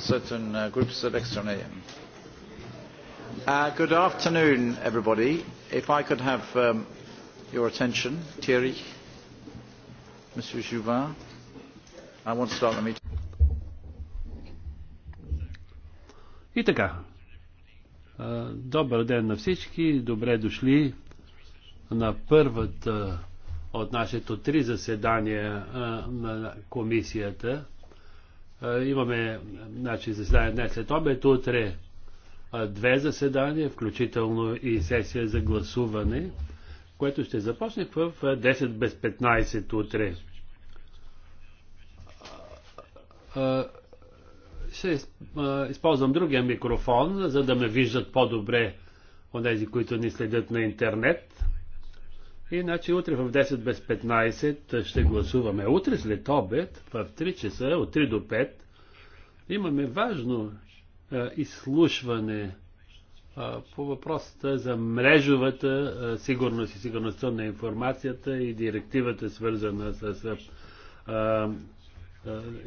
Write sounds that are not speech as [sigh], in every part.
certain uh, groups of extra Uh, good afternoon, everybody. If I could have um, your attention, Thierry, Monsieur Jouvin, I want to start the meeting. И така, добър ден на всички, добре дошли на първата от нашето три заседания на комисията – Имаме значи, заседание днес след обед, утре две заседания, включително и сесия за гласуване, което ще започне в 10 без 15 утре. Ще използвам другия микрофон, за да ме виждат по-добре от тези, които ни следят на интернет. Иначе утре в 10 без 15 ще гласуваме. Утре след обед, в 3 часа, от 3 до 5, имаме важно а, изслушване а, по въпросата за мрежовата а, сигурност и сигурността на информацията и директивата свързана с а,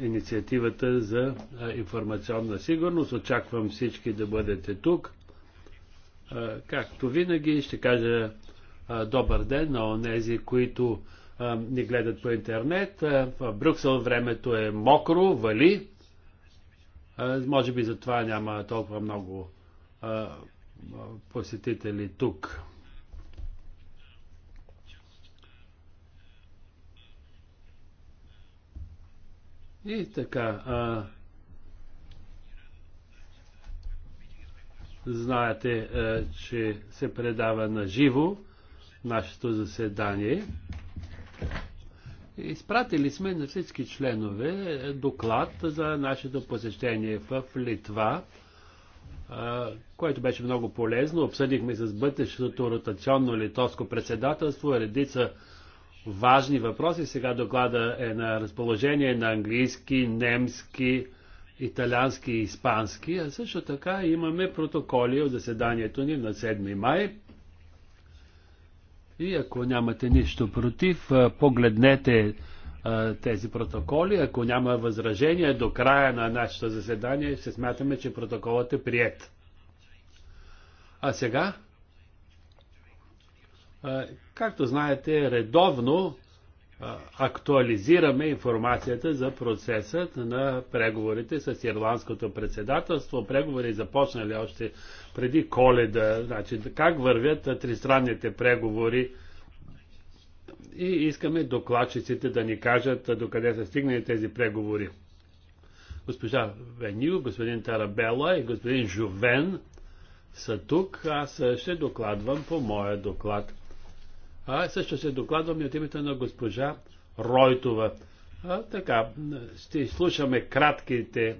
инициативата за информационна сигурност. Очаквам всички да бъдете тук. Както винаги, ще кажа добър ден на онези, които ни гледат по интернет. В Брюксел времето е мокро, вали. Може би за това няма толкова много посетители тук. И така. А, знаете, а, че се предава на живо нашето заседание. Изпратили сме на всички членове доклад за нашето посещение в Литва, което беше много полезно. Обсъдихме с бъдещото ротационно литовско председателство редица важни въпроси. Сега доклада е на разположение на английски, немски, италиански и испански, а също така имаме протоколи от заседанието ни на 7 май. И ако нямате нищо против, погледнете тези протоколи. Ако няма възражение до края на нашето заседание, ще смятаме, че протоколът е прият. А сега, както знаете, редовно актуализираме информацията за процесът на преговорите с ирландското председателство. Преговори започнали още преди коледа. Значи, как вървят тристранните преговори? И искаме докладчиците да ни кажат докъде са стигнали тези преговори. Госпожа Веню, господин Тарабела и господин Жувен са тук. Аз ще докладвам по моя доклад. А, също се докладвам и от името на госпожа Ройтова. А, така, ще слушаме кратките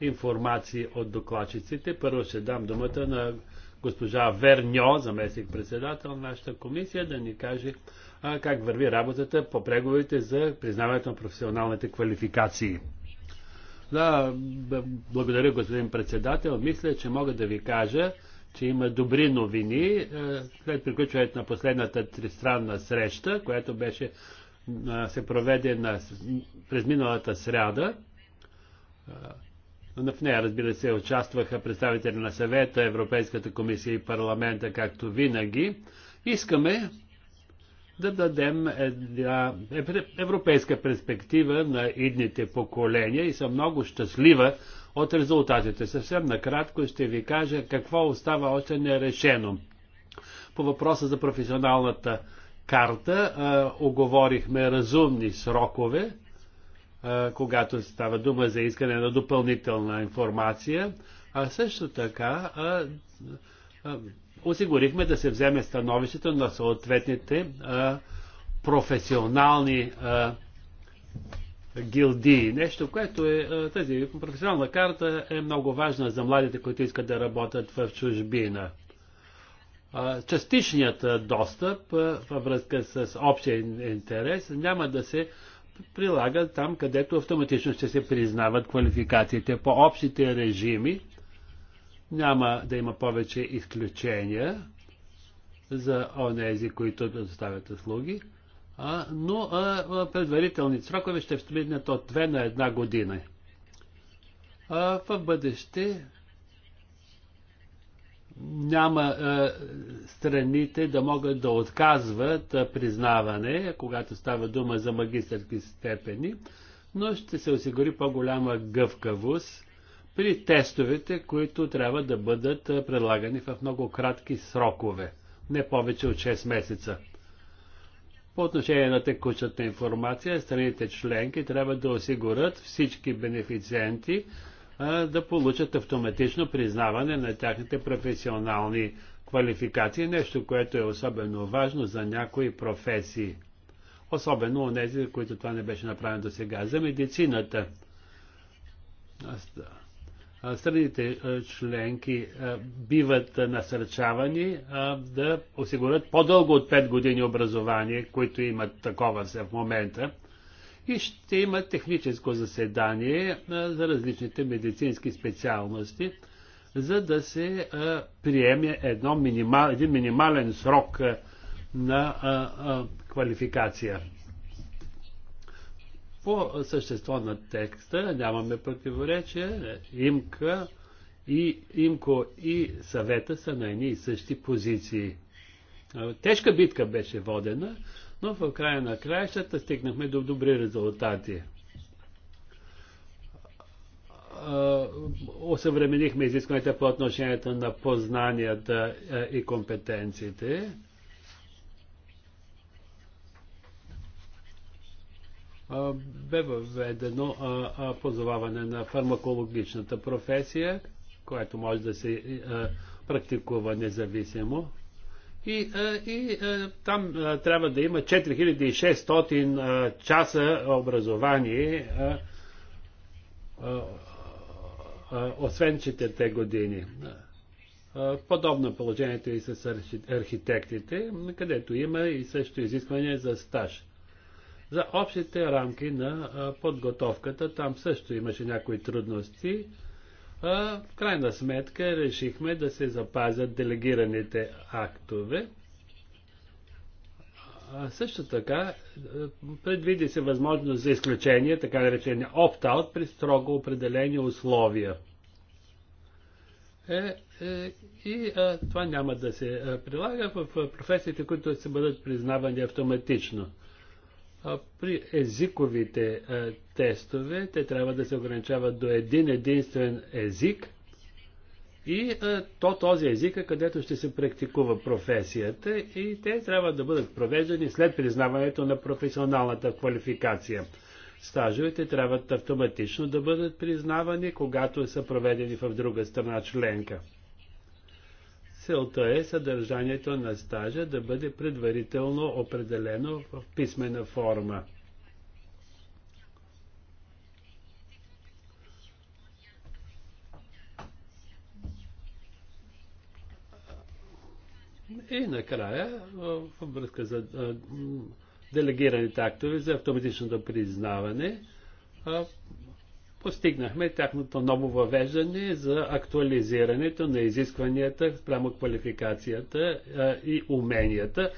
информации от докладчиците. Първо ще дам думата на госпожа Верньо, заместник председател на нашата комисия, да ни каже а, как върви работата по преговорите за признаването на професионалните квалификации. Да, благодаря господин председател. Мисля, че мога да ви кажа, че има добри новини е, след приключването на последната тристранна среща, която беше е, се проведе на, през миналата сряда. Е, в нея, разбира се, участваха представители на съвета, Европейската комисия и парламента, както винаги. Искаме да дадем една европейска перспектива на идните поколения и съм много щастлива, от резултатите. Съвсем накратко ще ви кажа какво остава още нерешено. По въпроса за професионалната карта а, оговорихме разумни срокове, а, когато става дума за искане на допълнителна информация, а също така а, а, осигурихме да се вземе становището на съответните а, професионални а, гилдии. Нещо, което е, тази професионална карта е много важна за младите, които искат да работят в чужбина. Частичният достъп във връзка с общия интерес няма да се прилага там, където автоматично ще се признават квалификациите по общите режими. Няма да има повече изключения за онези, които доставят услуги а, но а, предварителни срокове ще вминат от 2 на една година. А, в бъдеще няма а, страните да могат да отказват а, признаване, когато става дума за магистърски степени, но ще се осигури по-голяма гъвкавост при тестовете, които трябва да бъдат предлагани в много кратки срокове, не повече от 6 месеца. По отношение на текущата информация, страните членки трябва да осигурят всички бенефициенти а, да получат автоматично признаване на тяхните професионални квалификации, нещо, което е особено важно за някои професии. Особено у нези, които това не беше направено до сега. За медицината страните членки биват насърчавани да осигурят по-дълго от 5 години образование, които имат такова се в момента. И ще има техническо заседание за различните медицински специалности, за да се приеме едно минимал, един минимален срок на квалификация. По същество на текста нямаме противоречие. Имка и Имко и съвета са на едни и същи позиции. Тежка битка беше водена, но в края на краищата стигнахме до добри резултати. Осъвременихме изискването по отношението на познанията и компетенциите бе въведено позоваване на фармакологичната професия, което може да се практикува независимо. И, и там трябва да има 4600 часа образование, освен четирите години. Подобно положението е и с архитектите, където има и също изискване за стаж. За общите рамки на подготовката, там също имаше някои трудности. В крайна сметка решихме да се запазят делегираните актове. А също така, предвиди се възможност за изключение, така наречения опт-аут, при строго определени условия. Е, е, и е, това няма да се прилага в професиите, които ще бъдат признавани автоматично. При езиковите тестове те трябва да се ограничават до един единствен език и то този език е където ще се практикува професията и те трябва да бъдат провеждани след признаването на професионалната квалификация. Стажовете трябва автоматично да бъдат признавани, когато са проведени в друга страна членка целта е съдържанието на стажа да бъде предварително определено в писмена форма. И накрая, във връзка за делегираните актове за автоматичното признаване, постигнахме тяхното ново въвеждане за актуализирането на изискванията спрямо квалификацията и уменията,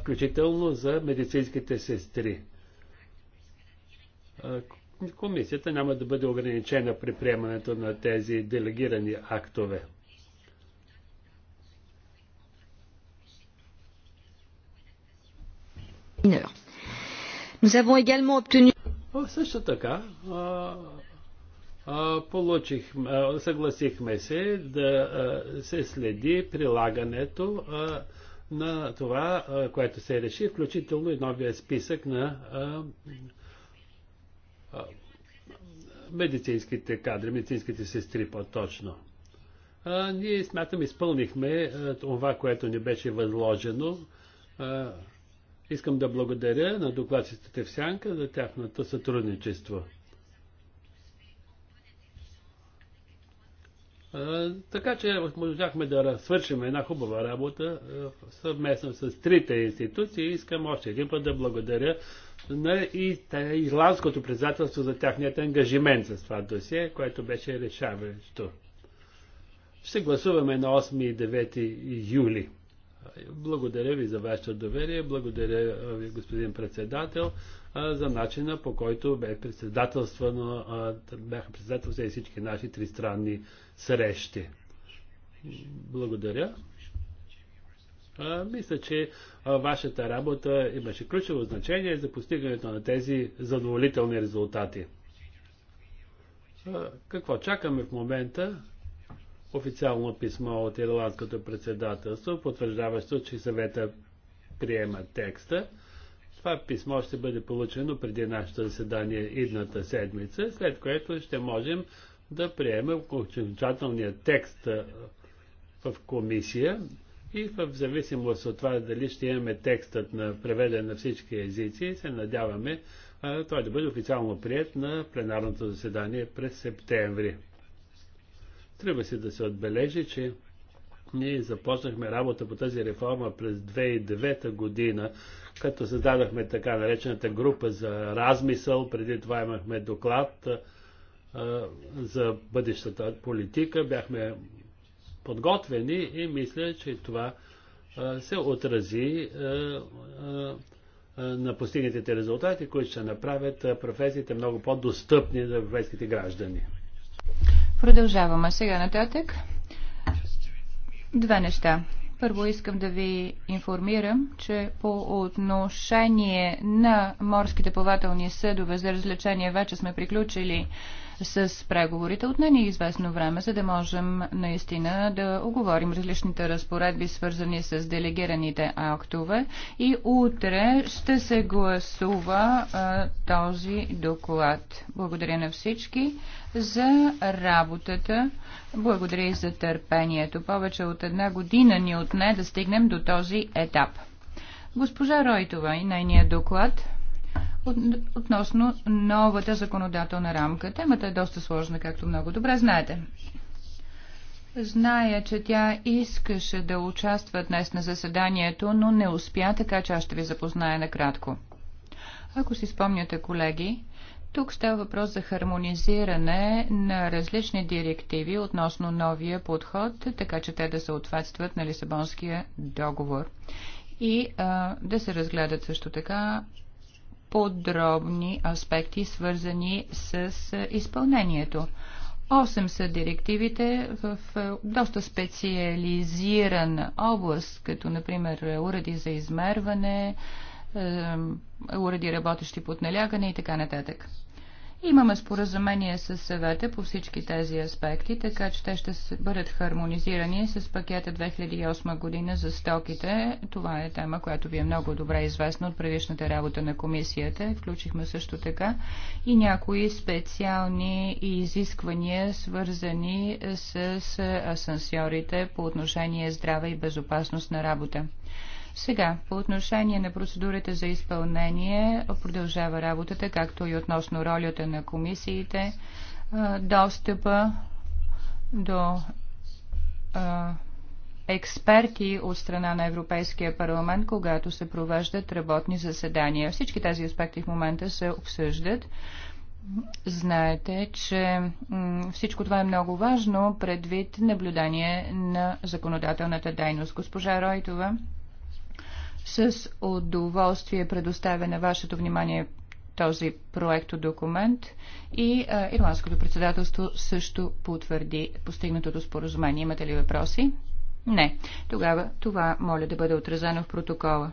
включително за медицинските сестри. Комисията няма да бъде ограничена при приемането на тези делегирани актове. Nous avons également obtenu... Също така, получих, съгласихме се да се следи прилагането на това, което се реши, включително и новия списък на медицинските кадри, медицинските сестри по-точно. Ние смятам, изпълнихме това, което ни беше възложено. Искам да благодаря на докладчиците в Сянка за тяхното сътрудничество. така че можахме да свършим една хубава работа съвместно с трите институции. Искам още един път да благодаря на и ирландското председателство за тяхният ангажимент с това досие, което беше решаващо. Ще гласуваме на 8 и 9 юли. Благодаря ви за вашето доверие, благодаря ви, господин председател за начина по който бе председателствано, бяха председателствани всички наши тристранни срещи. Благодаря. А, мисля, че а, вашата работа имаше ключово значение за постигането на тези задоволителни резултати. А, какво чакаме в момента? Официално писмо от Ирландското председателство, потвърждаващо, че съвета приема текста. Това писмо ще бъде получено преди нашето заседание идната седмица, след което ще можем да приемем окончателния текст в комисия и в зависимост от това дали ще имаме текстът на преведен на всички езици, се надяваме това той да бъде официално прият на пленарното заседание през септември. Трябва си да се отбележи, че ние започнахме работа по тази реформа през 2009 година, като създадахме така наречената група за размисъл, преди това имахме доклад а, за бъдещата политика, бяхме подготвени и мисля, че това а, се отрази а, на постигнатите резултати, които ще направят професиите много по-достъпни за европейските граждани. Продължаваме сега нататък. Две неща. Първо искам да ви информирам, че по отношение на морските плавателни съдове за развлечение вече сме приключили с преговорите. от Отне е известно време, за да можем наистина да оговорим различните разпоредби, свързани с делегираните актове. И утре ще се гласува а, този доклад. Благодаря на всички за работата. Благодаря и за търпението. Повече от една година ни отне да стигнем до този етап. Госпожа Ройтова и нейният доклад относно новата законодателна рамка. Темата е доста сложна, както много добре знаете. Зная, че тя искаше да участва днес на заседанието, но не успя, така че аз ще ви запозная накратко. Ако си спомняте, колеги, тук става въпрос за хармонизиране на различни директиви относно новия подход, така че те да съответстват на Лисабонския договор и а, да се разгледат също така подробни аспекти, свързани с изпълнението. Осем са директивите в доста специализиран област, като например уреди за измерване, уреди работещи под налягане и така нататък. Имаме споразумение с съвета по всички тези аспекти, така че те ще бъдат хармонизирани с пакета 2008 година за стоките. Това е тема, която ви е много добре известна от предишната работа на комисията. Включихме също така и някои специални изисквания, свързани с асансьорите по отношение здраве и безопасност на работа. Сега, по отношение на процедурите за изпълнение, продължава работата, както и относно ролята на комисиите, достъпа до експерти от страна на Европейския парламент, когато се провеждат работни заседания. Всички тези аспекти в момента се обсъждат. Знаете, че всичко това е много важно предвид наблюдание на законодателната дейност. Госпожа Ройтова с удоволствие предоставя на вашето внимание този документ и а, Ирландското председателство също потвърди постигнатото споразумение. Имате ли въпроси? Не. Тогава това моля да бъде отразено в протокола.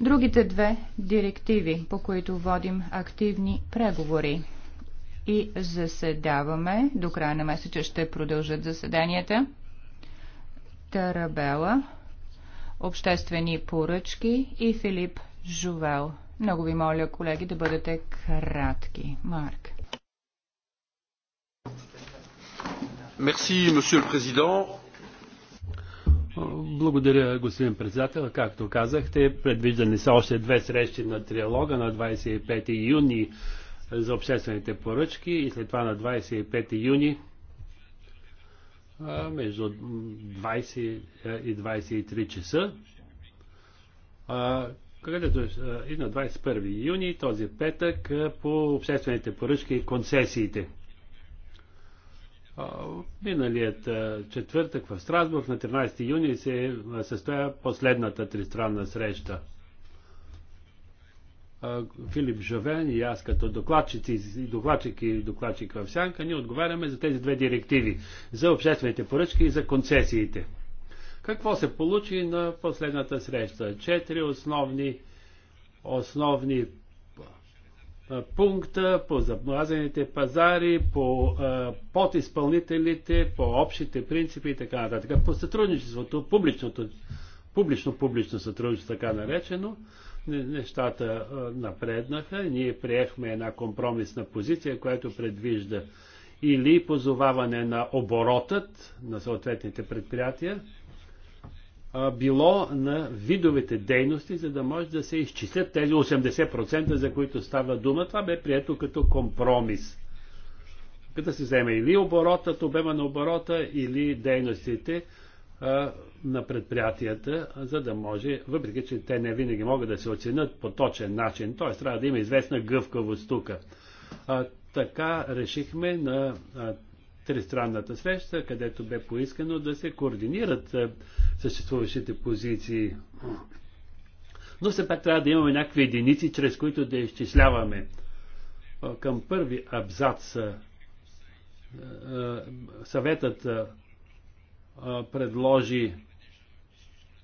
Другите две директиви, по които водим активни преговори и заседаваме, до края на месеца ще продължат заседанията. Тарабела обществени поръчки и Филип Жувел. Много ви моля, колеги, да бъдете кратки. Марк. Мерси, месье президент. Благодаря, господин председател. Както казахте, предвиждани са още две срещи на триалога на 25 юни за обществените поръчки и след това на 25 юни между 20 и 23 часа, където и на 21 юни, този петък, по обществените поръчки и концесиите. Миналият четвъртък в Страсбург на 13 юни се състоя последната тристранна среща – Филип Жовен и аз като докладчици, докладчик и докладчик в Сянка, ние отговаряме за тези две директиви за обществените поръчки и за концесиите. Какво се получи на последната среща? Четири основни, основни пункта по заблазените пазари, по подизпълнителите, по общите принципи и така нататък. По сътрудничеството, публичното, публично-публично сътрудничество, така наречено, нещата напреднаха. Ние приехме една компромисна позиция, която предвижда или позоваване на оборотът на съответните предприятия, било на видовете дейности, за да може да се изчислят тези 80%, за които става дума. Това бе прието като компромис. Като се вземе или оборотът, обема на оборота, или дейностите, на предприятията, за да може, въпреки че те не винаги могат да се оценят по точен начин, т.е. трябва да има известна гъвкавост тук. Така решихме на тристранната среща, където бе поискано да се координират съществуващите позиции. Но все пак трябва да имаме някакви единици, чрез които да изчисляваме. Към първи абзац съветът предложи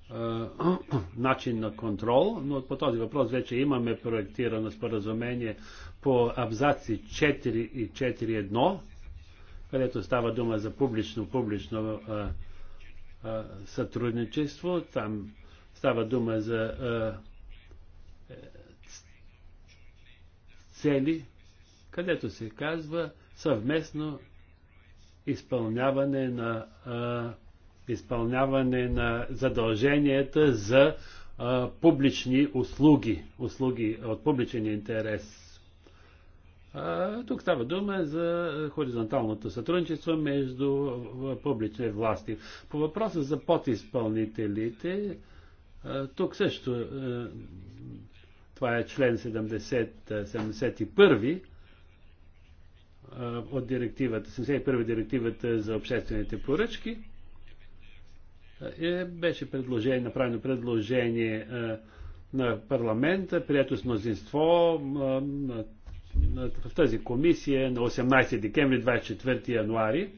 [clears throat] начин на контрол, но по този въпрос вече имаме проектирано споразумение по абзаци 4 и 4.1, където става дума за публично-публично сътрудничество. Там става дума за цели, където се казва съвместно изпълняване на, а, изпълняване на задълженията за а, публични услуги, услуги от публичен интерес. А, тук става дума за хоризонталното сътрудничество между публични власти. По въпроса за подизпълнителите, а, тук също а, това е член 70, 71 от директивата, 71 директивата за обществените поръчки. Е, беше предложение, направено предложение на парламента, прието с мнозинство в тази комисия на 18 декември, 24 януари.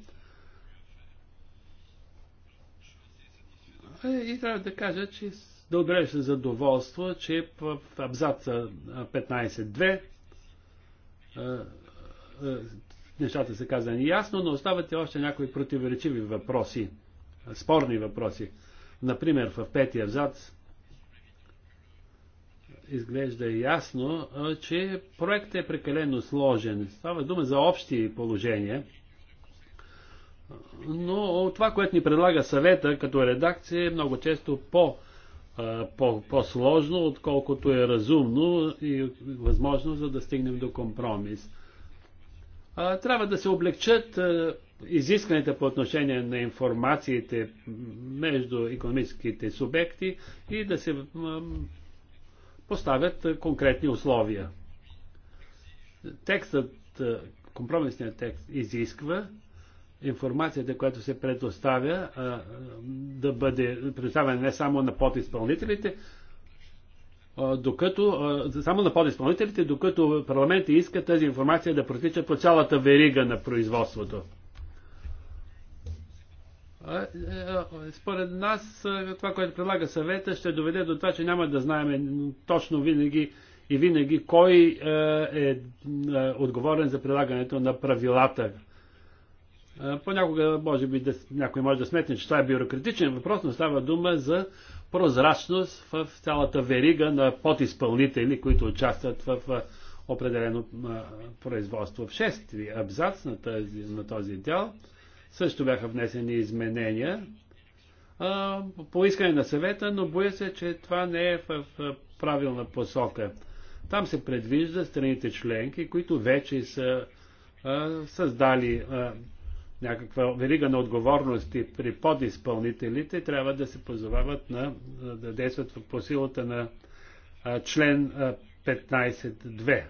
Е, и трябва да кажа, че да отбележа с задоволство, че в абзаца 15.2 е, нещата са казани ясно, но остават и още някои противоречиви въпроси, спорни въпроси. Например, в петия абзац изглежда ясно, че проектът е прекалено сложен. Става дума за общи положения. Но това, което ни предлага съвета като редакция е много често по, по, по-сложно, отколкото е разумно и възможно, за да стигнем до компромис. Трябва да се облегчат изискванията по отношение на информациите между економическите субекти и да се поставят конкретни условия. Текстът, компромисният текст изисква информацията, която се предоставя, да бъде предоставена не само на подизпълнителите, докато, само на подиспълнителите, докато парламентът иска тази информация да протича по цялата верига на производството. Е, е, според нас това, което предлага съвета, ще доведе до това, че няма да знаем точно винаги и винаги кой е, е отговорен за прилагането на правилата. Понякога, може би, да, някой може да сметне, че това е бюрократичен въпрос, но става дума за прозрачност в цялата верига на подизпълнители, които участват в определено производство. В шести абзац на този, на този дял също бяха внесени изменения по искане на съвета, но боя се, че това не е в, правилна посока. Там се предвижда страните членки, които вече са създали някаква верига на отговорности при подизпълнителите, трябва да се позовават на, да действат по силата на член 15.2.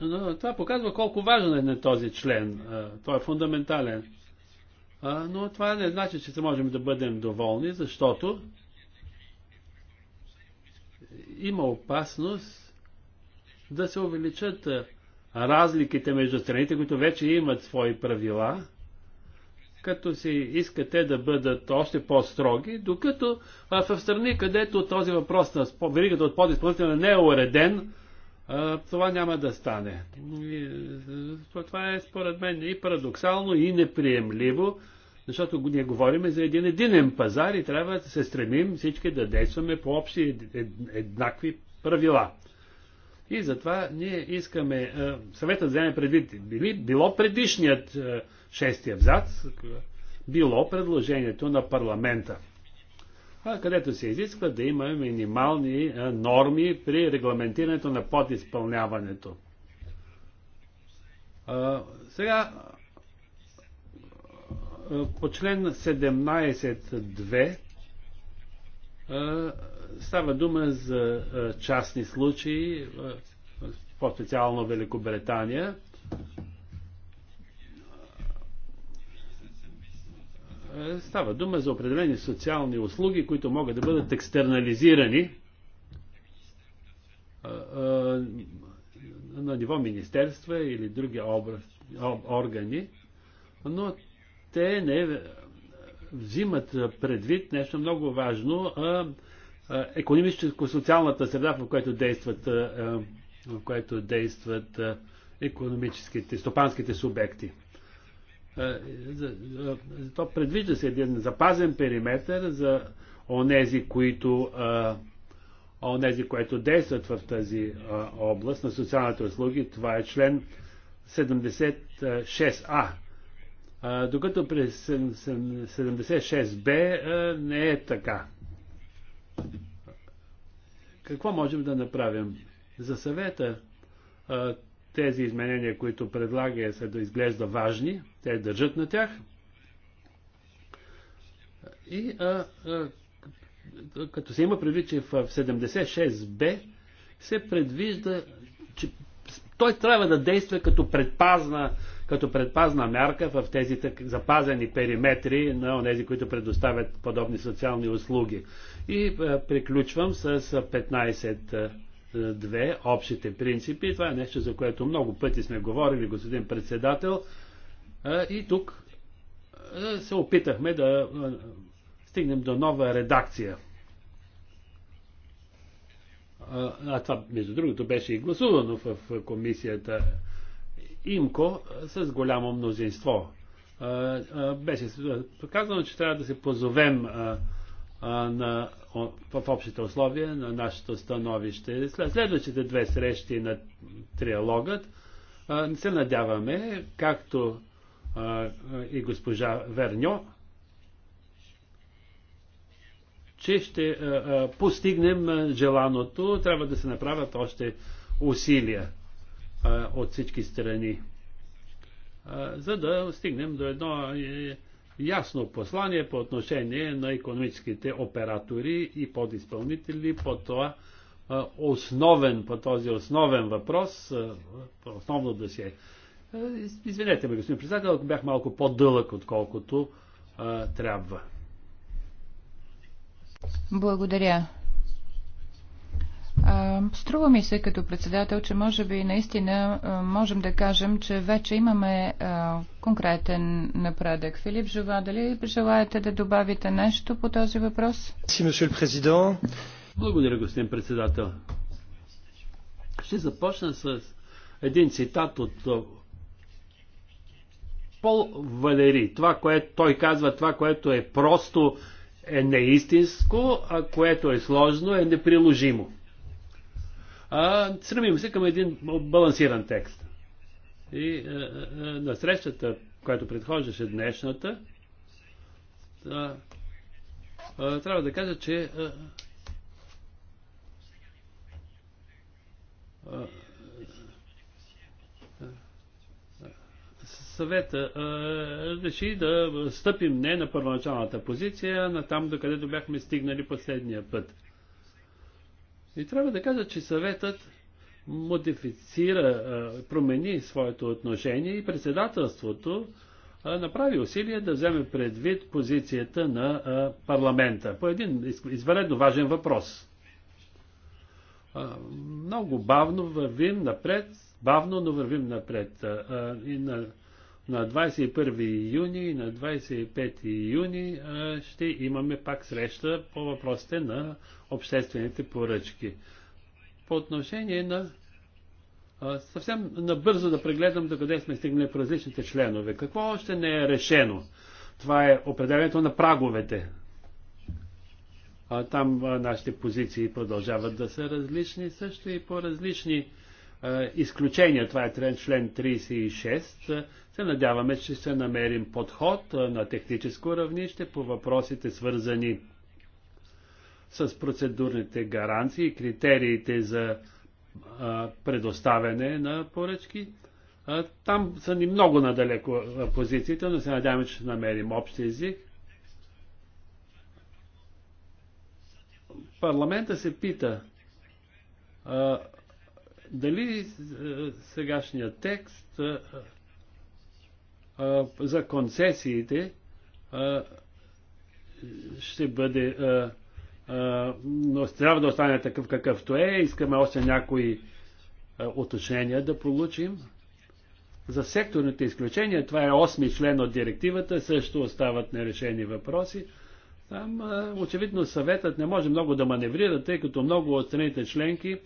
Но това показва колко важен е на този член. Той е фундаментален. Но това не значи, че се можем да бъдем доволни, защото има опасност да се увеличат разликите между страните, които вече имат свои правила, като си искате да бъдат още по-строги, докато в страни, където този въпрос на веригата от подизпълнителя не е уреден, това няма да стане. Е, това е според мен и парадоксално, и неприемливо, защото ние говорим за един единен пазар и трябва да се стремим всички да действаме по общи е, е, еднакви правила. И затова ние искаме е, съветът да вземе предвид били, било предишният е, шести абзац, било предложението на парламента, където се изисква да има минимални е, норми при регламентирането на подизпълняването. Сега по член 17.2 Става дума за частни случаи, по-специално Великобритания. Става дума за определени социални услуги, които могат да бъдат екстернализирани на ниво министерства или други органи, но те не взимат предвид нещо много важно, а економическо-социалната среда, в която действат, в която действат економическите, стопанските субекти. То предвижда се един запазен периметр за онези, които онези, които действат в тази област на социалните услуги. Това е член 76А докато през 76Б не е така. Какво можем да направим? За съвета тези изменения, които предлага, се да изглежда важни, те държат на тях. И а, а, като се има предвид, че в 76б се предвижда, че той трябва да действа като предпазна като предпазна мярка в тези запазени периметри на тези, които предоставят подобни социални услуги. И е, приключвам с 15 е, 2 е, общите принципи. Това е нещо, за което много пъти сме говорили, господин председател. И тук се опитахме да стигнем до нова редакция. А това, между другото, беше и гласувано в комисията ИМКО с голямо мнозинство. Беше казано, че трябва да се позовем на, в общите условия на нашето становище. След следващите две срещи на триалогът се надяваме, както и госпожа Верньо, че ще постигнем желаното. Трябва да се направят още усилия от всички страни, за да стигнем до едно е, ясно послание по отношение на економическите оператори и подизпълнители по това основен, по този основен въпрос, основно се. Извинете ме, господин председател, ако бях малко по-дълъг, отколкото а, трябва. Благодаря. Струва ми се като председател, че може би наистина можем да кажем, че вече имаме конкретен напредък. Филип Жова, дали желаете да добавите нещо по този въпрос? Благодаря, господин председател. Ще започна с един цитат от Пол Валери. Това, което той казва, това, което е просто, е неистинско, а което е сложно, е неприложимо. А, стремим се към един балансиран текст. И а, е, а, е, е, на срещата, която предхождаше днешната, а, а, трябва да кажа, че а, а, съвета а, реши да стъпим не на първоначалната позиция, а на там, докъдето бяхме стигнали последния път. И трябва да кажа, че съветът модифицира, промени своето отношение и председателството направи усилие да вземе предвид позицията на парламента по един изваредно важен въпрос. Много бавно вървим напред, бавно, но вървим напред. И на на 21 юни и на 25 юни ще имаме пак среща по въпросите на обществените поръчки. По отношение на съвсем набързо да прегледам до къде сме стигнали по различните членове. Какво още не е решено? Това е определението на праговете. Там нашите позиции продължават да са различни, също и по различни изключения. Това е член 36. Се надяваме, че ще намерим подход на техническо равнище по въпросите свързани с процедурните гаранции и критериите за предоставяне на поръчки. Там са ни много надалеко позициите, но се надяваме, че ще намерим общ език. Парламента се пита дали сегашният текст за концесиите ще бъде. Но трябва да остане такъв какъвто е. Искаме още някои уточнения да получим. За секторните изключения, това е 8 член от директивата, също остават нерешени въпроси. Там очевидно съветът не може много да маневрира, тъй като много от страните членки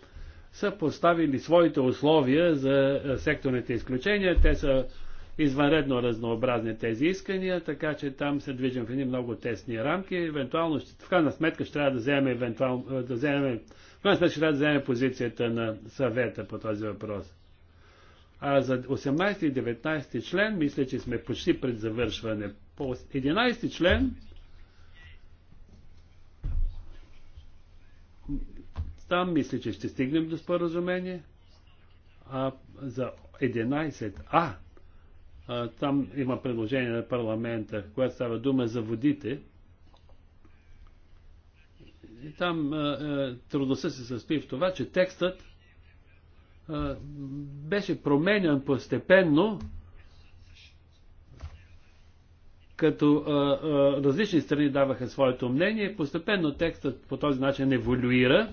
са поставили своите условия за секторните изключения. Те са извънредно разнообразни тези искания, така че там се движим в едни много тесни рамки. Евентуално, в крайна сметка, ще трябва да вземем, да вземем, в крайна сметка, ще трябва да вземем позицията на съвета по този въпрос. А за 18 и 19 член, мисля, че сме почти пред завършване. По 11 член, там мисля, че ще стигнем до споразумение. А за 11а, а, там има предложение на парламента, което става дума за водите. И там трудността се състои в това, че текстът а, беше променен постепенно, като а, а, различни страни даваха своето мнение, постепенно текстът по този начин еволюира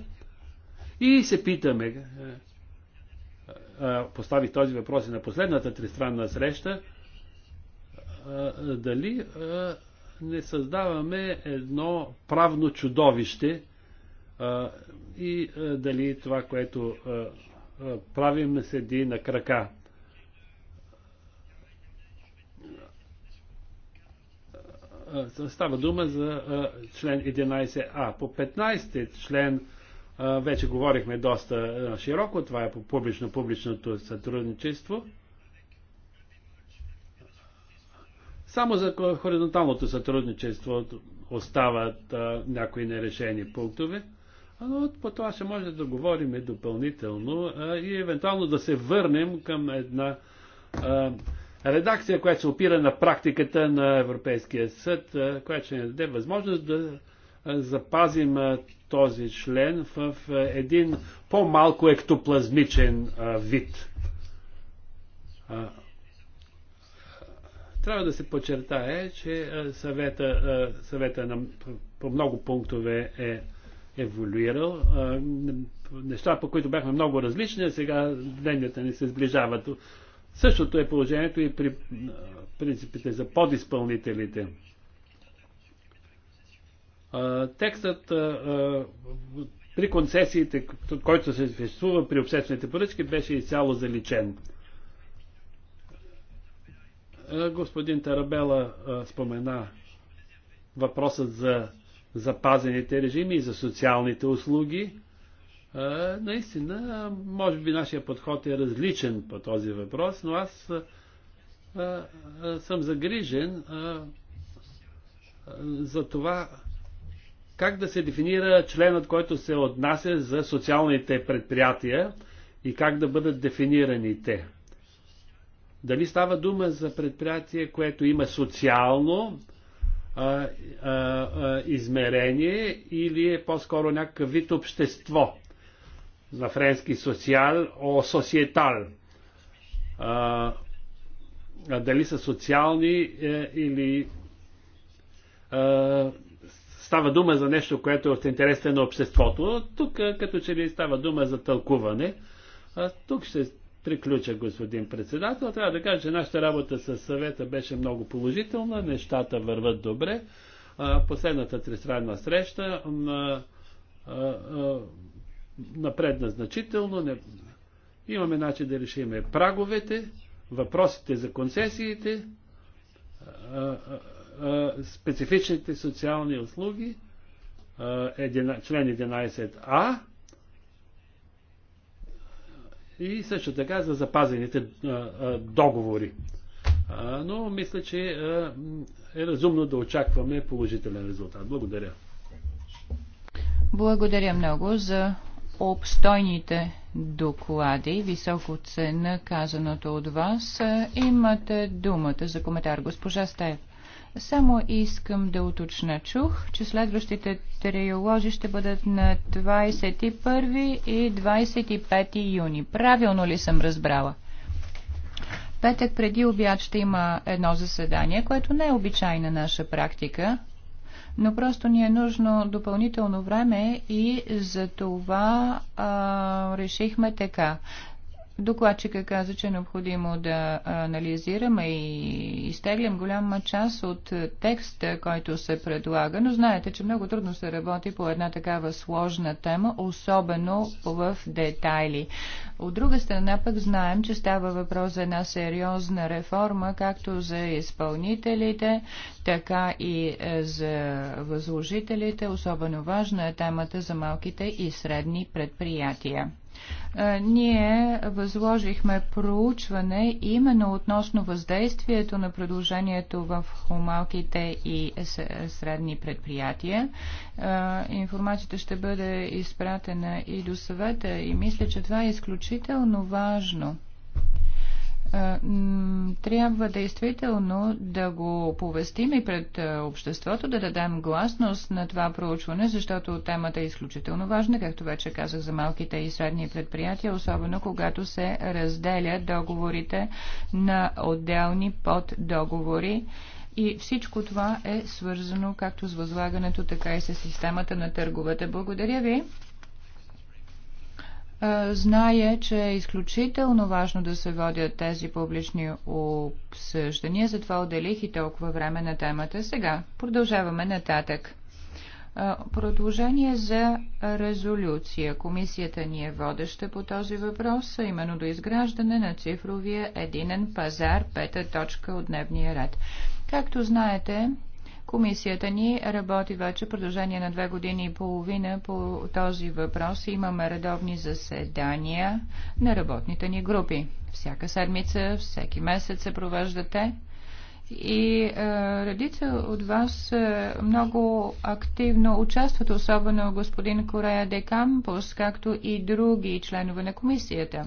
и се питаме поставих този въпрос и на последната тристранна среща, дали не създаваме едно правно чудовище и дали това, което правим, седи на крака. Става дума за член 11а. По 15 член вече говорихме доста широко, това е по публично-публичното сътрудничество. Само за хоризонталното сътрудничество остават а, някои нерешени пунктове, но по това ще може да говорим допълнително а, и евентуално да се върнем към една а, редакция, която се опира на практиката на Европейския съд, а, която ще ни даде възможност да запазим а, този член в е, един по-малко ектоплазмичен вид. Трябва да се подчертае, че съвета, съвета на, по много пунктове е еволюирал. Неща, по които бяхме много различни, сега мненията ни се сближават. Същото е положението и при принципите за подизпълнителите. Текстът при концесиите, който се съществува при обществените поръчки, беше изцяло заличен. Господин Тарабела спомена въпросът за запазените режими и за социалните услуги. Наистина, може би нашия подход е различен по този въпрос, но аз съм загрижен за това, как да се дефинира членът, който се отнася за социалните предприятия и как да бъдат дефинирани те. Дали става дума за предприятие, което има социално а, а, а, измерение или е по-скоро някакъв вид общество? На френски социал, о социетал. А, дали са социални е, или а, става дума за нещо, което е от интереса на обществото. Тук като че ли става дума за тълкуване. А, тук ще приключа, господин председател. Трябва да кажа, че нашата работа с съвета беше много положителна, нещата върват добре. А, последната тристранна среща на, а, а, напредна значително. Не... Имаме начин да решиме праговете, въпросите за концесиите специфичните социални услуги, член 11а, и също така за запазените договори. Но мисля, че е разумно да очакваме положителен резултат. Благодаря. Благодаря много за обстойните доклади. Високо цена казаното от вас. Имате думата за коментар, госпожа Стаев. Само искам да уточна. Чух, че следващите триоложи ще бъдат на 21 и 25 юни. Правилно ли съм разбрала? Петък преди обяд ще има едно заседание, което не е обичайна наша практика, но просто ни е нужно допълнително време и за това а, решихме така. Докладчика каза, че е необходимо да анализираме и изтеглям голяма част от текста, който се предлага, но знаете, че много трудно се работи по една такава сложна тема, особено в детайли. От друга страна пък знаем, че става въпрос за една сериозна реформа, както за изпълнителите, така и е, за възложителите. Особено важна е темата за малките и средни предприятия. Е, ние възложихме проучване именно относно въздействието на предложението в малките и средни предприятия. Е, информацията ще бъде изпратена и до съвета и мисля, че това е изключително важно. Е, трябва действително да го повестим и пред е, обществото, да дадем гласност на това проучване, защото темата е изключително важна, както вече казах за малките и средни предприятия, особено когато се разделят договорите на отделни поддоговори. И всичко това е свързано както с възлагането, така и с системата на търговете. Благодаря ви. Е, знае, че е изключително важно да се водят тези публични обсъждания, затова отделих и толкова време на темата. Сега продължаваме нататък. Е, продължение за резолюция. Комисията ни е водеща по този въпрос, а именно до изграждане на цифровия единен пазар, пета точка от дневния ред. Както знаете, Комисията ни работи вече продължение на две години и половина по този въпрос. Имаме редовни заседания на работните ни групи. Всяка седмица, всеки месец се провеждате. И е, редица от вас е, много активно участват, особено господин Корея Декампус, както и други членове на комисията.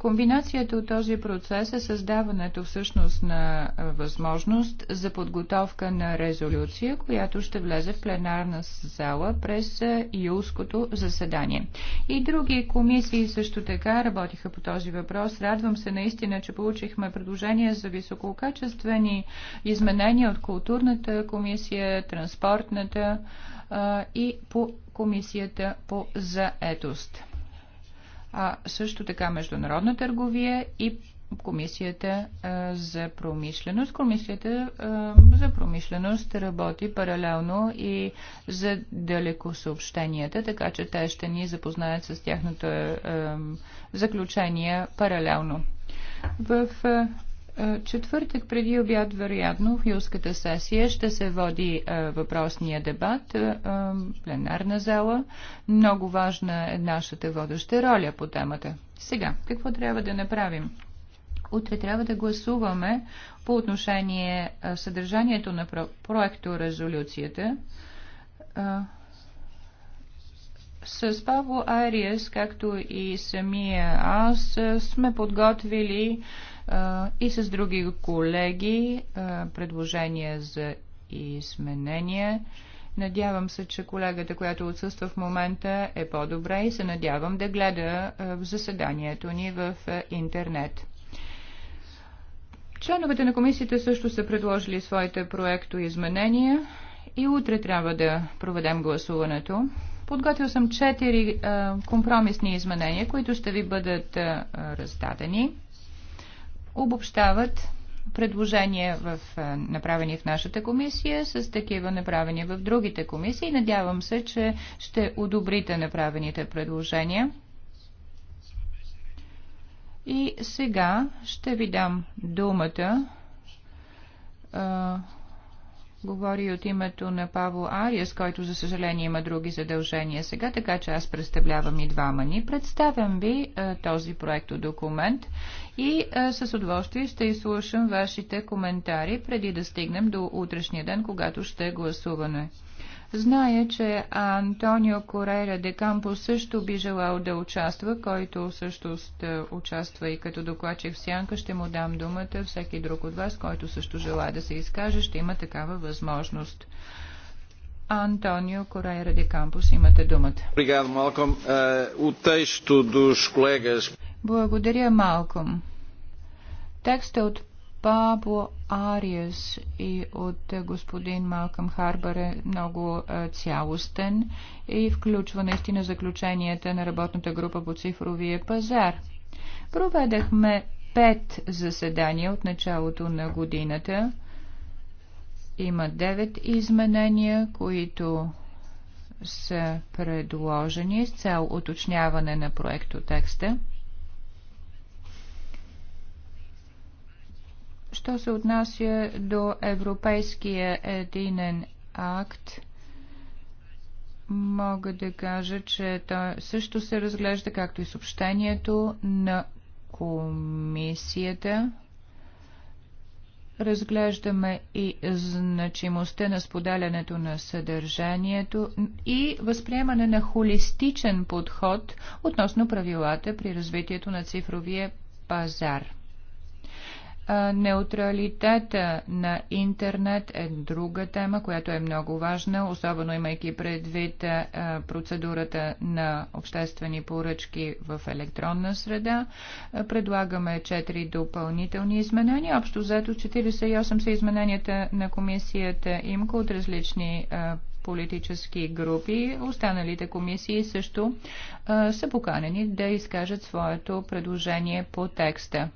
Комбинацията от този процес е създаването всъщност на възможност за подготовка на резолюция, която ще влезе в пленарна зала през юлското заседание. И други комисии също така работиха по този въпрос. Радвам се наистина, че получихме предложения за висококачествени изменения от културната комисия, транспортната и по комисията по заетост а също така международна търговия и Комисията а, за промишленост. Комисията а, за промишленост работи паралелно и за далекосъобщенията, така че те ще ни запознаят с тяхното а, заключение паралелно. В е, четвъртък преди обяд, вероятно, в юлската сесия ще се води е, въпросния дебат, е, пленарна зала. Много важна е нашата водеща роля по темата. Сега, какво трябва да направим? Утре трябва да гласуваме по отношение съдържанието на проекто резолюцията с Павло Ариес, както и самия аз, сме подготвили и с други колеги предложения за изменения. Надявам се, че колегата, която отсъства в момента, е по-добре и се надявам да гледа в заседанието ни в интернет. Членовете на комисията също са предложили своите проекто изменения и утре трябва да проведем гласуването. Подготвил съм четири компромисни изменения, които ще ви бъдат раздадени обобщават предложения в, направени в нашата комисия с такива направени в другите комисии. Надявам се, че ще одобрите направените предложения. И сега ще ви дам думата говори от името на Павло Ариас, който за съжаление има други задължения сега, така че аз представлявам и двама ни. Представям ви а, е, този проект документ и а, е, с удоволствие ще изслушам вашите коментари преди да стигнем до утрешния ден, когато ще гласуваме. Зная, че Антонио Корера де Кампо също би желал да участва, който също е, участва и като докладчик в сянка. Ще му дам думата. Всеки друг от вас, който също желая да се изкаже, ще има такава възможност. Антонио Корейра де Кампус, имате думата. Е, Благодаря, Малком. Текстът от Пабло Ариес и от господин Малкъм Харбър е много е, цялостен и включва наистина заключенията на работната група по цифровия пазар. Проведахме пет заседания от началото на годината. Има девет изменения, които са предложени с цел уточняване на проекто текста. Що се отнася до Европейския единен акт, мога да кажа, че той също се разглежда, както и съобщението на комисията. Разглеждаме и значимостта на споделянето на съдържанието и възприемане на холистичен подход относно правилата при развитието на цифровия пазар. Неутралитета на интернет е друга тема, която е много важна, особено имайки предвид процедурата на обществени поръчки в електронна среда. Предлагаме 4 допълнителни изменения. Общо взето 48 са измененията на комисията ИМКО от различни политически групи. Останалите комисии също а, са поканени да изкажат своето предложение по текста.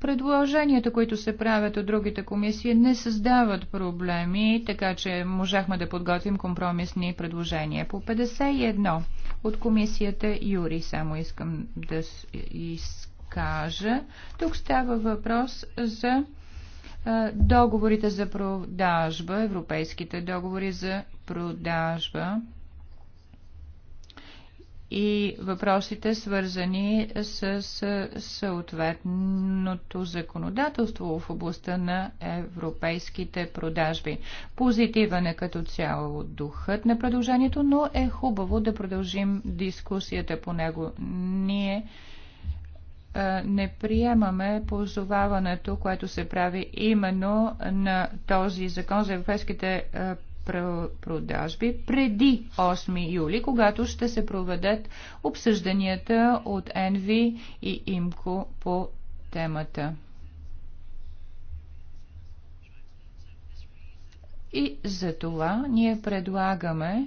Предложенията, които се правят от другите комисии, не създават проблеми, така че можахме да подготвим компромисни предложения. По 51 от комисията Юри, само искам да изкажа. Тук става въпрос за договорите за продажба, европейските договори за продажба и въпросите свързани с съответното законодателство в областта на европейските продажби. Позитивен е като цяло духът на продължението, но е хубаво да продължим дискусията по него. Ние не приемаме позоваването, което се прави именно на този закон за европейските продажби преди 8 юли, когато ще се проведат обсъжданията от Енви и Имко по темата. И за това ние предлагаме,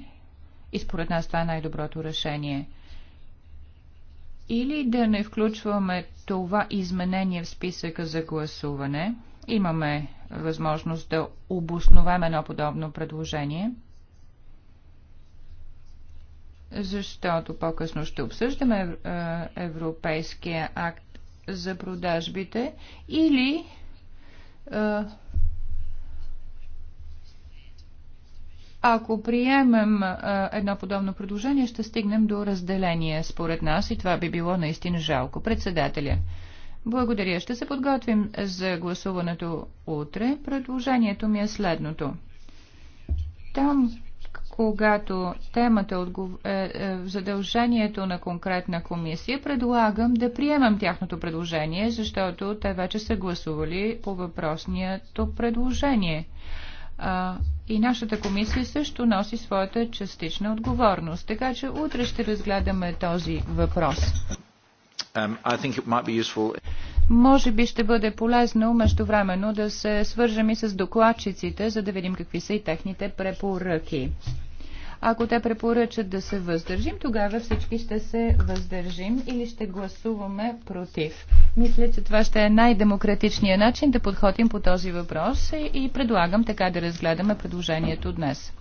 и според нас това е най-доброто решение, или да не включваме това изменение в списъка за гласуване – Имаме възможност да обосновем едно подобно предложение, защото по-късно ще обсъждаме е, Европейския акт за продажбите или е, ако приемем е, едно подобно предложение, ще стигнем до разделение, според нас, и това би било наистина жалко. Председателя. Благодаря. Ще се подготвим за гласуването утре. Предложението ми е следното. Там, когато темата е, е, е задължението на конкретна комисия, предлагам да приемам тяхното предложение, защото те вече са гласували по въпросното предложение. А, и нашата комисия също носи своята частична отговорност. Така че утре ще разгледаме този въпрос. Um, Може би ще бъде полезно междувременно да се свържем и с докладчиците, за да видим какви са и техните препоръки. Ако те препоръчат да се въздържим, тогава всички ще се въздържим или ще гласуваме против. Мисля, че това ще е най-демократичният начин да подходим по този въпрос и предлагам така да разгледаме предложението днес.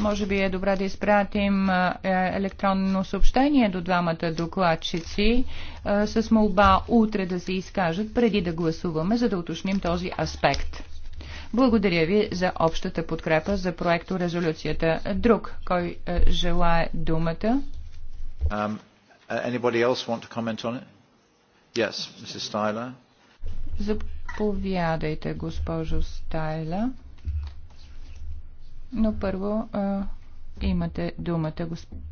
Може би е добре да изпратим е, електронно съобщение до двамата докладчици с молба утре да се изкажат преди да гласуваме, за да уточним този аспект. Благодаря ви за общата подкрепа за проекто резолюцията. Друг, кой е, желая думата? Um, uh, Yes, Заповядайте, госпожо Стайла. Но първо а, имате думата, господин.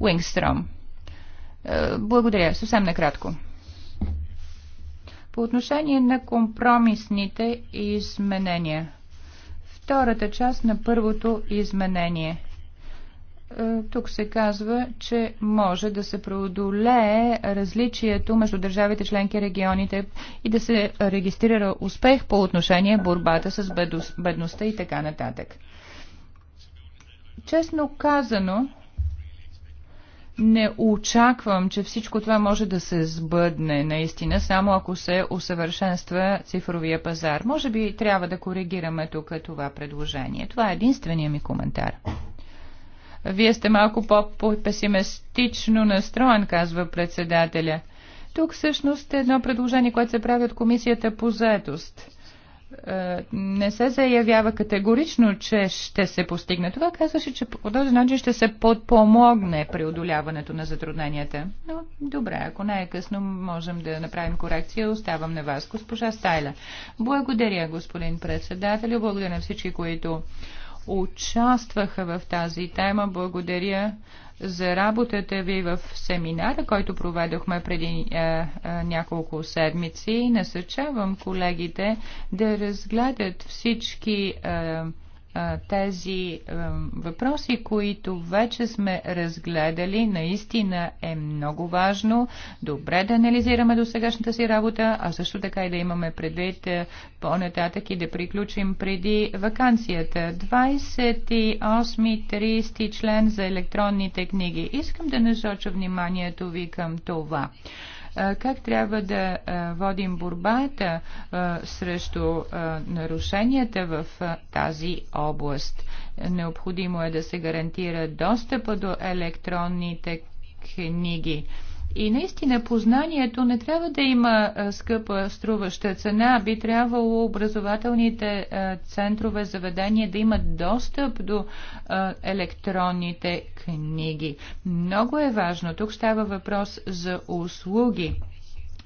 Уингстром. Благодаря. Съвсем накратко. По отношение на компромисните изменения. Втората част на първото изменение – е, тук се казва, че може да се преодолее различието между държавите членки и регионите и да се регистрира успех по отношение борбата с бедността и така нататък. Честно казано, не очаквам, че всичко това може да се сбъдне наистина, само ако се усъвършенства цифровия пазар. Може би трябва да коригираме тук това предложение. Това е единствения ми коментар. Вие сте малко по-песимистично настроен, казва председателя. Тук всъщност е едно предложение, което се прави от комисията по заедост е, не се заявява категорично, че ще се постигне. Това казваше, че по този начин ще се подпомогне преодоляването на затрудненията. Но добре, ако не е късно, можем да направим корекция. Оставам на вас, госпожа Стайла. Благодаря, господин председател. Благодаря на всички, които участваха в тази тема. Благодаря за работата ви в семинара, който проведохме преди е, е, няколко седмици. Насъчавам колегите да разгледат всички е, тези въпроси, които вече сме разгледали, наистина е много важно. Добре да анализираме до сегашната си работа, а също така и да имаме предвид по-нататък и да приключим преди вакансията. 28-30 член за електронните книги. Искам да насоча вниманието ви към това как трябва да водим борбата срещу нарушенията в тази област. Необходимо е да се гарантира достъпа до електронните книги и наистина познанието не трябва да има е, скъпа струваща цена. Би трябвало образователните е, центрове, заведения да имат достъп до е, електронните книги. Много е важно. Тук става въпрос за услуги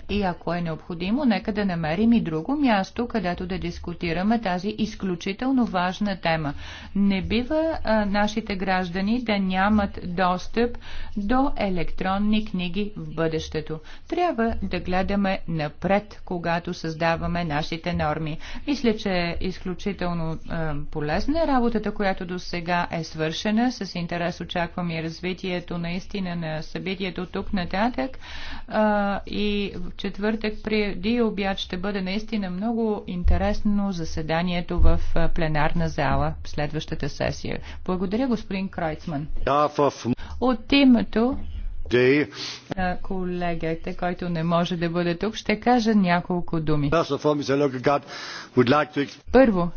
и ако е необходимо, нека да намерим и друго място, където да дискутираме тази изключително важна тема. Не бива а, нашите граждани да нямат достъп до електронни книги в бъдещето. Трябва да гледаме напред, когато създаваме нашите норми. Мисля, че е изключително а, полезна работата, която до сега е свършена. С интерес очаквам и развитието наистина на събитието тук нататък. А, и четвъртък преди обяд ще бъде наистина много интересно заседанието в пленарна зала в следващата сесия. Благодаря, господин Кройцман. От името на колегите, който не може да бъде тук, ще кажа няколко думи. Първо,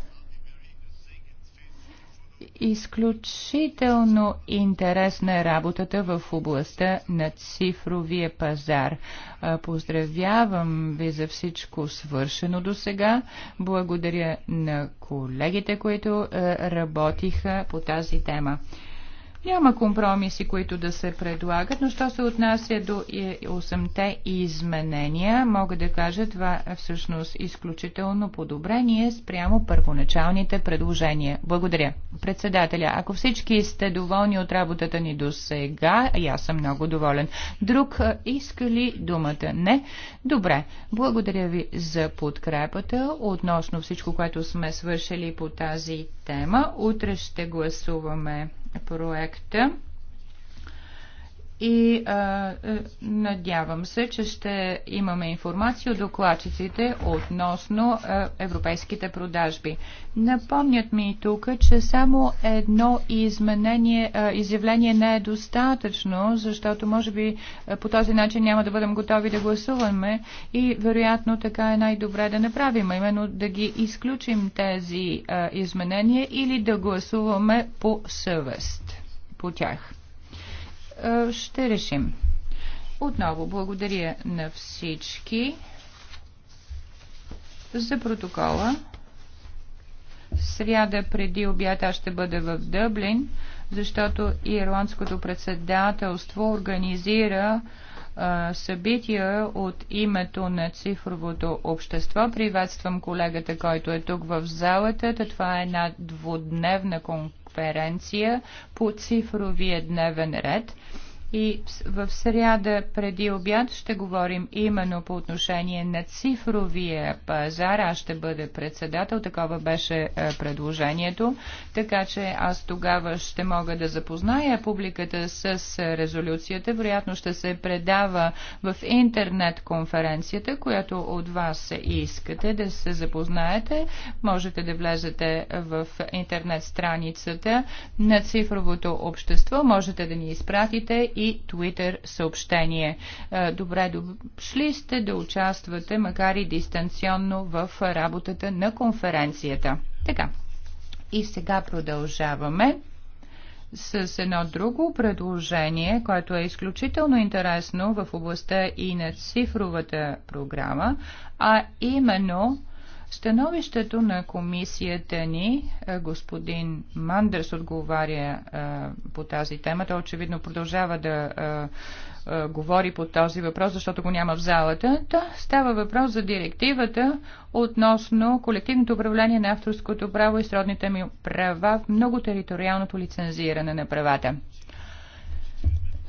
Изключително интересна е работата в областта на цифровия пазар. Поздравявам ви за всичко свършено до сега. Благодаря на колегите, които работиха по тази тема. Няма компромиси, които да се предлагат, но що се отнася до 8-те изменения, мога да кажа, това е всъщност изключително подобрение спрямо първоначалните предложения. Благодаря. Председателя, ако всички сте доволни от работата ни до сега, и аз съм много доволен. Друг иска ли думата? Не? Добре. Благодаря ви за подкрепата относно всичко, което сме свършили по тази тема. Утре ще гласуваме проекта и а, е, надявам се, че ще имаме информация от докладчиците относно а, е, европейските продажби. Напомнят ми тук, че само едно изменение, а, е, изявление не е достатъчно, защото може би а, по този начин няма да бъдем готови да гласуваме и вероятно така е най-добре да направим, именно да ги изключим тези а, изменения или да гласуваме по съвест по тях. Е, ще решим. Отново благодаря на всички за протокола. В сряда преди обяд аз ще бъда в Дъблин, защото ирландското председателство организира е, събития от името на цифровото общество. Приветствам колегата, който е тук в залата. Това е една двудневна конференция конференция по цифровия дневен ред – и в сряда преди обяд ще говорим именно по отношение на цифровия пазар. Аз ще бъде председател, такова беше е, предложението. Така че аз тогава ще мога да запозная публиката с е, резолюцията. Вероятно ще се предава в интернет конференцията, която от вас искате да се запознаете. Можете да влезете в интернет страницата на цифровото общество. Можете да ни изпратите и Twitter съобщение. Е, добре дошли сте да участвате, макар и дистанционно, в работата на конференцията. Така. И сега продължаваме с едно друго предложение, което е изключително интересно в областта и на цифровата програма, а именно Становището на комисията ни, е, господин Мандърс отговаря е, по тази тема. Той очевидно продължава да е, говори по този въпрос, защото го няма в залата. Та става въпрос за директивата относно колективното управление на авторското право и сродните ми права в многотериториалното лицензиране на правата.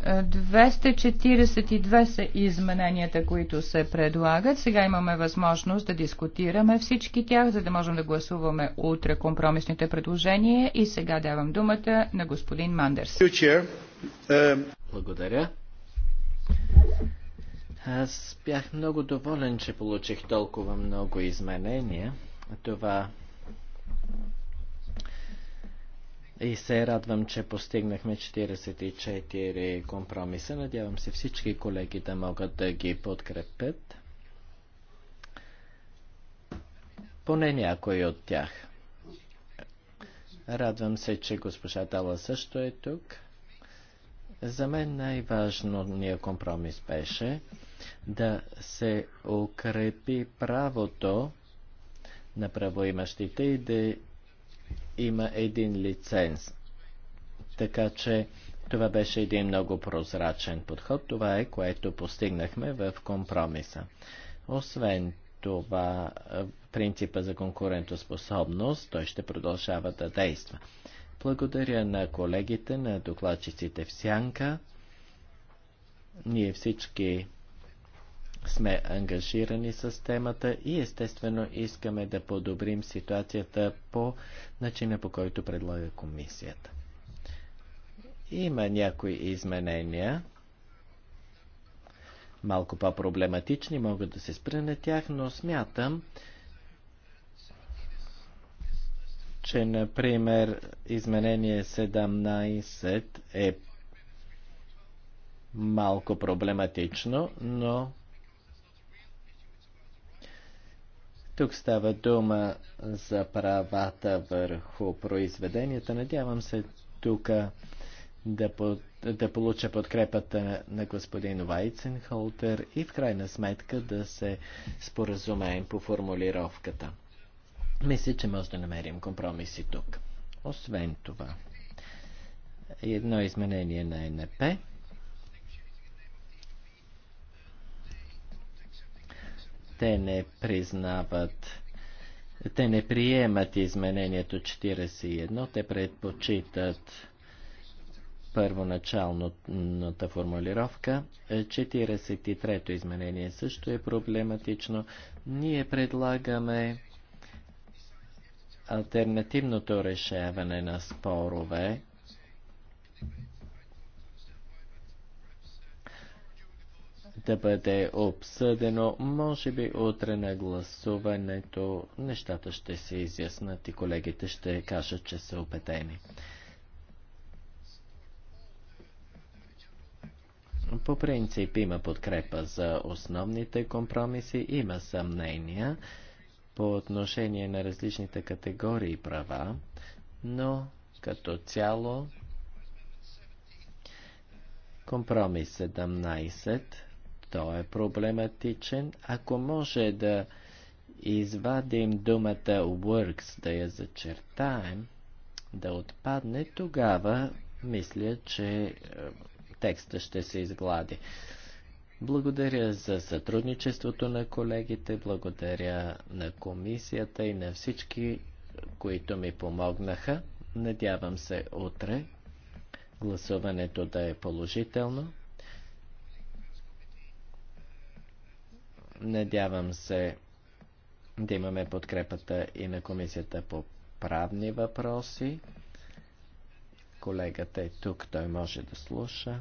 242 са измененията, които се предлагат. Сега имаме възможност да дискутираме всички тях, за да можем да гласуваме утре компромисните предложения. И сега давам думата на господин Мандерс. Благодаря. Аз бях много доволен, че получих толкова много изменения. Това и се радвам, че постигнахме 44 компромиса. Надявам се всички колеги да могат да ги подкрепят. Поне някой от тях. Радвам се, че госпожа Дала също е тук. За мен най-важният компромис беше да се укрепи правото на правоимащите и да има един лиценз. Така че това беше един много прозрачен подход. Това е, което постигнахме в компромиса. Освен това, принципа за конкурентоспособност, той ще продължава да действа. Благодаря на колегите, на докладчиците в Сянка. Ние всички сме ангажирани с темата и естествено искаме да подобрим ситуацията по начина по който предлага комисията. Има някои изменения, малко по-проблематични, могат да се спра на тях, но смятам, че, например, изменение 17 е малко проблематично, но Тук става дума за правата върху произведенията. Надявам се тук да, да получа подкрепата на господин Вайценхолтер и в крайна сметка да се споразумеем по формулировката. Мисля, че може да намерим компромиси тук. Освен това, едно изменение на НП – Те не признават, те не приемат изменението 41, те предпочитат първоначалната формулировка. 43-то изменение също е проблематично. Ние предлагаме альтернативното решаване на спорове да бъде обсъдено. Може би утре на гласуването нещата ще се изяснат и колегите ще кажат, че са убедени. По принцип има подкрепа за основните компромиси, има съмнения по отношение на различните категории права, но като цяло компромис 17 той е проблематичен. Ако може да извадим думата works, да я зачертаем, да отпадне, тогава мисля, че е, текста ще се изглади. Благодаря за сътрудничеството на колегите, благодаря на комисията и на всички, които ми помогнаха. Надявам се утре гласуването да е положително. Надявам се да имаме подкрепата и на Комисията по правни въпроси. Колегата е тук, той може да слуша.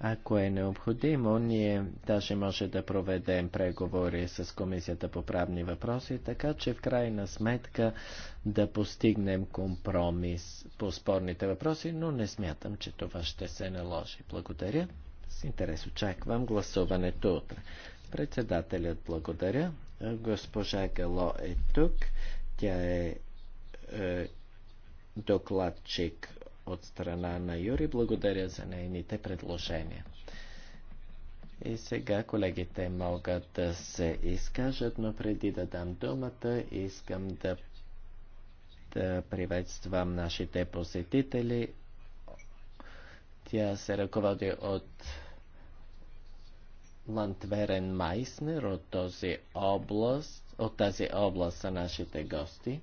Ако е необходимо, ние даже може да проведем преговори с Комисията по правни въпроси, така че в крайна сметка да постигнем компромис по спорните въпроси, но не смятам, че това ще се наложи. Благодаря интерес очаквам гласуването утре. Председателят благодаря. Госпожа Гало е тук. Тя е, е докладчик от страна на Юри. Благодаря за нейните предложения. И сега колегите могат да се изкажат, но преди да дам думата, искам да, да приветствам нашите посетители. Тя се ръководи от Лантверен Майснер от, този област, от тази област са нашите гости.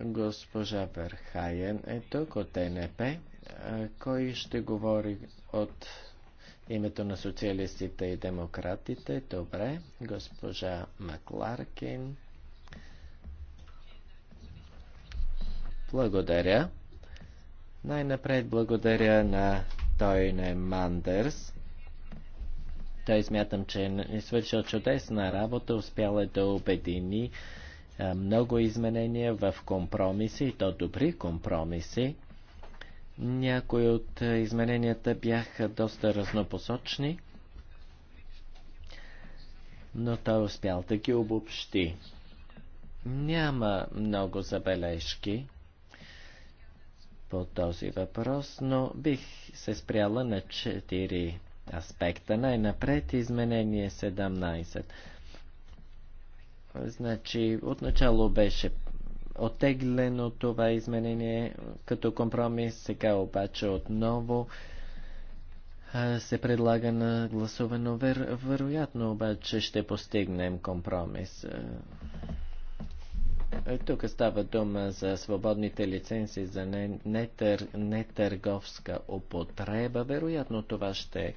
Госпожа Верхайен е тук от НП. Кой ще говори от името на социалистите и демократите? Добре. Госпожа Макларкин. Благодаря. Най-напред благодаря на Тойне Мандерс. Той смятам, че е свършил чудесна работа, успял е да обедини много изменения в компромиси, и то добри компромиси. Някои от измененията бяха доста разнопосочни, но той успял да ги обобщи. Няма много забележки по този въпрос, но бих се спряла на четири аспекта. Най-напред изменение 17. Значи, отначало беше отеглено това изменение като компромис, сега обаче отново се предлага на гласуване. Вероятно обаче ще постигнем компромис. Е, тук става дума за свободните лицензии за нетърговска не тър, не употреба. Вероятно това ще е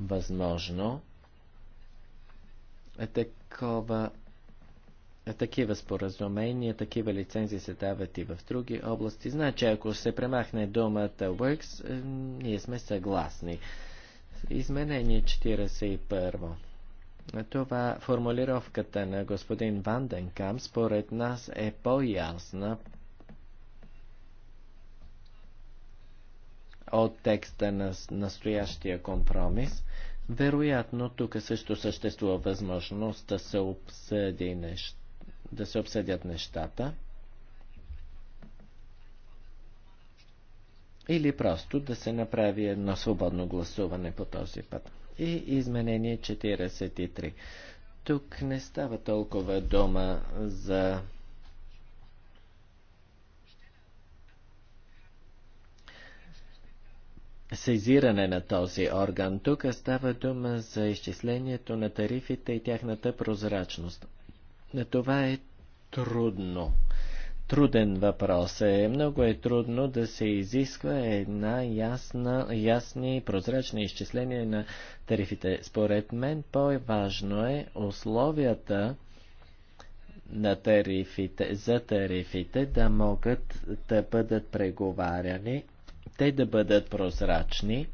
възможно. Е, такова, е, такива споразумения, такива лицензии се дават и в други области. Значи, ако се премахне думата Works, ние сме съгласни. Изменение 41. Това формулировката на господин Ванденкам според нас е по-ясна от текста на настоящия компромис. Вероятно, тук също съществува възможност да се, обсъди нещ... да се обсъдят нещата. Или просто да се направи едно свободно гласуване по този път и изменение 43. Тук не става толкова дума за сезиране на този орган. Тук става дума за изчислението на тарифите и тяхната прозрачност. Това е трудно труден въпрос е. Много е трудно да се изисква една ясна, ясни и прозрачни изчисления на тарифите. Според мен по-важно е условията на тарифите, за тарифите да могат да бъдат преговаряни, те да бъдат прозрачни.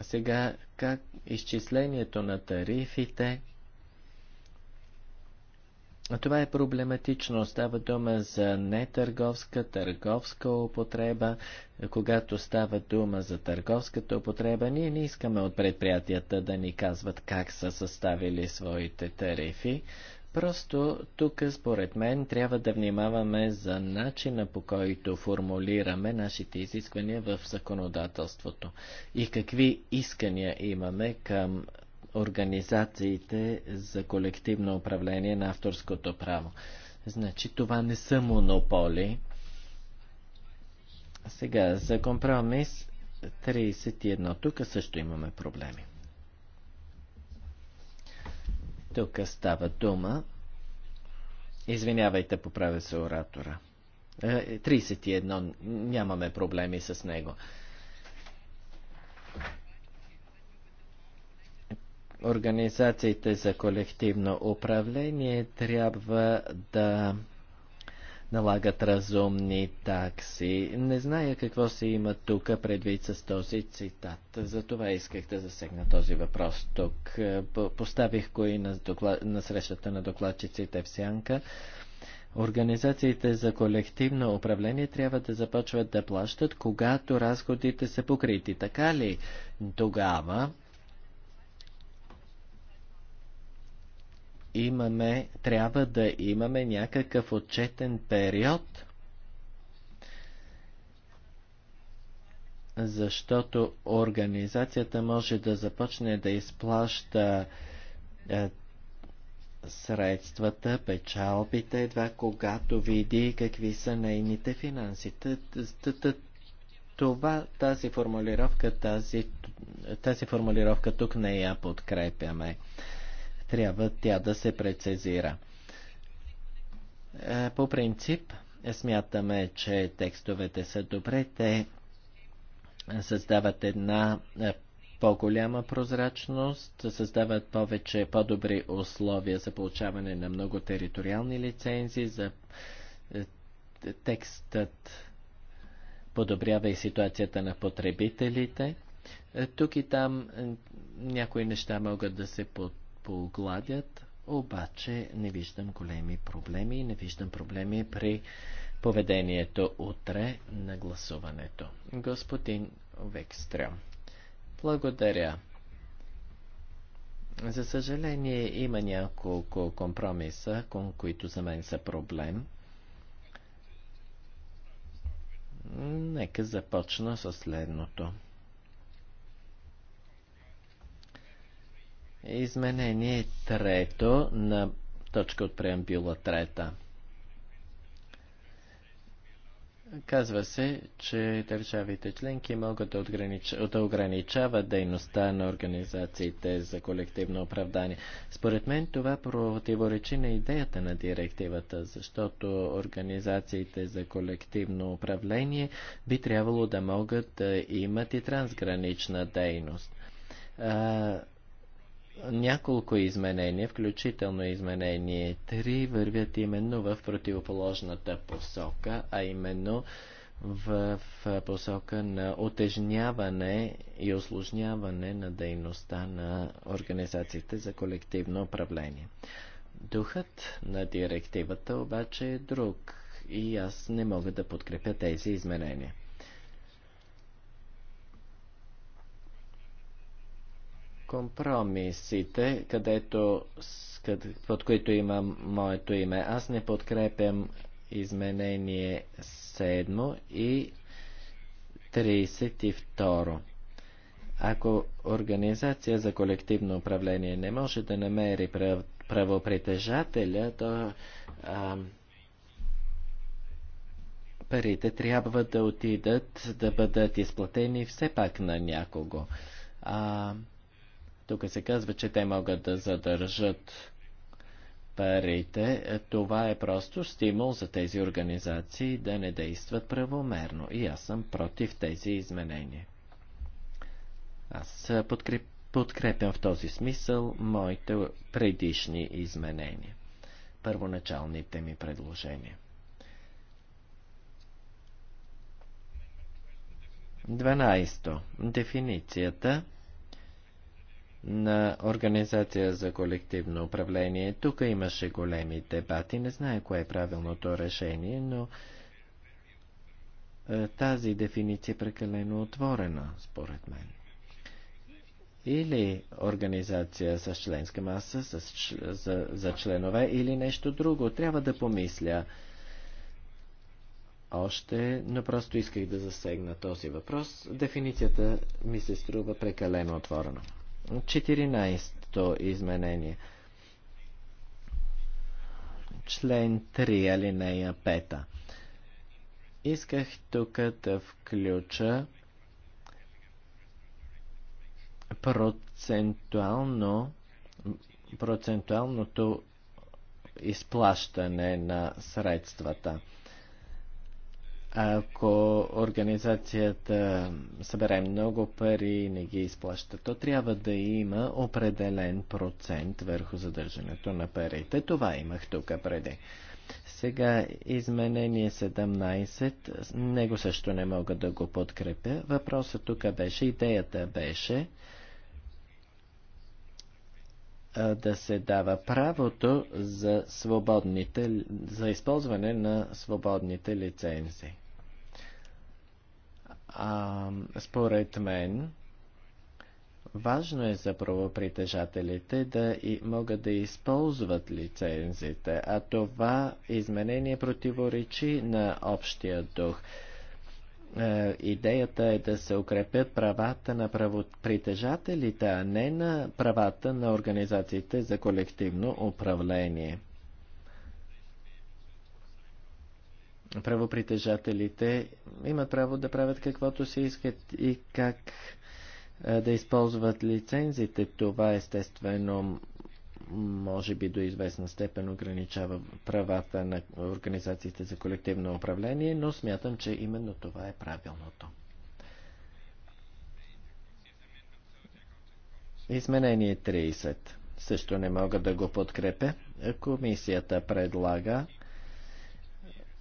Сега, как изчислението на тарифите това е проблематично. Става дума за нетърговска, търговска употреба. Когато става дума за търговската употреба, ние не искаме от предприятията да ни казват как са съставили своите тарифи. Просто тук, според мен, трябва да внимаваме за начина по който формулираме нашите изисквания в законодателството и какви искания имаме към организациите за колективно управление на авторското право. Значи това не са монополи. Сега за компромис 31. Тук също имаме проблеми. Тук става дума. Извинявайте, поправя се оратора. 31. Е, Нямаме проблеми с него. Организациите за колективно управление трябва да налагат разумни такси. Не зная какво се има тук предвид с този цитат. Затова исках да засегна този въпрос тук. Поставих го и на, доклад... на срещата на докладчиците в Сянка. Организациите за колективно управление трябва да започват да плащат, когато разходите са покрити. Така ли? Тогава имаме, трябва да имаме някакъв отчетен период, защото организацията може да започне да изплаща е, средствата, печалбите, едва когато види какви са нейните финанси. Това, тази формулировка, тази, тази формулировка тук не я подкрепяме трябва тя да се прецизира. Е, по принцип, смятаме, че текстовете са добре. Те създават една е, по-голяма прозрачност, създават повече по-добри условия за получаване на много териториални лицензии, за е, текстът подобрява и ситуацията на потребителите. Тук и там някои неща могат да се под погладят, обаче не виждам големи проблеми и не виждам проблеми при поведението утре на гласуването. Господин Векстрем, благодаря. За съжаление има няколко компромиса, които за мен са проблем. Нека започна с следното. Изменение трето на точка от преамбюла трета. Казва се, че държавите членки могат да, огранич... да ограничават дейността на организациите за колективно оправдание. Според мен това противоречи на идеята на директивата, защото организациите за колективно управление би трябвало да могат да имат и трансгранична дейност. А, няколко изменения, включително изменение 3, вървят именно в противоположната посока, а именно в посока на отежняване и осложняване на дейността на организациите за колективно управление. Духът на директивата обаче е друг и аз не мога да подкрепя тези изменения. компромисите, където, под които има моето име. Аз не подкрепям изменение 7 и 32. Ако организация за колективно управление не може да намери прав, правопритежателя, то а, парите трябва да отидат да бъдат изплатени все пак на някого. А, тук се казва, че те могат да задържат парите. Това е просто стимул за тези организации да не действат правомерно. И аз съм против тези изменения. Аз подкреп, подкрепям в този смисъл моите предишни изменения. Първоначалните ми предложения. 12. Дефиницията на Организация за колективно управление. Тук имаше големи дебати, не знае кое е правилното решение, но е, тази дефиниция е прекалено отворена, според мен. Или организация с членска маса, с, за, за членове, или нещо друго. Трябва да помисля още, но просто исках да засегна този въпрос. Дефиницията ми се струва прекалено отворена. 14-то изменение. Член 3, алинея 5. Исках тук да включа процентуално, процентуалното изплащане на средствата. Ако организацията събере много пари и не ги изплаща, то трябва да има определен процент върху задържането на парите. Това имах тук преди. Сега изменение 17, него също не мога да го подкрепя. Въпросът тук беше, идеята беше да се дава правото за, свободните, за използване на свободните лицензии. А, според мен, важно е за правопритежателите да и могат да използват лицензите, а това изменение противоречи на общия дух. Е, идеята е да се укрепят правата на правопритежателите, а не на правата на организациите за колективно управление. правопритежателите имат право да правят каквото си искат и как да използват лицензите. Това естествено може би до известна степен ограничава правата на организациите за колективно управление, но смятам, че именно това е правилното. Изменение 30. Също не мога да го подкрепя. Комисията предлага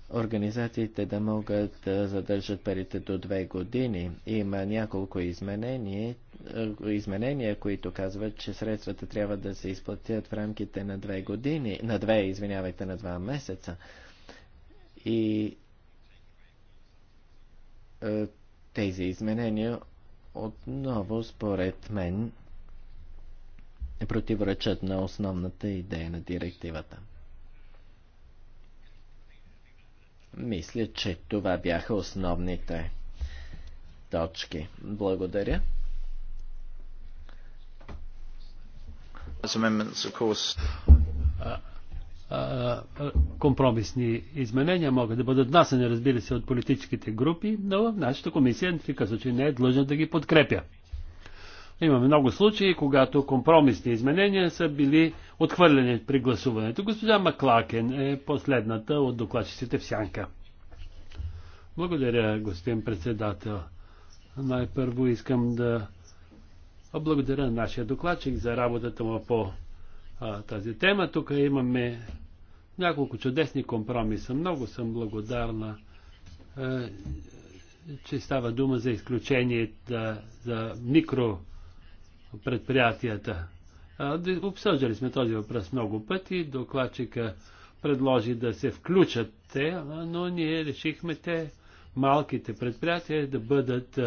организациите да могат да задържат парите до две години. Има няколко изменения, е, изменения, които казват, че средствата трябва да се изплатят в рамките на две години, на две, извинявайте, на два месеца. И е, тези изменения отново, според мен, противоречат на основната идея на директивата. Мисля, че това бяха основните точки. Благодаря. Компромисни изменения могат да бъдат внасяни, разбира се, от политическите групи, но нашата комисия в никакъв случай не е длъжна да ги подкрепя. Има много случаи, когато компромисни изменения са били отхвърлени при гласуването. Госпожа Маклакен е последната от докладчиците в Сянка. Благодаря, господин председател. Най-първо искам да благодаря нашия докладчик за работата му по а, тази тема. Тук имаме няколко чудесни компромиса. Много съм благодарна, а, е, че става дума за изключение да, за микро предприятията. Обсъждали сме този въпрос много пъти. Докладчика предложи да се включат те, но ние решихме те, малките предприятия, да бъдат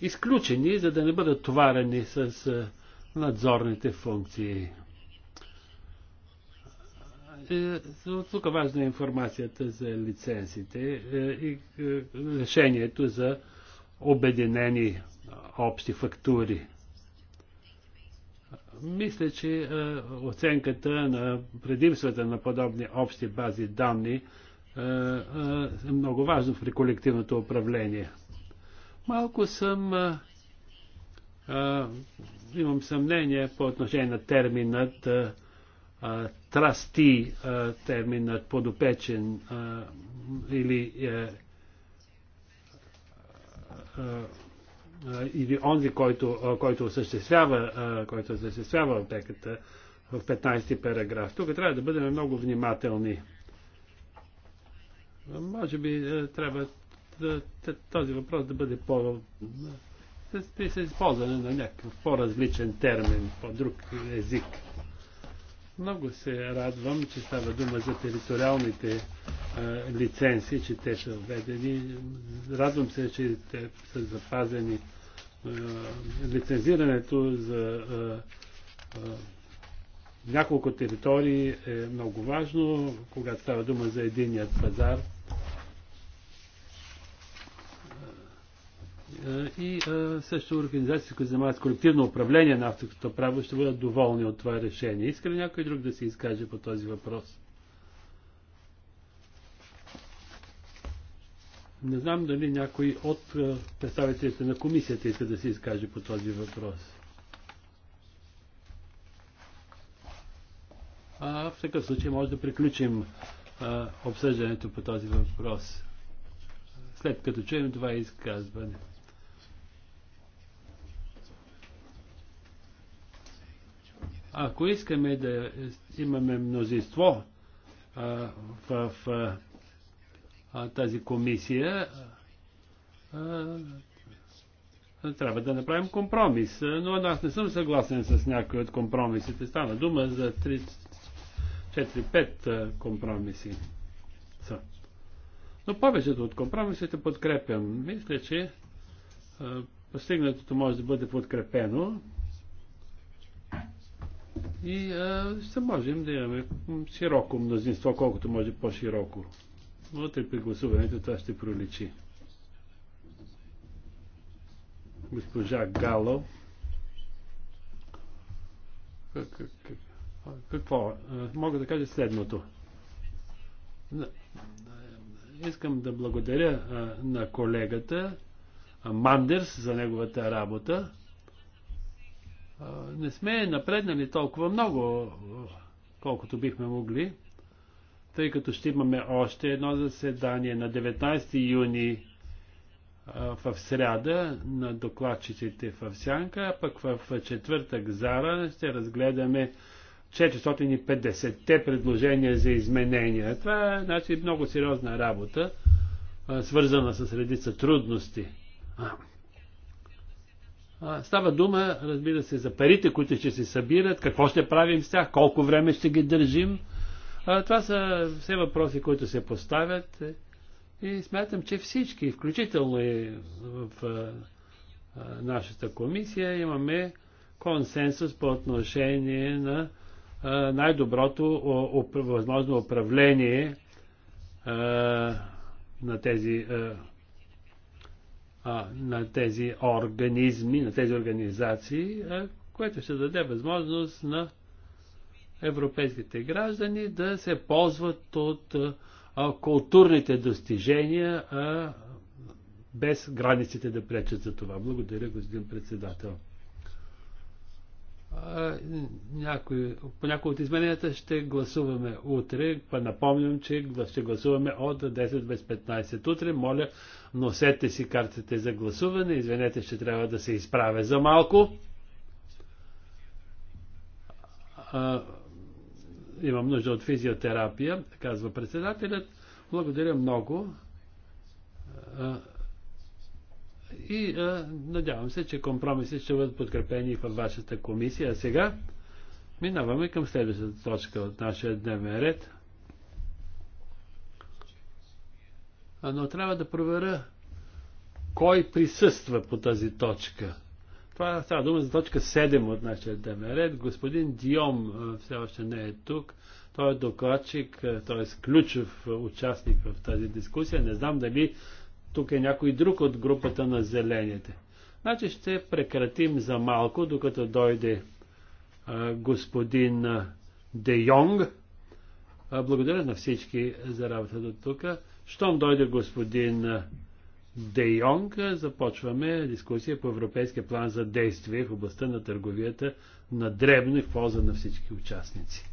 изключени, за да не бъдат товарени с надзорните функции. Е, тук важна е информацията за лицензите е, и е, решението за обединени общи фактури. Мисля, че оценката на предимствата на подобни общи бази данни е много важно при колективното управление. Малко съм. Имам съмнение по отношение на терминът трасти, терминът подопечен или е, или онзи, който, който, осъществява, който осъществява опеката в 15 ти параграф. Тук трябва да бъдем много внимателни. Може би трябва да, този въпрос да бъде по... с използване на някакъв по-различен термин, по-друг език. Много се радвам, че става дума за териториалните а, е, лицензи, че те са введени. Радвам се, че те са запазени. А, е, лицензирането за а, е, а, няколко територии е много важно, когато става дума за единият пазар. И също организации, които занимават с колективно управление на авторското право, ще бъдат доволни от това решение. Иска ли някой друг да се изкаже по този въпрос? Не знам дали някой от представителите на комисията иска да се изкаже по този въпрос. А, в такъв случай може да приключим а, обсъждането по този въпрос, след като чуем това изказване. Ако искаме да имаме мнозинство а, в а, тази комисия, а, трябва да направим компромис. Но аз не съм съгласен с някои от компромисите. Стана дума за 4-5 компромиси. Са. Но повечето от компромисите подкрепям. Мисля, че постигнатото може да бъде подкрепено. И а, ще можем да имаме широко мнозинство, колкото може по-широко. Вътре при гласуването това ще проличи. Госпожа Гало. Какво? Мога да кажа следното. Искам да благодаря на колегата Мандерс за неговата работа не сме напреднали толкова много, колкото бихме могли, тъй като ще имаме още едно заседание на 19 юни в сряда на докладчиците в Сянка, а пък в четвъртък Зара ще разгледаме 450-те предложения за изменения. Това е значи, много сериозна работа, свързана с редица трудности. Става дума, разбира се, за парите, които ще се събират, какво ще правим с тях, колко време ще ги държим. Това са все въпроси, които се поставят и смятам, че всички, включително и в нашата комисия, имаме консенсус по отношение на най-доброто възможно управление на тези а, на тези организми, на тези организации, а, което ще даде възможност на европейските граждани да се ползват от а, културните достижения, а, без границите да пречат за това. Благодаря, господин председател някои, по някои от измененията ще гласуваме утре. Па напомням, че ще гласуваме от 10 без 15 утре. Моля, носете си картите за гласуване. Извинете, ще трябва да се изправя за малко. А, имам нужда от физиотерапия, казва председателят. Благодаря много. А, и а, надявам се, че компромиси ще бъдат подкрепени във вашата комисия. А сега минаваме към следващата точка от нашия дневен ред. А, но трябва да проверя кой присъства по тази точка. Това става дума за точка 7 от нашия дневен ред. Господин Диом все още не е тук. Той е докладчик, т.е. ключов участник в тази дискусия. Не знам дали тук е някой друг от групата на зелените. Значи ще прекратим за малко, докато дойде а, господин а, Де Йонг. А, благодаря на всички за работа до тук. Щом дойде господин а, Де Йонг, започваме дискусия по Европейския план за действие в областта на търговията на Дребно и в полза на всички участници.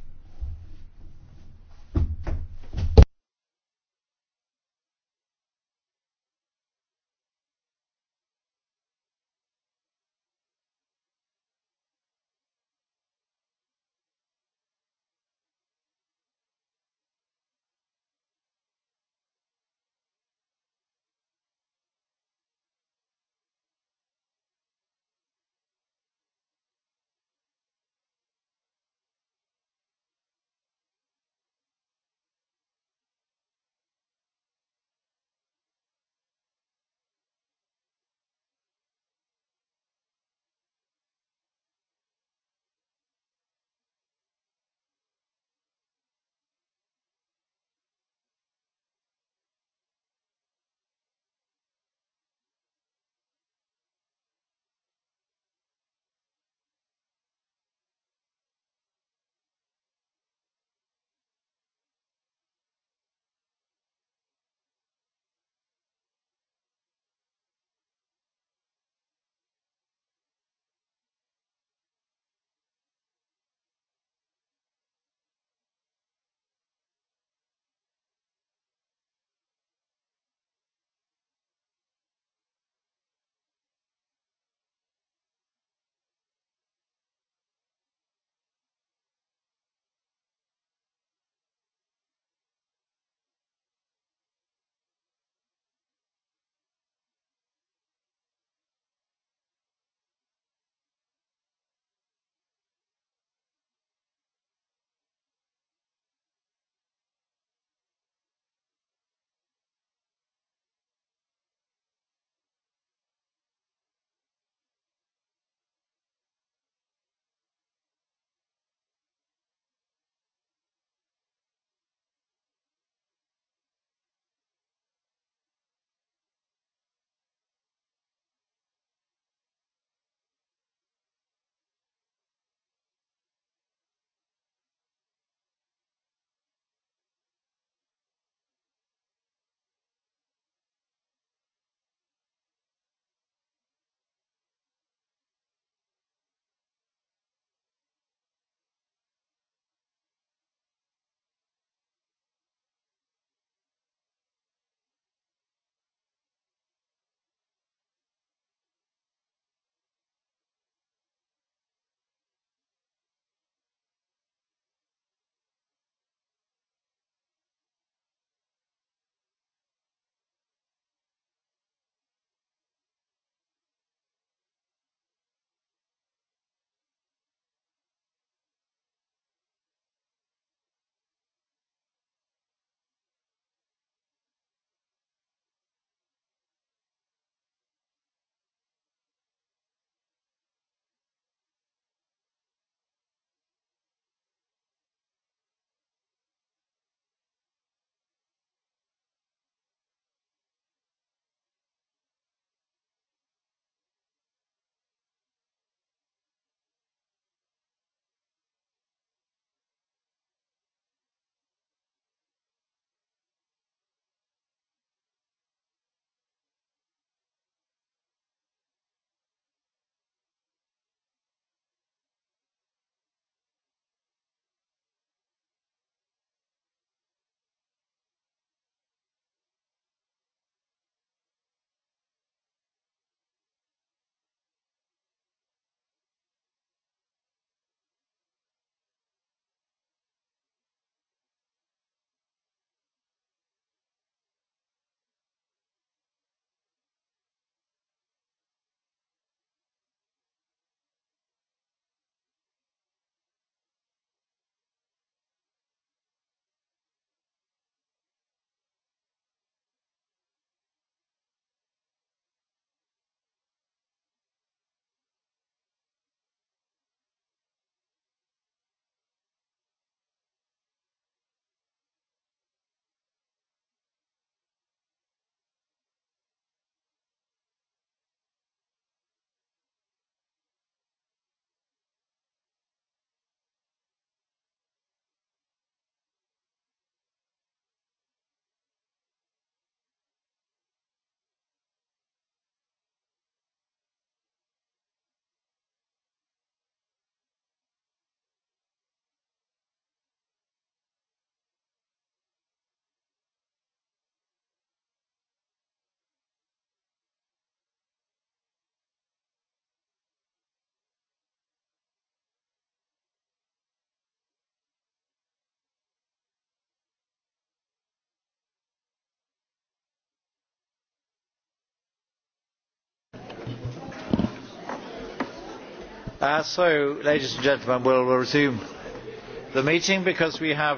Uh,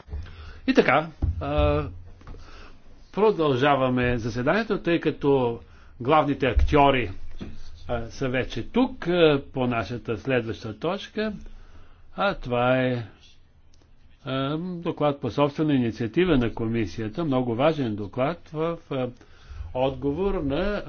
И така, продължаваме заседанието, тъй като главните актьори са вече тук по нашата следваща точка, а това е доклад по собствена инициатива на комисията, много важен доклад в отговор на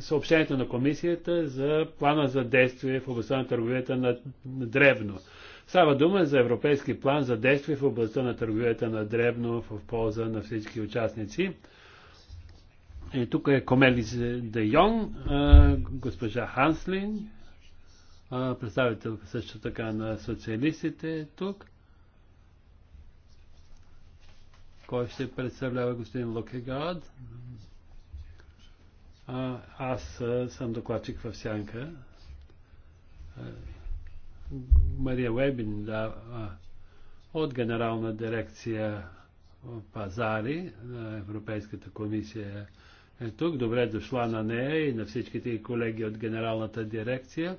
съобщението на комисията за плана за действие в областта на търговията на древно. Става дума за европейски план за действие в областта на търговията на древно в полза на всички участници. И тук е Комелис Де Йон, госпожа Ханслин, представител също така на социалистите тук. Кой ще представлява господин Локегард? Аз съм докладчик в Сянка. Мария Уебин да, от Генерална дирекция пазари на Европейската комисия е тук. Добре дошла на нея и на всичките колеги от Генералната дирекция.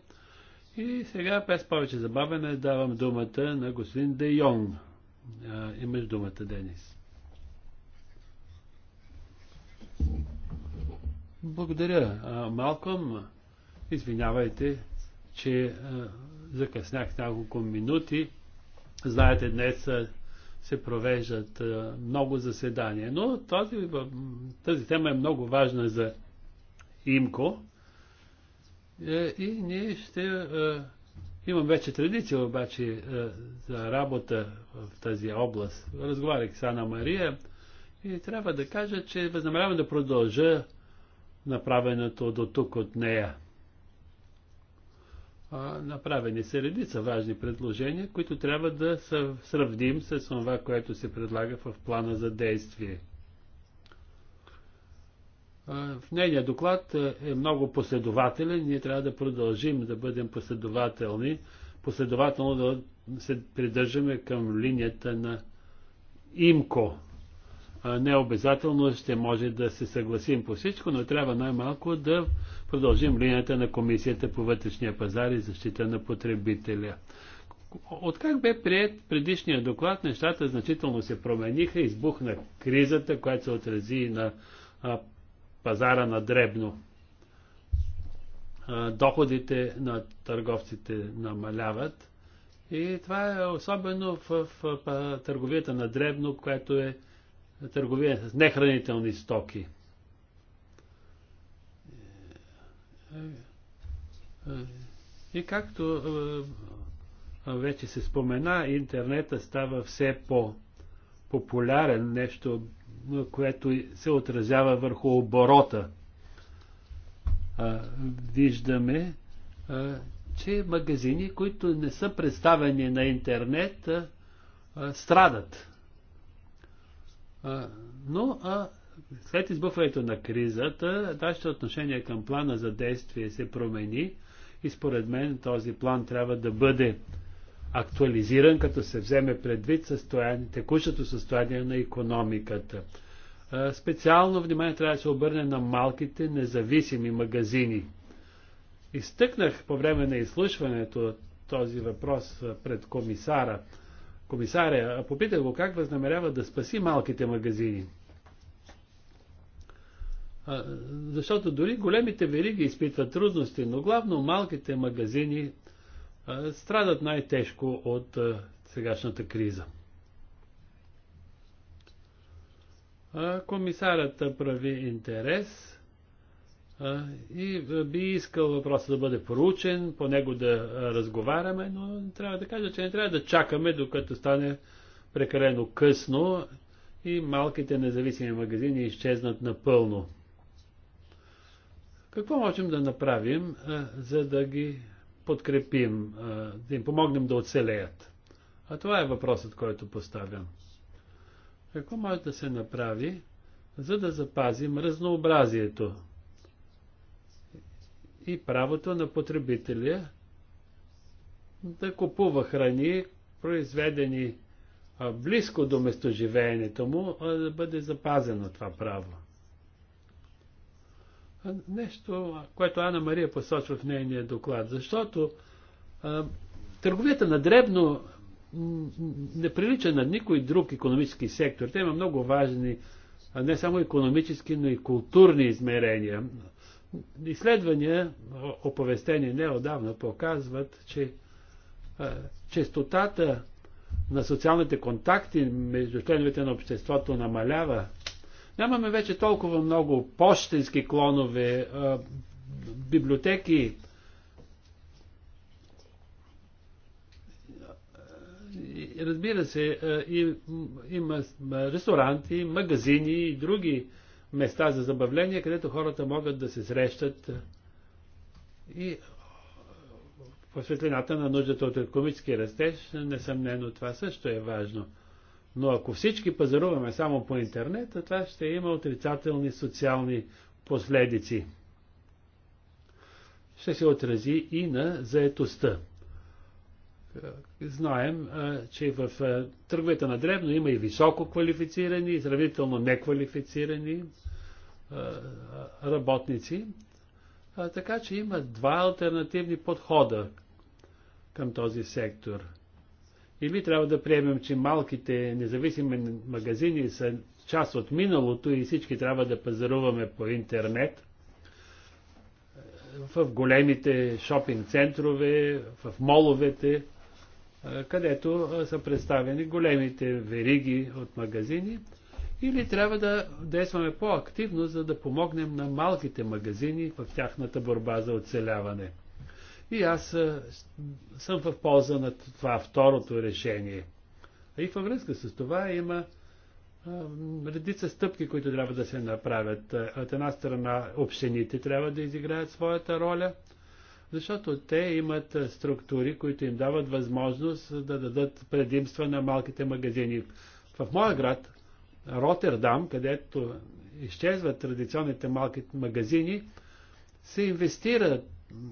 И сега, без повече забавене, давам думата на господин Де Йонг. Имаш думата, Денис. Благодаря, Малком. Извинявайте, че закъснях няколко минути. Знаете, днес се провеждат много заседания, но тази, тази тема е много важна за ИМКО. Е, и ние ще Имам вече традиция обаче за работа в тази област. Разговарях с Ана Мария и трябва да кажа, че възнамерявам да продължа направеното до тук от нея. Направени са редица важни предложения, които трябва да сравним с това, което се предлага в плана за действие. В нейния доклад е много последователен. Ние трябва да продължим да бъдем последователни, последователно да се придържаме към линията на ИМКО не обязателно ще може да се съгласим по всичко, но трябва най-малко да продължим линията на Комисията по вътрешния пазар и защита на потребителя. как бе прият предишния доклад, нещата значително се промениха, избухна кризата, която се отрази на а, пазара на дребно. А, доходите на търговците намаляват и това е особено в, в, в търговията на дребно, което е търговия с нехранителни стоки. И както вече се спомена, интернета става все по-популярен, нещо, което се отразява върху оборота. Виждаме, че магазини, които не са представени на интернет, страдат. Но а, след избухването на кризата, нашето отношение към плана за действие се промени и според мен този план трябва да бъде актуализиран, като се вземе предвид състояние, текущото състояние на економиката. Специално внимание трябва да се обърне на малките независими магазини. Изтъкнах по време на изслушването този въпрос пред комисара – комисаря, попитах го как възнамерява да спаси малките магазини. А, защото дори големите вериги изпитват трудности, но главно малките магазини а, страдат най-тежко от а, сегашната криза. комисарата прави интерес и би искал въпросът да бъде поручен, по него да разговаряме, но трябва да кажа, че не трябва да чакаме докато стане прекалено късно и малките независими магазини изчезнат напълно. Какво можем да направим, за да ги подкрепим, да им помогнем да оцелеят? А това е въпросът, който поставям. Какво може да се направи, за да запазим разнообразието и правото на потребителя да купува храни, произведени близко до местоживеенето му, да бъде запазено това право. Нещо, което Ана Мария посочва в нейния доклад, защото търговията на дребно не прилича на никой друг економически сектор. Те има много важни, не само економически, но и културни измерения. Изследвания, оповестени неодавна, показват, че честотата на социалните контакти между членовете на обществото намалява. Нямаме вече толкова много почтенски клонове, библиотеки. Разбира се, и, има ресторанти, магазини и други места за забавление, където хората могат да се срещат и по светлината на нуждата от економически растеж, несъмнено това също е важно. Но ако всички пазаруваме само по интернет, това ще има отрицателни социални последици. Ще се отрази и на заетостта. Е, знаем, е, че в е, търговете на древно има и високо квалифицирани, и сравнително неквалифицирани работници. Така че има два альтернативни подхода към този сектор. Или трябва да приемем, че малките независими магазини са част от миналото и всички трябва да пазаруваме по интернет – в големите шопинг центрове, в моловете, където са представени големите вериги от магазини, или трябва да действаме по-активно, за да помогнем на малките магазини в тяхната борба за оцеляване. И аз съм в полза на това второто решение. И във връзка с това има редица стъпки, които трябва да се направят. От една страна общините трябва да изиграят своята роля – защото те имат структури, които им дават възможност да дадат предимства на малките магазини. В моя град, Ротердам, където изчезват традиционните малки магазини, се инвестират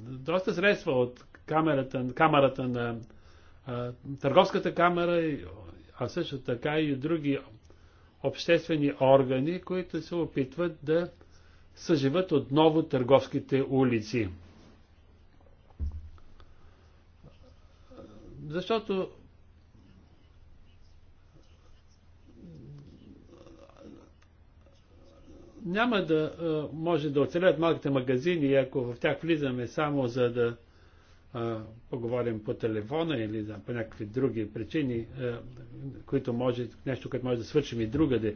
доста средства от камерата, камерата на а, Търговската камера, а също така и други обществени органи, които се опитват да съживат отново търговските улици. Защото няма да може да оцелят малките магазини, ако в тях влизаме само за да поговорим по телефона или да, по някакви други причини, които може, нещо, което може да свършим и другаде.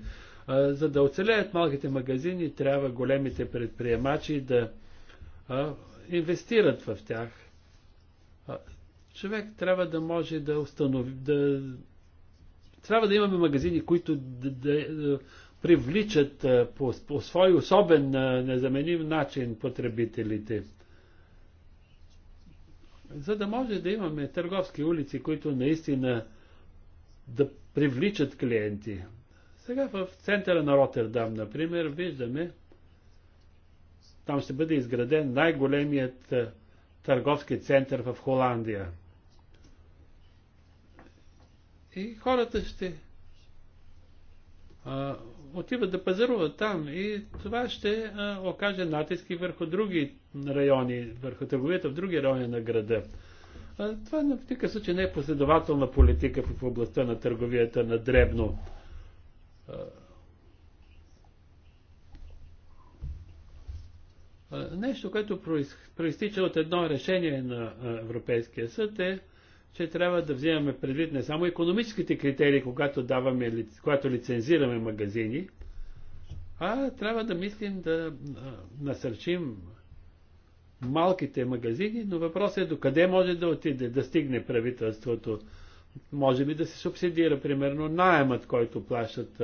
за да оцелеят малките магазини, трябва големите предприемачи да инвестират в тях човек трябва да може да установи, да... Трябва да имаме магазини, които да, да, да привличат по, по свой особен, незаменим начин потребителите. За да може да имаме търговски улици, които наистина да привличат клиенти. Сега в центъра на Ротердам, например, виждаме, там ще бъде изграден най-големият търговски център в Холандия. И хората ще а, отиват да пазаруват там и това ще а, окаже натиски върху други райони, върху търговията в други райони на града. А, това на тика случай не е последователна политика в областта на търговията на дребно. А, нещо, което проистича от едно решение на Европейския съд е че трябва да вземаме предвид не само економическите критерии, когато, даваме, когато лицензираме магазини, а трябва да мислим да насърчим малките магазини, но въпросът е до къде може да отиде, да стигне правителството. Може би да се субсидира, примерно, найемът, който плащат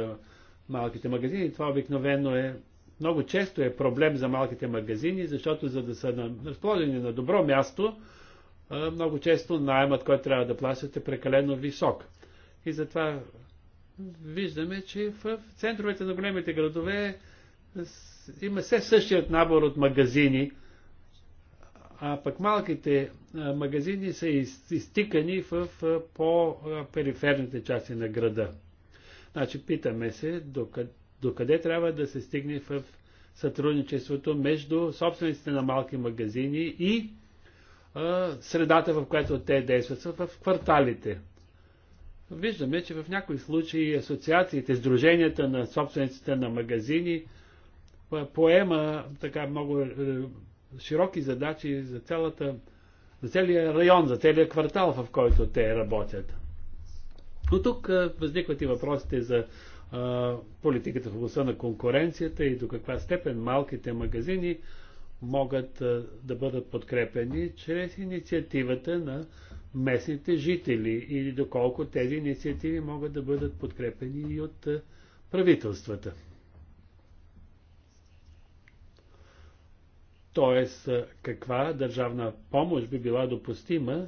малките магазини? Това обикновено е, много често е проблем за малките магазини, защото за да са разположени на добро място, много често найемът, който трябва да плащат е прекалено висок. И затова виждаме, че в центровете на големите градове има все същият набор от магазини, а пък малките магазини са изтикани в по-периферните части на града. Значи питаме се докъде, докъде трябва да се стигне в сътрудничеството между собствениците на малки магазини и средата, в която те действат, са в кварталите. Виждаме, че в някои случаи асоциациите, сдруженията на собствениците на магазини поема така много е, широки задачи за, цялата, за целия район, за целият квартал, в който те работят. Но тук възникват и въпросите за политиката в областта на конкуренцията и до каква степен малките магазини могат да бъдат подкрепени чрез инициативата на местните жители или доколко тези инициативи могат да бъдат подкрепени и от правителствата. Тоест, каква държавна помощ би била допустима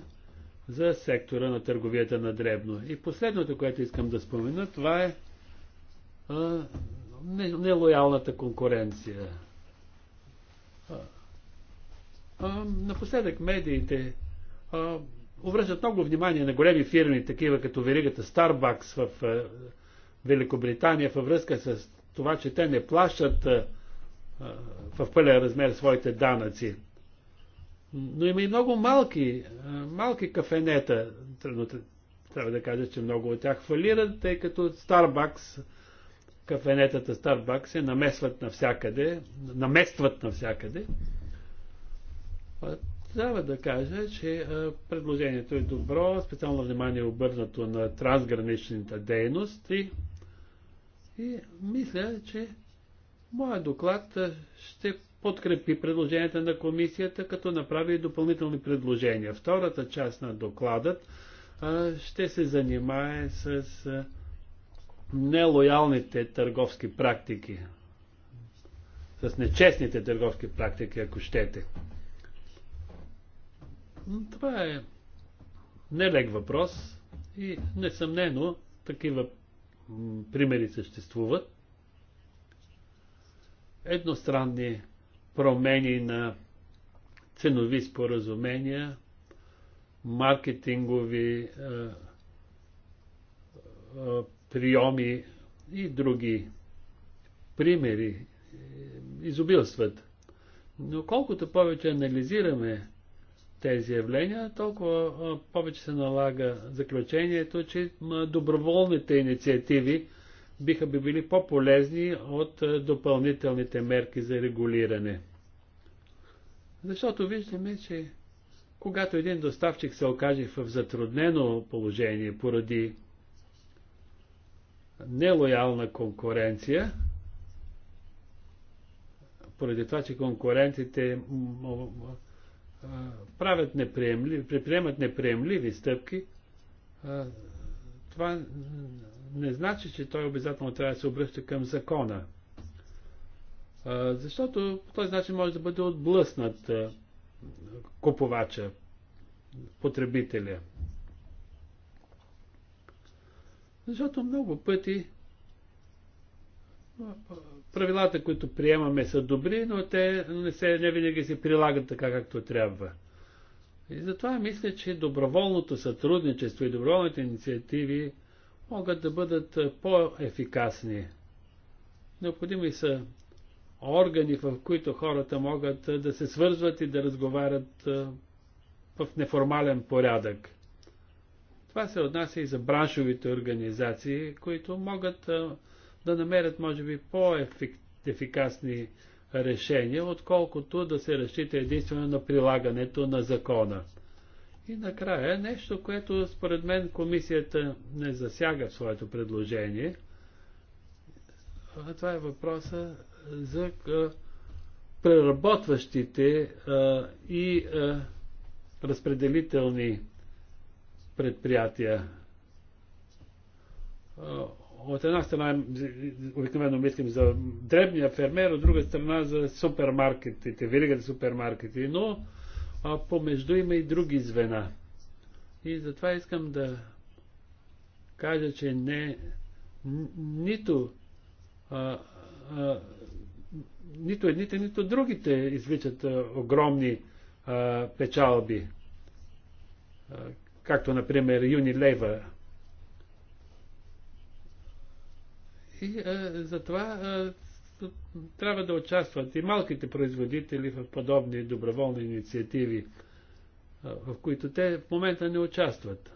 за сектора на търговията на дребно. И последното, което искам да спомена, това е а, нелоялната конкуренция. Напоследък медиите обръщат много внимание на големи фирми, такива като веригата Starbucks в Великобритания, във връзка с това, че те не плащат в пълен размер своите данъци. Но има и много малки, малки кафенета. Трябва да кажа, че много от тях фалират, тъй като Starbucks, кафенетата Starbucks се намесват навсякъде, наместват навсякъде. Трябва да кажа, че предложението е добро, специално внимание е обърнато на трансграничната дейност и, и мисля, че моят доклад ще подкрепи предложенията на комисията, като направи и допълнителни предложения. Втората част на докладът ще се занимае с нелоялните търговски практики, с нечестните търговски практики, ако щете. Това е нелег въпрос и несъмнено такива примери съществуват. Едностранни промени на ценови споразумения, маркетингови е, е, приеми и други примери е, изобилстват. Но колкото повече анализираме тези явления, толкова повече се налага заключението, че доброволните инициативи биха би били по-полезни от допълнителните мерки за регулиране. Защото виждаме, че когато един доставчик се окаже в затруднено положение поради нелоялна конкуренция, поради това, че конкурентите правят неприемливи, предприемат неприемливи стъпки, това не значи, че той обязателно трябва да се обръща към закона. Защото по този начин може да бъде отблъснат купувача, потребителя. Защото много пъти Правилата, които приемаме, са добри, но те не, се, не винаги се прилагат така, както трябва. И затова мисля, че доброволното сътрудничество и доброволните инициативи могат да бъдат по-ефикасни. Необходими са органи, в които хората могат да се свързват и да разговарят в неформален порядък. Това се отнася и за браншовите организации, които могат да намерят, може би, по-ефикасни решения, отколкото да се разчита единствено на прилагането на закона. И накрая нещо, което според мен комисията не засяга в своето предложение. Това е въпроса за преработващите и разпределителни предприятия от една страна обикновено мислим за дребния фермер, от друга страна за супермаркетите, великите супермаркети, но а, помежду има и други звена. И затова искам да кажа, че не нито а, а, нито едните, нито другите извличат а, огромни а, печалби. А, както, например, Юни Лейва И а, затова а, трябва да участват и малките производители в подобни доброволни инициативи, а, в които те в момента не участват.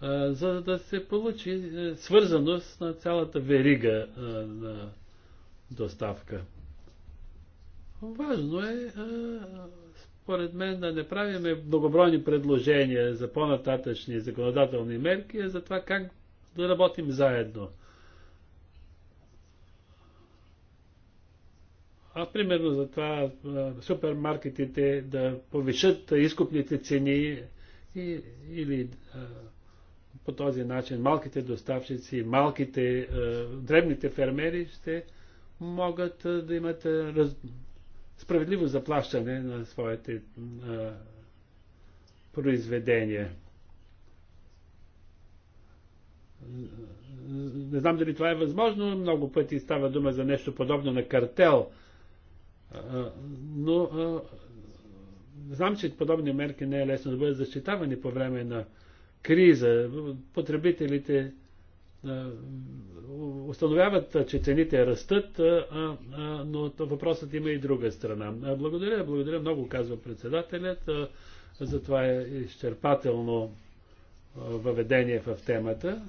А, за да се получи а, е, свързаност на цялата верига а, на доставка. Важно е, според мен, да не правиме многобройни предложения за по-нататъчни законодателни мерки, а за това как да работим заедно. А примерно за това супермаркетите да повишат изкупните цени и, или а, по този начин малките доставчици, малките, а, дребните фермери ще могат а, да имат раз... справедливо заплащане на своите а, произведения. Не знам дали това е възможно, много пъти става дума за нещо подобно на картел, но знам, че подобни мерки не е лесно да бъдат защитавани по време на криза. Потребителите установяват, че цените растат, но въпросът има и друга страна. Благодаря, благодаря много, казва председателят. За това е изчерпателно въведение в темата.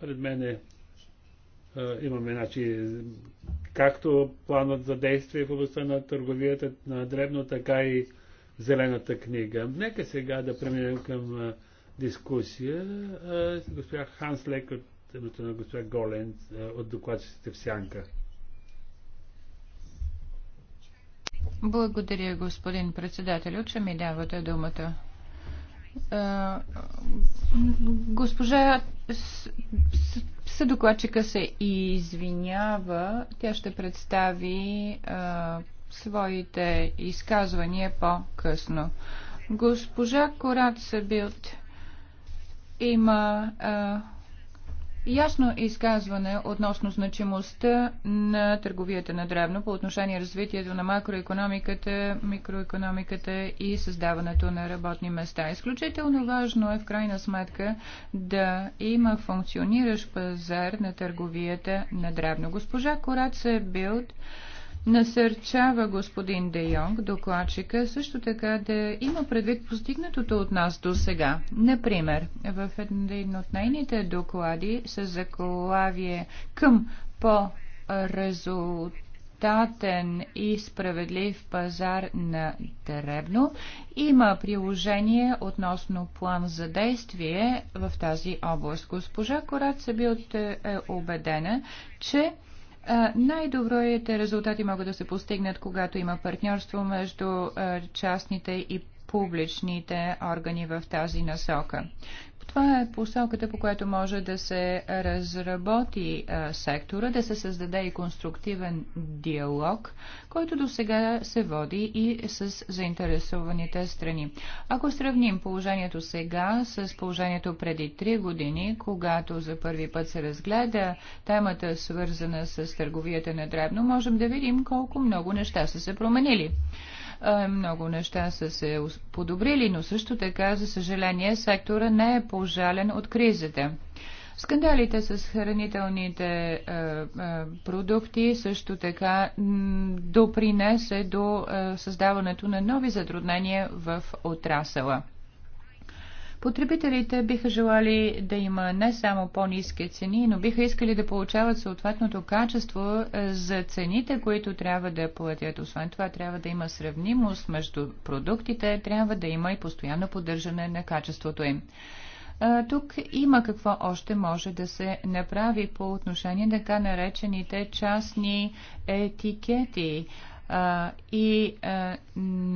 Пред мен е, имаме значи, както планът за действие в областта на търговията на дребно, така и зелената книга. Нека сега да преминем към дискусия. Госпожа Ханс Лек от името на госпожа Голен от докладчиците в Сянка. Благодаря, господин председател, че ми давате думата. Госпожа съдокладчика се извинява. Тя ще представи а, своите изказвания по-късно. Госпожа Корат Събилт има а, ясно изказване относно значимостта на търговията на древно по отношение развитието на макроекономиката, микроекономиката и създаването на работни места. Изключително важно е в крайна сметка да има функциониращ пазар на търговията на древно. Госпожа е Билд насърчава господин Де Йонг, докладчика, също така да има предвид постигнатото от нас до сега. Например, в един от нейните доклади с заклавие към по-резултат резултатен и справедлив пазар на Дребно. Има приложение относно план за действие в тази област. Госпожа се би е убедена, че най-добрите резултати могат да се постигнат, когато има партньорство между частните и публичните органи в тази насока. Това е посоката, по която може да се разработи а, сектора, да се създаде и конструктивен диалог, който до сега се води и с заинтересованите страни. Ако сравним положението сега с положението преди 3 години, когато за първи път се разгледа темата свързана с търговията на дребно, можем да видим колко много неща са се променили. Е, много неща са се подобрили, но също така, за съжаление, сектора не е пожален от кризата. Скандалите с хранителните е, е, продукти също така допринесе до е, създаването на нови затруднения в отрасъла. Потребителите биха желали да има не само по-низки цени, но биха искали да получават съответното качество е, за цените, които трябва да платят. Освен това, трябва да има сравнимост между продуктите, трябва да има и постоянно поддържане на качеството им. Е, тук има какво още може да се направи по отношение на така наречените частни етикети. Е, а, и а,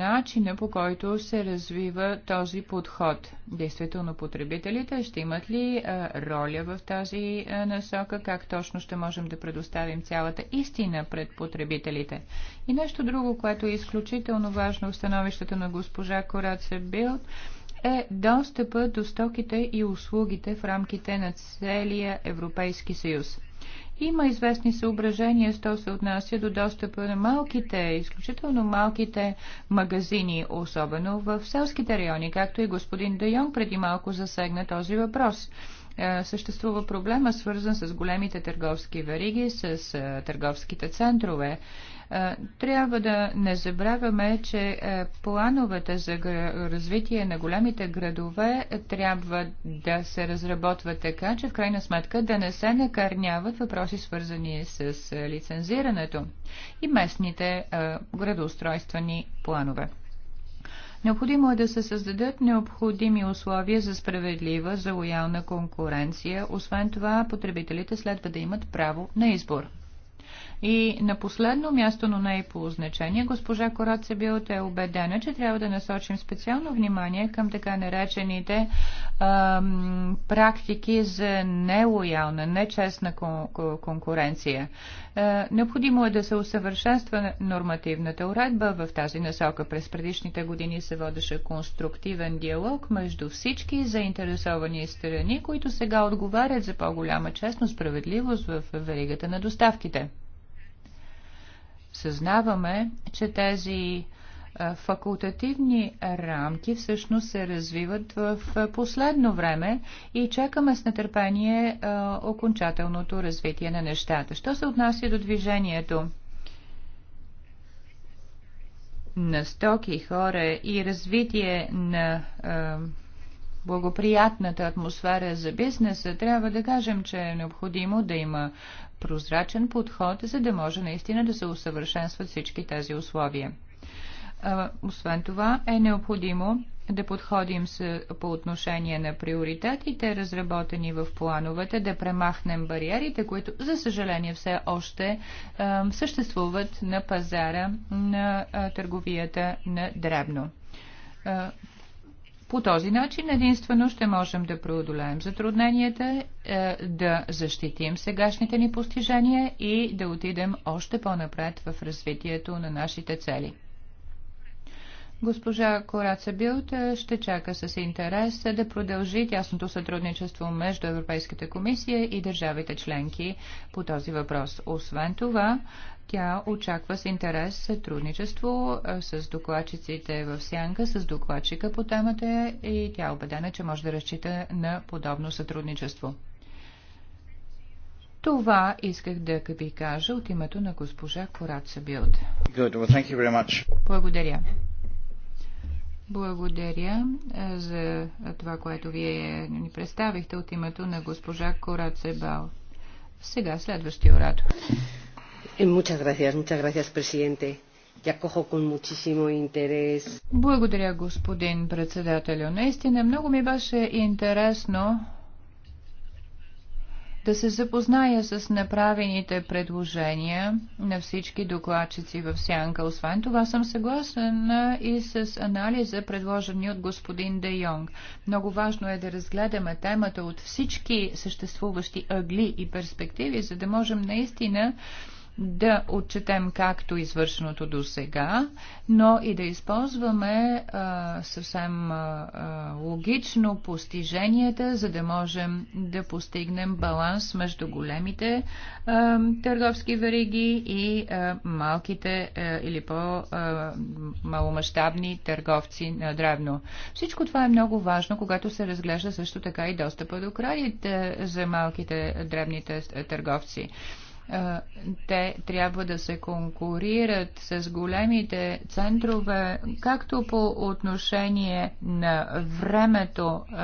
начина по който се развива този подход. Действително потребителите ще имат ли а, роля в тази а, насока, как точно ще можем да предоставим цялата истина пред потребителите. И нещо друго, което е изключително важно в становището на госпожа Кораце Билд, е достъпа до стоките и услугите в рамките на целия Европейски съюз. Има известни съображения, що се отнася до достъпа на малките, изключително малките магазини, особено в селските райони, както и господин Дайон преди малко засегна този въпрос е, съществува проблема, свързан с големите търговски вариги, с е, търговските центрове. Трябва да не забравяме, че плановете за развитие на големите градове трябва да се разработват така, че в крайна сметка да не се накърняват въпроси свързани с лицензирането и местните градоустройствени планове. Необходимо е да се създадат необходими условия за справедлива, за лоялна конкуренция. Освен това, потребителите следва да имат право на избор. И на последно място, но не и по значение, госпожа Кораца Билт е убедена, че трябва да насочим специално внимание към така наречените ам, практики за нелоялна, нечестна кон- конкуренция. А, е, необходимо е да се усъвършенства нормативната уредба в тази насока. През предишните години се водеше конструктивен диалог между всички заинтересовани страни, които сега отговарят за по-голяма честност, справедливост в веригата на доставките съзнаваме, че тези факултативни рамки всъщност се развиват в последно време и чакаме с нетърпение окончателното развитие на нещата. Що се отнася до движението? на стоки, хора и развитие на благоприятната атмосфера за бизнеса, трябва да кажем, че е необходимо да има прозрачен подход, за да може наистина да се усъвършенстват всички тези условия. Освен това е необходимо да подходим с, по отношение на приоритетите, разработени в плановете, да премахнем бариерите, които, за съжаление, все още е, съществуват на пазара на е, търговията на дребно. По този начин единствено ще можем да преодолеем затрудненията, е, да защитим сегашните ни постижения и да отидем още по-напред в развитието на нашите цели. Госпожа Кораца Билт е, ще чака с интерес да продължи тясното сътрудничество между Европейската комисия и държавите членки по този въпрос. Освен това, тя очаква с интерес сътрудничество с докладчиците в Сянка, с докладчика по темата и тя е убедена, че може да разчита на подобно сътрудничество. Това исках да ви кажа от името на госпожа Кораца Билд. Well, Благодаря. Благодаря за това, което вие ни представихте от името на госпожа Кораца Бал. Сега следващия оратор. Eh, Благодаря, господин председател. Наистина много ми беше интересно да се запозная с направените предложения на всички докладчици в Сянка. Освен това съм съгласен и с анализа, предложени от господин Де Йонг. Много важно е да разгледаме темата от всички съществуващи ъгли и перспективи, за да можем наистина да отчетем както извършеното до сега, но и да използваме а, съвсем а, логично постиженията, за да можем да постигнем баланс между големите а, търговски вериги и а, малките а, или по-маломащабни търговци на древно. Всичко това е много важно, когато се разглежда също така и достъпа до кредит за малките древните търговци. Е, те трябва да се конкурират с големите центрове, както по отношение на времето, е,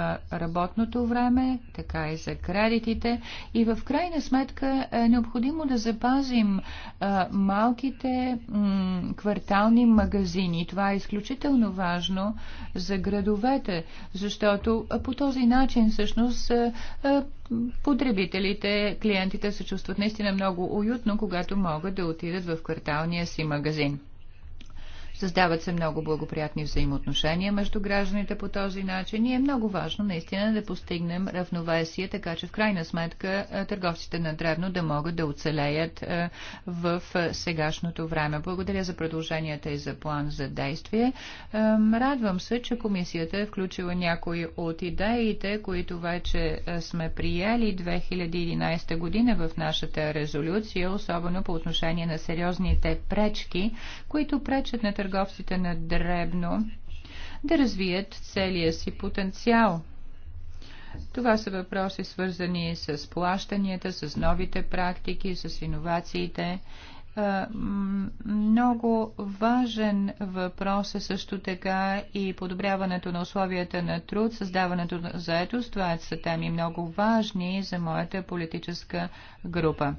работното време, така и за кредитите. И в крайна сметка е необходимо да запазим е, малките квартални магазини. Това е изключително важно за градовете, защото по този начин всъщност потребителите, клиентите се чувстват наистина много уютно, когато могат да отидат в кварталния си магазин. Създават се много благоприятни взаимоотношения между гражданите по този начин и е много важно наистина да постигнем равновесие, така че в крайна сметка е, търговците на древно да могат да оцелеят е, в е, сегашното време. Благодаря за предложенията и за план за действие. Радвам се, че комисията е включила някои от идеите, които вече сме приели 2011 година в нашата резолюция, особено по отношение на сериозните пречки, които пречат на търговците търговците на дребно да развият целия си потенциал. Това са въпроси свързани с плащанията, с новите практики, с иновациите. Е, много важен въпрос е също така и подобряването на условията на труд, създаването на заетост. Това са теми много важни за моята политическа група.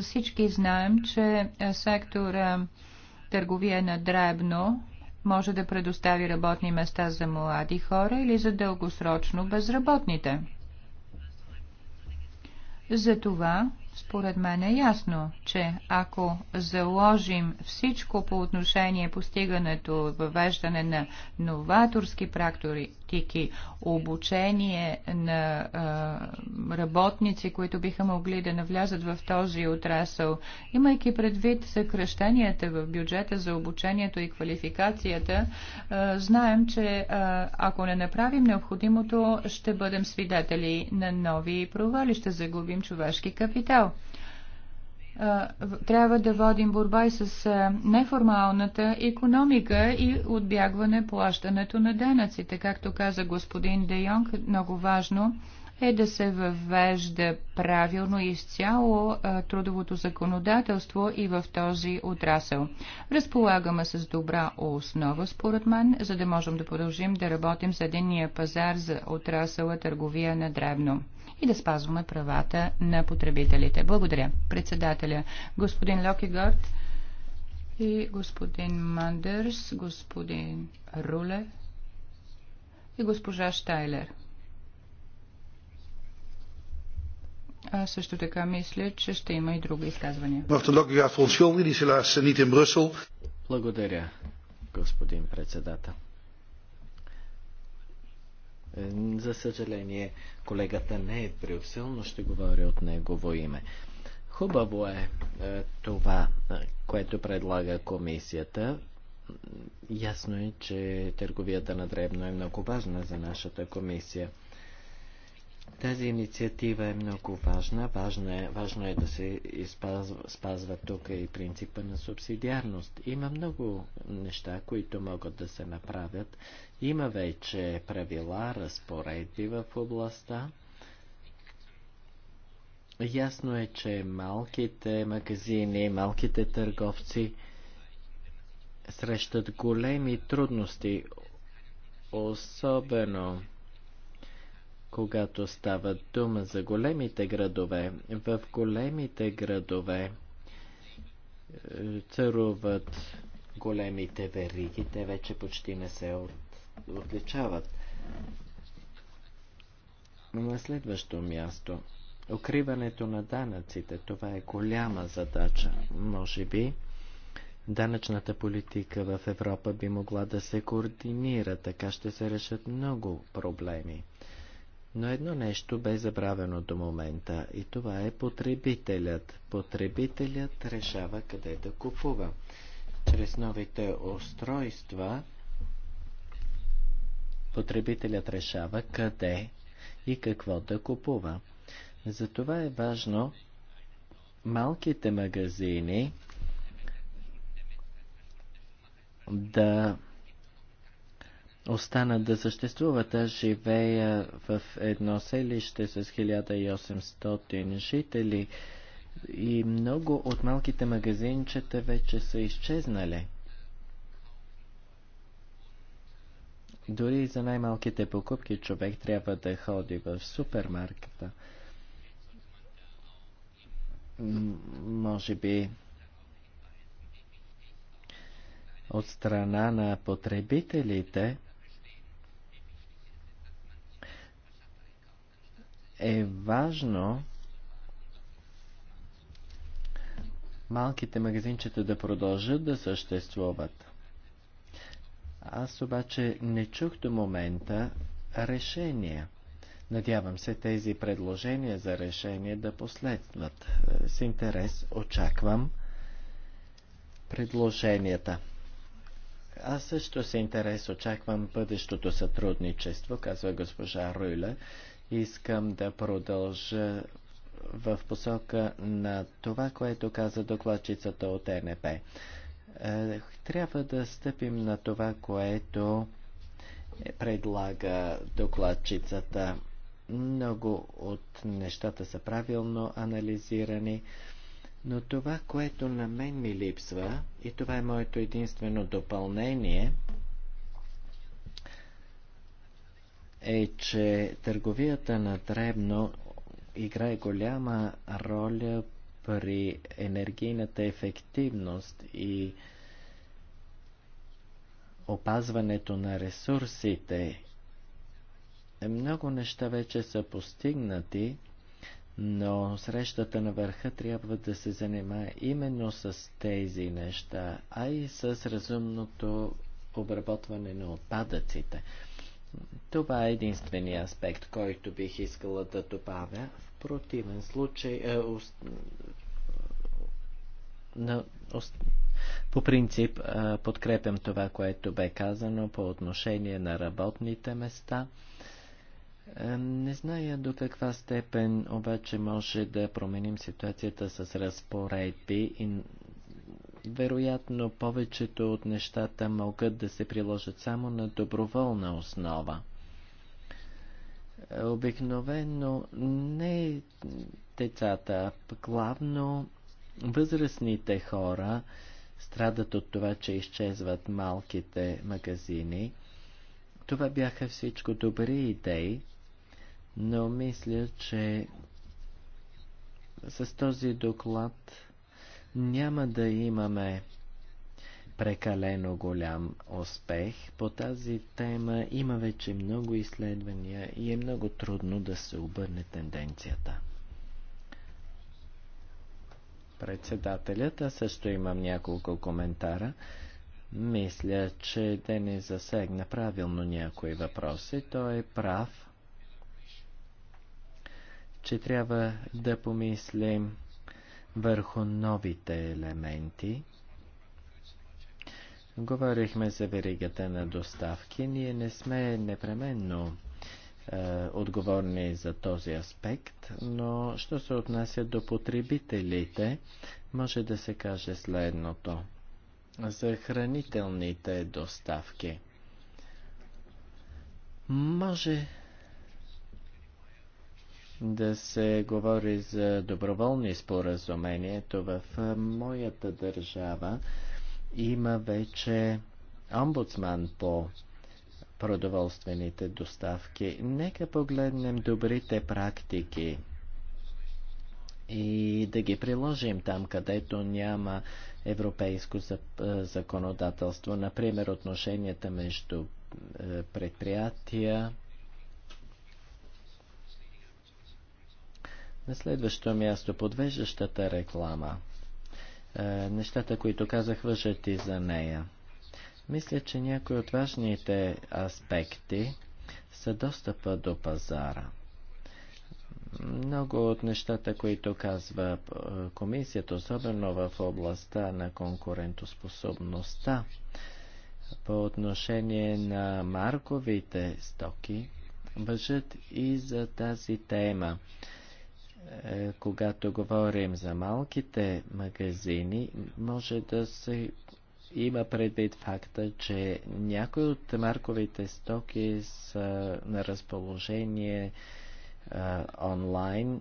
Всички знаем, че е, сектора търговия на дребно може да предостави работни места за млади хора или за дългосрочно безработните. Затова, според мен е ясно, че ако заложим всичко по отношение постигането, въвеждане на новаторски практори, практики, обучение на работници, които биха могли да навлязат в този отрасъл. Имайки предвид съкръщенията в бюджета за обучението и квалификацията, знаем, че ако не направим необходимото, ще бъдем свидетели на нови провали, ще загубим човешки капитал трябва да водим борба и с неформалната економика и отбягване плащането на данъците. Както каза господин Де Йонг, много важно е да се въвежда правилно изцяло трудовото законодателство и в този отрасъл. Разполагаме с добра основа, според мен, за да можем да продължим да работим с единния пазар за отрасъла търговия на древно и да спазваме правата на потребителите. Благодаря. Председателя господин Локигард и господин Мандърс, господин Руле и госпожа Штайлер. А също така мисля, че ще има и други изказвания. Благодаря, господин председател. За съжаление, колегата не е в но ще говоря от негово име. Хубаво е, е това, е, което предлага комисията. Ясно е, че търговията на дребно е много важна за нашата комисия. Тази инициатива е много важна. Важно е, важно е да се спазва, спазва тук и принципа на субсидиарност. Има много неща, които могат да се направят има вече правила, разпоредби в областта. Ясно е, че малките магазини, малките търговци срещат големи трудности, особено когато става дума за големите градове. В големите градове е, царуват големите вериги, те вече почти не се отличават. На следващо място. Укриването на данъците. Това е голяма задача. Може би данъчната политика в Европа би могла да се координира, така ще се решат много проблеми. Но едно нещо бе забравено до момента и това е потребителят. Потребителят решава къде да купува. Чрез новите устройства Потребителят решава къде и какво да купува. Затова е важно малките магазини да останат да съществуват. Аз живея в едно селище с 1800 жители и много от малките магазинчета вече са изчезнали. Дори и за най-малките покупки човек трябва да ходи в супермаркета. Може би от страна на потребителите е важно малките магазинчета да продължат да съществуват. Аз обаче не чух до момента решения. Надявам се тези предложения за решение да последват. С интерес очаквам предложенията. Аз също с интерес очаквам бъдещото сътрудничество, казва госпожа Руйле. Искам да продължа в посока на това, което каза докладчицата от НП. Е, трябва да стъпим на това, което предлага докладчицата. Много от нещата са правилно анализирани, но това, което на мен ми липсва, и това е моето единствено допълнение, е, че търговията на дребно играе голяма роля при енергийната ефективност и опазването на ресурсите. Много неща вече са постигнати, но срещата на върха трябва да се занимава именно с тези неща, а и с разумното обработване на отпадъците. Това е единствения аспект, който бих искала да добавя. В противен случай, е, ост... на, ост... По принцип подкрепям това, което бе казано по отношение на работните места. Не зная до каква степен обаче може да променим ситуацията с разпоредби и вероятно повечето от нещата могат да се приложат само на доброволна основа. Обикновено не децата, а главно възрастните хора страдат от това, че изчезват малките магазини. Това бяха всичко добри идеи, но мисля, че с този доклад няма да имаме прекалено голям успех. По тази тема има вече много изследвания и е много трудно да се обърне тенденцията председателят. Аз също имам няколко коментара. Мисля, че Денис засегна правилно някои въпроси. Той е прав, че трябва да помислим върху новите елементи. Говорихме за веригата на доставки. Ние не сме непременно е, отговорни за този аспект, но що се отнася до потребителите, може да се каже следното. За хранителните доставки. Може да се говори за доброволни споразумението. В е, моята държава има вече омбудсман по продоволствените доставки. Нека погледнем добрите практики и да ги приложим там, където няма европейско е, законодателство. Например, отношенията между е, предприятия. На следващо място подвеждащата реклама. Е, нещата, които казах, въжат и за нея. Мисля, че някои от важните аспекти са достъпа до пазара. Много от нещата, които казва е, комисията, особено в областта на конкурентоспособността, по отношение на марковите стоки, въжат и за тази тема. Е, когато говорим за малките магазини, може да се има предвид факта, че някои от марковите стоки са на разположение а, онлайн.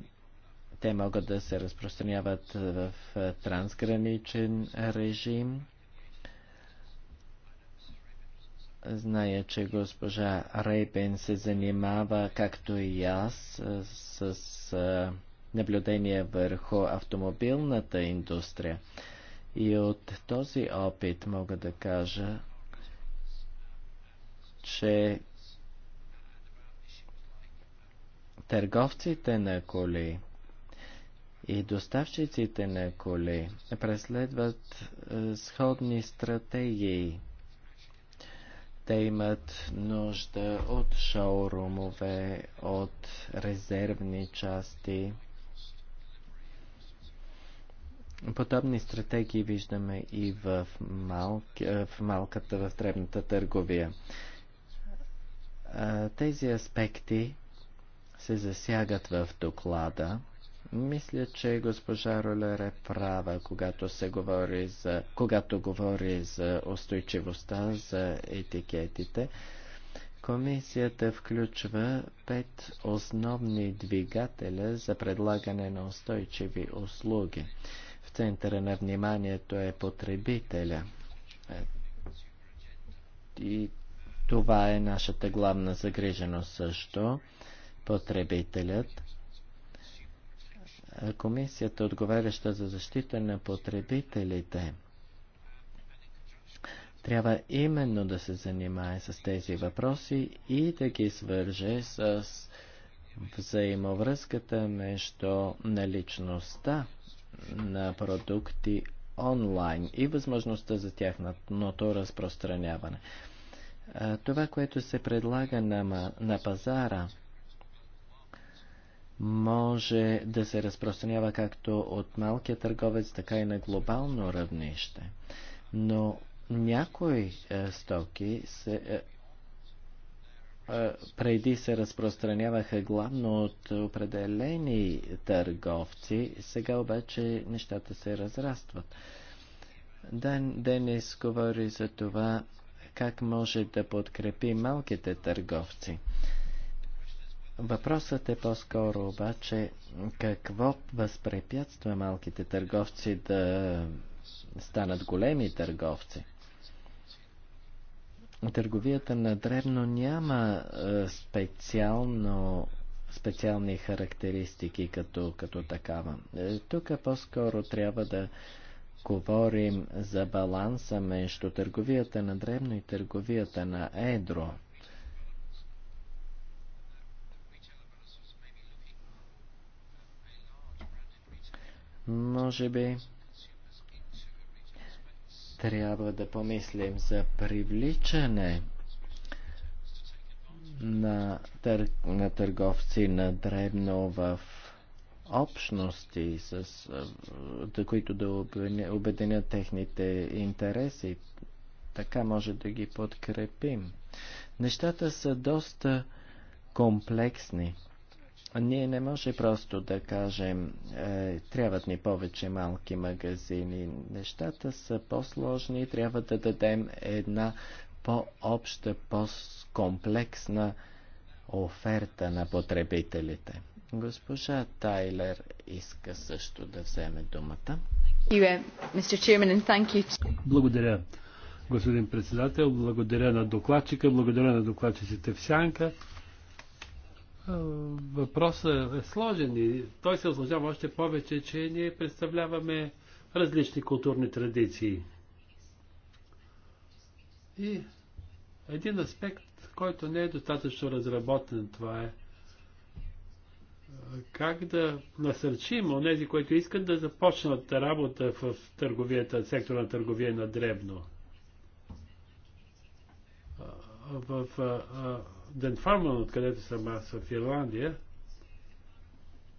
Те могат да се разпространяват в трансграничен режим. Зная, че госпожа Рейбен се занимава, както и аз, с наблюдение върху автомобилната индустрия. И от този опит мога да кажа, че търговците на коли и доставчиците на коли преследват е, сходни стратегии. Те имат нужда от шоурумове, от резервни части. Подобни стратегии виждаме и в, малки, е, в малката, в дребната търговия. Тези аспекти се засягат в доклада. Мисля, че госпожа Ролер е права, когато, се говори за, когато говори за устойчивостта, за етикетите. Комисията включва пет основни двигателя за предлагане на устойчиви услуги центъра на вниманието е потребителя. Е, и това е нашата главна загриженост също. Потребителят. Е, комисията, отговаряща за защита на потребителите, трябва именно да се занимае с тези въпроси и да ги свърже с взаимовръзката между наличността на продукти онлайн и възможността за тяхното разпространяване. Това, което се предлага на, на пазара, може да се разпространява както от малкия търговец, така и на глобално равнище. Но някои е, стоки се, е, преди се разпространяваха главно от определени търговци, сега обаче нещата се разрастват. Ден, Денис говори за това как може да подкрепи малките търговци. Въпросът е по-скоро обаче какво възпрепятства малките търговци да станат големи търговци търговията на древно няма е, специално специални характеристики като, като такава. Е, тук по-скоро трябва да говорим за баланса между търговията на древно и търговията на едро. Може би трябва да помислим за привличане на, тър... на търговци на дребно в общности, с, които да обединят техните интереси. Така може да ги подкрепим. Нещата са доста комплексни. Ние не може просто да кажем, е, трябват ни повече малки магазини. Нещата са по-сложни, и трябва да дадем една по-обща, по-комплексна оферта на потребителите. Госпожа Тайлер иска също да вземе думата. Uh, благодаря, господин председател. Благодаря на докладчика, благодаря на докладчиците в Сянка въпросът е сложен и той се осложнява още повече, че ние представляваме различни културни традиции. И един аспект, който не е достатъчно разработен, това е как да насърчим онези, които искат да започнат работа в търговията, сектора на търговия на дребно. В Денфарман, откъдето съм аз в Ирландия,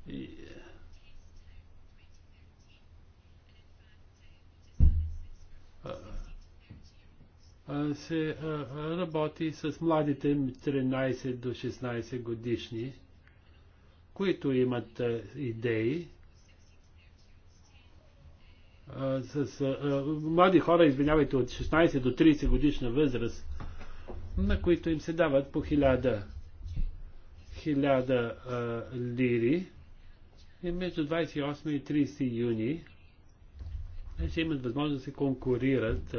и... а, а, се а, а, работи с младите 13 до 16 годишни, които имат а, идеи, А, с а, млади хора, извинявайте, от 16 до 30 годишна възраст, на които им се дават по хиляда хиляда лири и между 28 и 30 юни ще имат възможност да се конкурират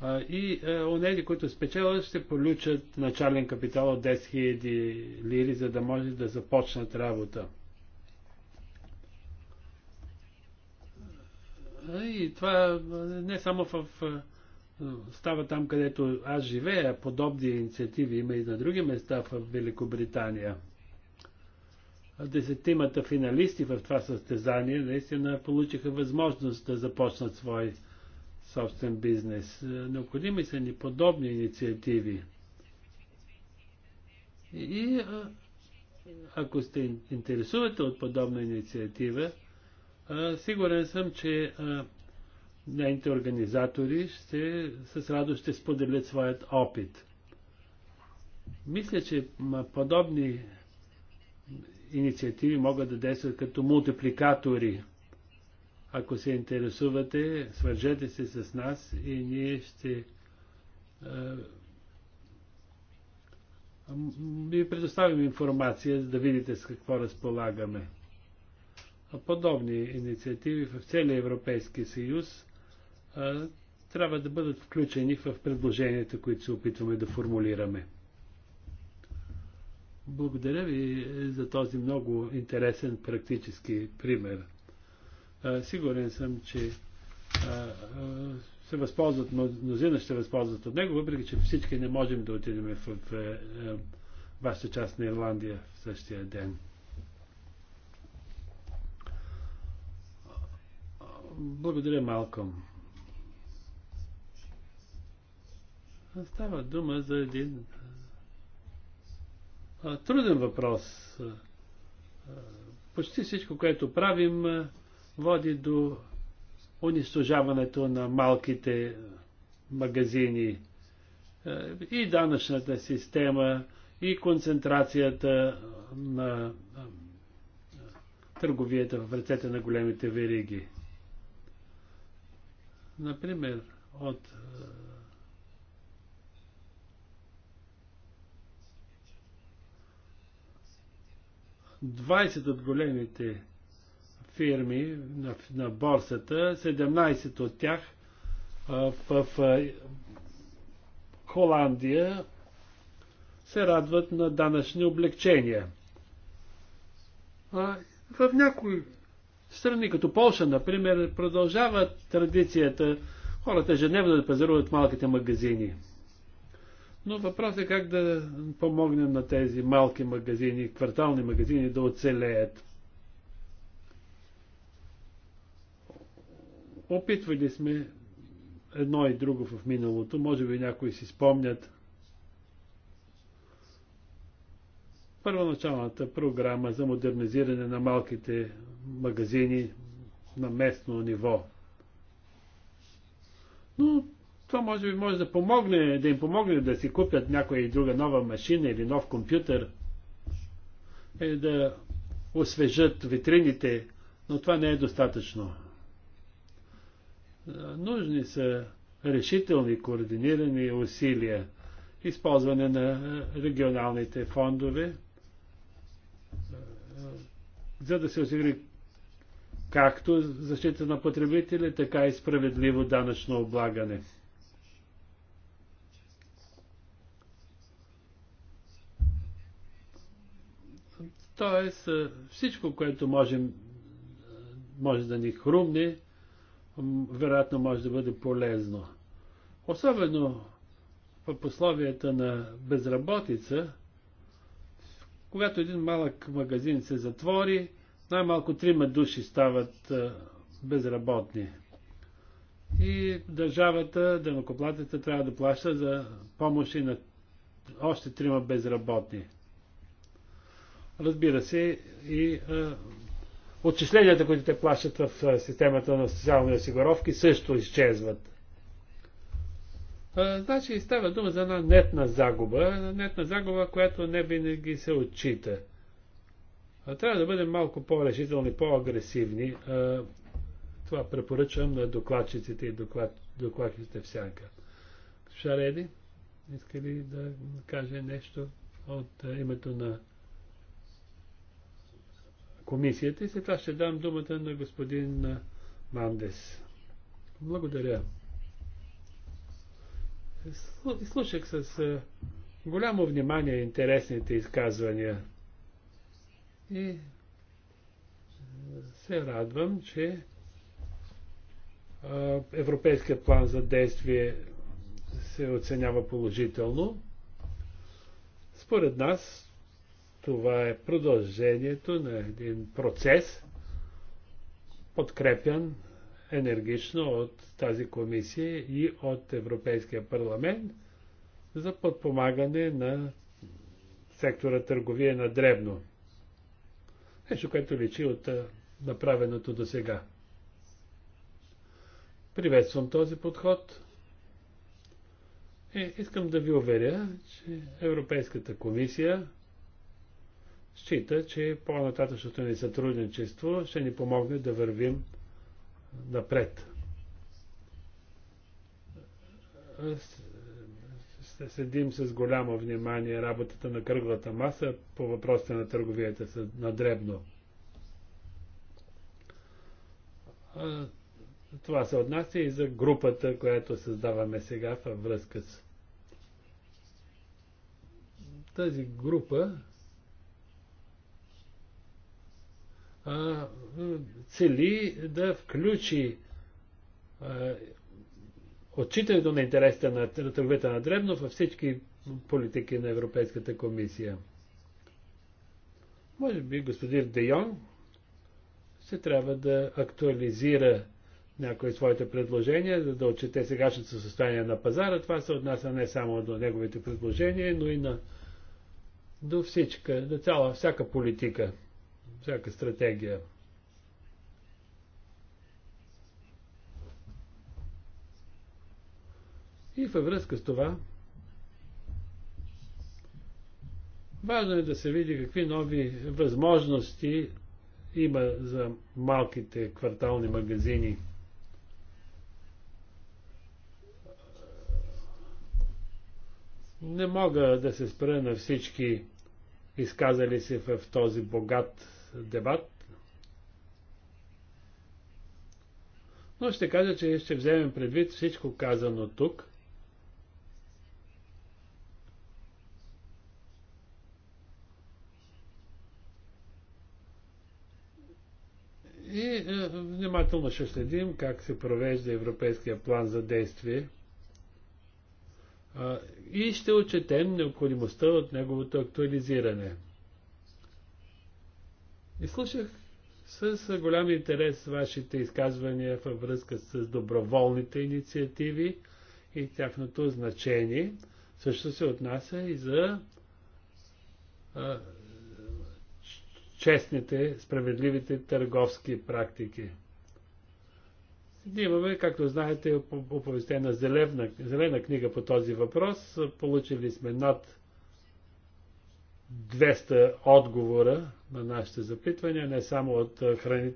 а, и онези, които спечелят, ще получат начален капитал от 10 000 лири, за да може да започнат работа. И това не само в става там, където аз живея. Подобни инициативи има и на други места в Великобритания. Десетимата финалисти в това състезание наистина получиха възможност да започнат свой собствен бизнес. Необходими са ни подобни инициативи. И ако сте интересувате от подобна инициатива, сигурен съм, че нейните организатори ще, с радост ще споделят своят опит. Мисля, че подобни инициативи могат да действат като мултипликатори. Ако се интересувате, свържете се с нас и ние ще е, ви предоставим информация, за да видите с какво разполагаме. Подобни инициативи в целия Европейски съюз трябва да бъдат включени в предложенията, които се опитваме да формулираме. Благодаря ви за този много интересен практически пример. Сигурен съм, че се възползват, мнозина ще възползват от него, въпреки че всички не можем да отидем в, в, в вашата част на Ирландия в същия ден. Благодаря, Малком. Става дума за един труден въпрос. Почти всичко, което правим, води до унищожаването на малките магазини и данъчната система, и концентрацията на търговията в ръцете на големите вериги. Например, от 20 от големите фирми на, на борсата, 17 от тях в, в, в Холандия се радват на данъчни облегчения. А, в някои страни, като Полша, например, продължават традицията хората ежедневно да пазаруват малките магазини. Но въпросът е как да помогнем на тези малки магазини, квартални магазини да оцелеят. Опитвали сме едно и друго в миналото. Може би някои си спомнят първоначалната програма за модернизиране на малките магазини на местно ниво. Но това може би може да помогне, да им помогне да си купят някоя и друга нова машина или нов компютър, или да освежат витрините, но това не е достатъчно. Нужни са решителни, координирани усилия, използване на регионалните фондове, за да се осигури както защита на потребители, така и справедливо данъчно облагане. Тоест, е, всичко, което можем, е, може да ни хрумне, вероятно може да бъде полезно. Особено в пословията на безработица, когато един малък магазин се затвори, най-малко трима души стават е, безработни. И държавата, дънокоплатеца трябва да плаща за помощи на още трима безработни разбира се, и а, отчисленията, които те плащат в системата на социални осигуровки, също изчезват. А, значи става дума за една нетна загуба, нетна загуба, която не винаги се отчита. А, трябва да бъдем малко по-решителни, по-агресивни. това препоръчвам на докладчиците и доклад, докладчиците в сянка. Шареди, иска ли да каже нещо от името на комисията и след това ще дам думата на господин Мандес. Благодаря. Слушах с е, голямо внимание интересните изказвания и е, се радвам, че е, Европейският план за действие се оценява положително. Според нас това е продължението на един процес, подкрепян енергично от тази комисия и от Европейския парламент за подпомагане на сектора търговия на дребно. Нещо, което личи от направеното до сега. Приветствам този подход. И искам да ви уверя, че Европейската комисия счита, че по-нататъчното ни сътрудничество ще ни помогне да вървим напред. Седим с голямо внимание работата на кръглата маса по въпросите на търговията на дребно. Това се отнася и за групата, която създаваме сега във връзка с тази група цели да включи отчитането на интересите на търговете на Дребно във всички политики на Европейската комисия. Може би господин Де Йонг ще трябва да актуализира някои своите предложения, за да отчете сегашното състояние на пазара. Това се отнася не само до неговите предложения, но и на, до всичка, до цяла, всяка политика всяка стратегия. И във връзка с това, важно е да се види какви нови възможности има за малките квартални магазини. Не мога да се спра на всички изказали се в този богат дебат. Но ще кажа, че ще вземем предвид всичко казано тук. И е, внимателно ще следим как се провежда Европейския план за действие и ще отчетем необходимостта от неговото актуализиране. И слушах с голям интерес вашите изказвания във връзка с доброволните инициативи и тяхното значение. Също се отнася и за а, честните, справедливите търговски практики. Ние имаме, както знаете, оповестена зелена, зелена книга по този въпрос. Получили сме над 200 отговора на нашите запитвания, не само от е, храни...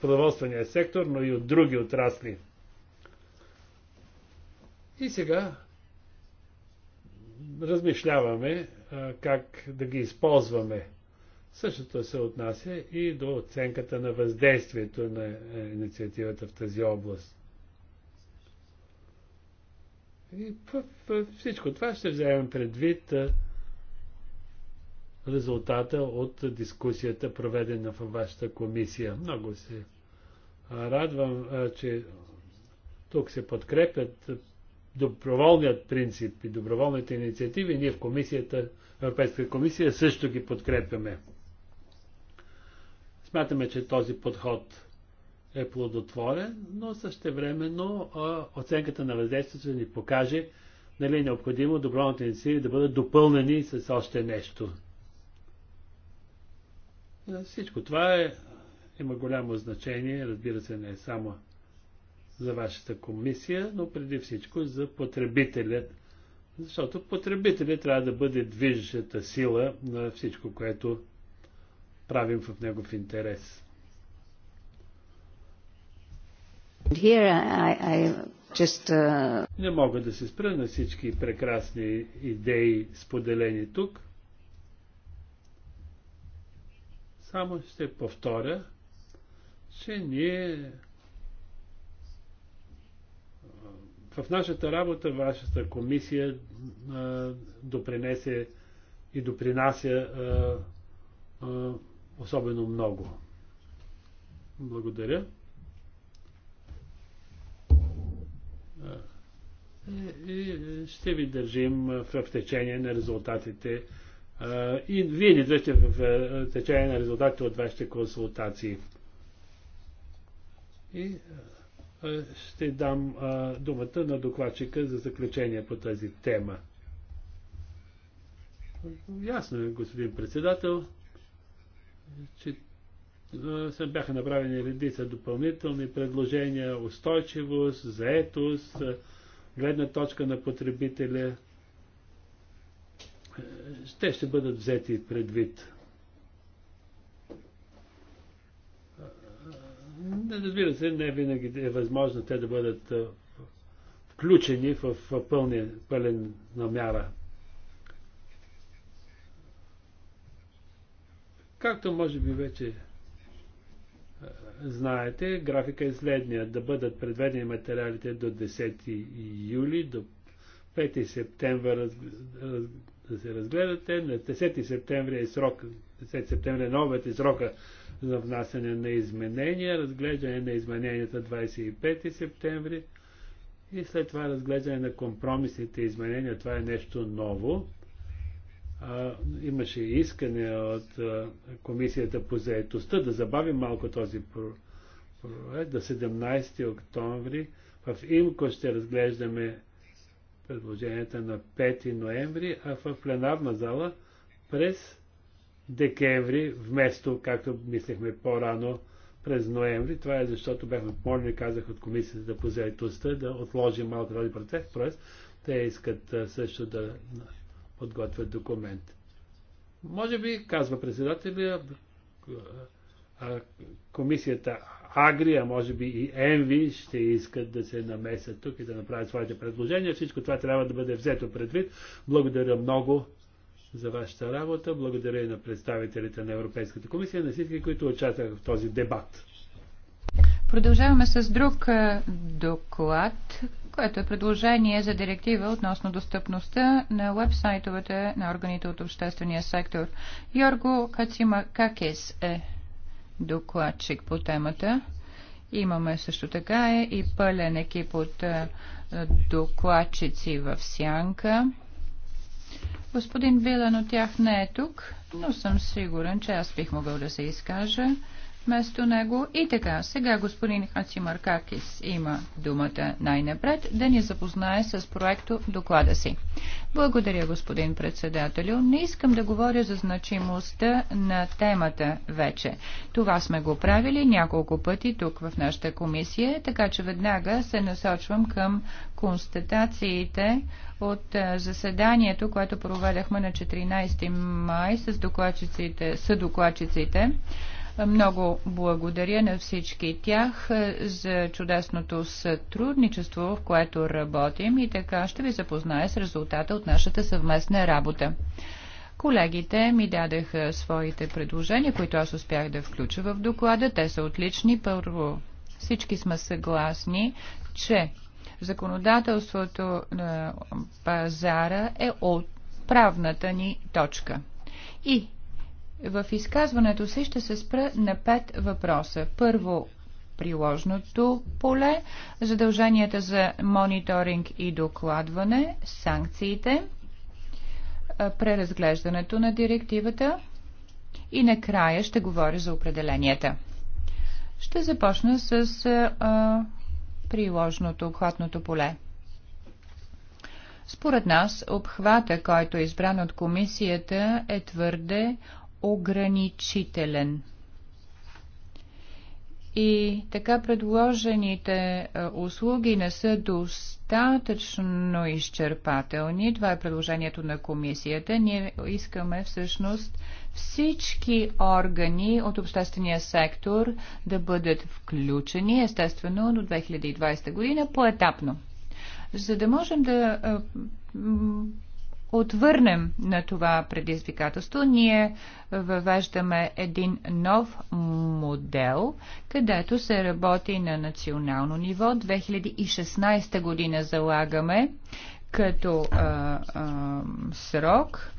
правоствения сектор, но и от други отрасли. И сега размишляваме е, как да ги използваме. Същото се отнася и до оценката на въздействието на е, инициативата в тази област. И всичко това ще вземем предвид резултата от дискусията, проведена във вашата комисия. Много се радвам, че тук се подкрепят доброволният принцип и доброволните инициативи. Ние в комисията, Европейска комисия също ги подкрепяме. Смятаме, че този подход е плодотворен, но същевременно оценката на въздействието ни покаже нали е необходимо доброволните инициативи да бъдат допълнени с още нещо всичко това е, има голямо значение, разбира се, не е само за вашата комисия, но преди всичко за потребителя. Защото потребителят трябва да бъде движещата сила на всичко, което правим в негов интерес. I, I just, uh... Не мога да се спра на всички прекрасни идеи, споделени тук. Само ще повторя, че ние в нашата работа, вашата комисия а, допринесе и допринася а, а, особено много. Благодаря. И, ще ви държим в течение на резултатите и вие не дръжте в течение на резултатите от вашите консултации. И ще дам думата на докладчика за заключение по тази тема. Ясно е, господин председател, че бяха направени редица допълнителни предложения, устойчивост, заетост, гледна точка на потребителя, те ще бъдат взети предвид. Разбира се, не винаги е възможно те да бъдат включени в пълния, пълен намяра. Както може би вече знаете, графика е следния. Да бъдат предведени материалите до 10 юли, до 5 септември да се разгледате. На 10 септември е срок, 10 септември е новият е срока за внасяне на изменения, разглеждане на измененията 25 септември и след това разглеждане на компромисните изменения. Това е нещо ново. А, имаше искане от а, Комисията по заетостта да забави малко този проект до 17 октомври. В Имко ще разглеждаме предложенията на 5 ноември, а в пленарна зала през декември, вместо, както мислехме по-рано, през ноември. Това е защото бяхме помолени, казах от комисията за да позаетостта, да отложим малко този процес, т.е. те искат също да подготвят документ. Може би, казва председателя, комисията Агри, а може би и Енви ще искат да се намесят тук и да направят своите предложения. Всичко това трябва да бъде взето предвид. Благодаря много за вашата работа. Благодаря и на представителите на Европейската комисия, на всички, които участваха в този дебат. Продължаваме с друг доклад, което е предложение за директива относно достъпността на вебсайтовете на органите от обществения сектор. Йорго Кацима Какес е докладчик по темата. Имаме също така е и пълен екип от е, докладчици в Сянка. Господин Билан от тях не е тук, но съм сигурен, че аз бих могъл да се изкажа вместо него. И така, сега господин Хацимаркакис има думата най-напред да ни запознае с проекто доклада си. Благодаря, господин председателю. Не искам да говоря за значимостта на темата вече. Това сме го правили няколко пъти тук в нашата комисия, така че веднага се насочвам към констатациите от заседанието, което проведахме на 14 май с докладчиците, съдокладчиците. докладчиците много благодаря на всички тях е, за чудесното сътрудничество, в което работим и така ще ви запозная с резултата от нашата съвместна работа. Колегите ми дадаха своите предложения, които аз успях да включа в доклада. Те са отлични. Първо, всички сме съгласни, че законодателството на пазара е от правната ни точка. И в изказването си ще се спра на пет въпроса. Първо, приложното поле, задълженията за мониторинг и докладване, санкциите, преразглеждането на директивата и накрая ще говоря за определенията. Ще започна с а, приложното, обхватното поле. Според нас, обхвата, който е избран от комисията, е твърде ограничителен. И така предложените е, услуги не са достатъчно изчерпателни. Това е предложението на комисията. Ние искаме всъщност всички органи от обществения сектор да бъдат включени, естествено, до 2020 година поетапно. За да можем да е, отвърнем на това предизвикателство, ние въвеждаме един нов модел, където се работи на национално ниво. 2016 година залагаме като а, а, срок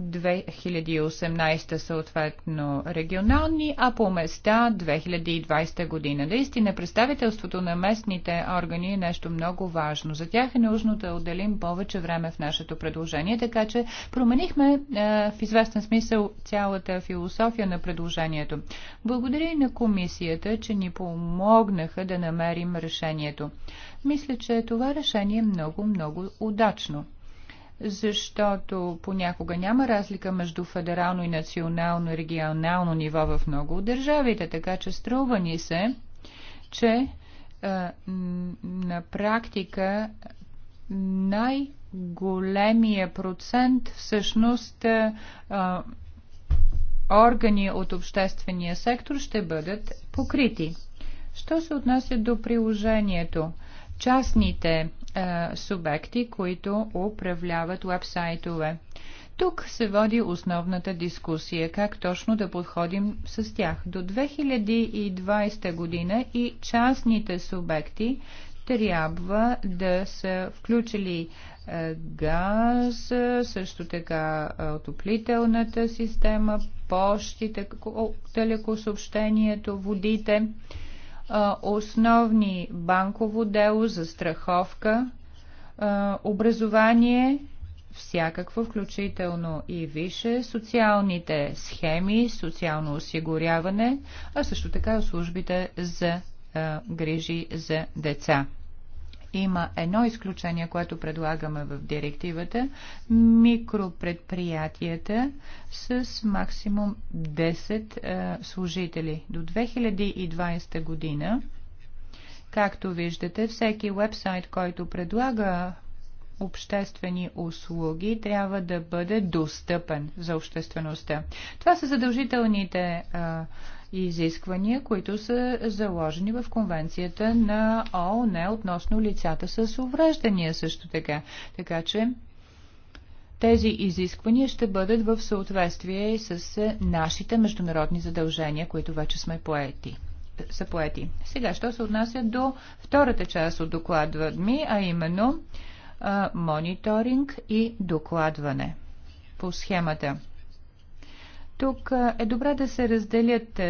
2018 съответно регионални, а по места 2020 година. Наистина представителството на местните органи е нещо много важно. За тях е нужно да отделим повече време в нашето предложение, така че променихме е, в известен смисъл цялата философия на предложението. Благодаря и на комисията, че ни помогнаха да намерим решението. Мисля, че това решение е много-много удачно защото понякога няма разлика между федерално и национално и регионално ниво в много от държавите, така че струва ни се, че а, е, на практика най-големия процент всъщност е, а, органи от обществения сектор ще бъдат покрити. Що се отнася до приложението? Частните е, субекти, които управляват уебсайтове. Тук се води основната дискусия как точно да подходим с тях. До 2020 година и частните субекти трябва да са включили е, газ, също така е, отоплителната система, почтите, телекосъобщението, водите основни банково дело, застраховка, образование, всякакво, включително и више, социалните схеми, социално осигуряване, а също така и службите за грижи за деца. Има едно изключение, което предлагаме в директивата микропредприятията с максимум 10 е, служители. До 2020 година, както виждате, всеки вебсайт, който предлага обществени услуги трябва да бъде достъпен за обществеността. Това са задължителните а, е, изисквания, които са заложени в конвенцията на ООН относно лицата с увреждания също така. Така че тези изисквания ще бъдат в съответствие с нашите международни задължения, които вече сме поети са поети. Сега, що се отнася до втората част от докладва ми, а именно а, мониторинг и докладване по схемата. Тук е добре да се разделят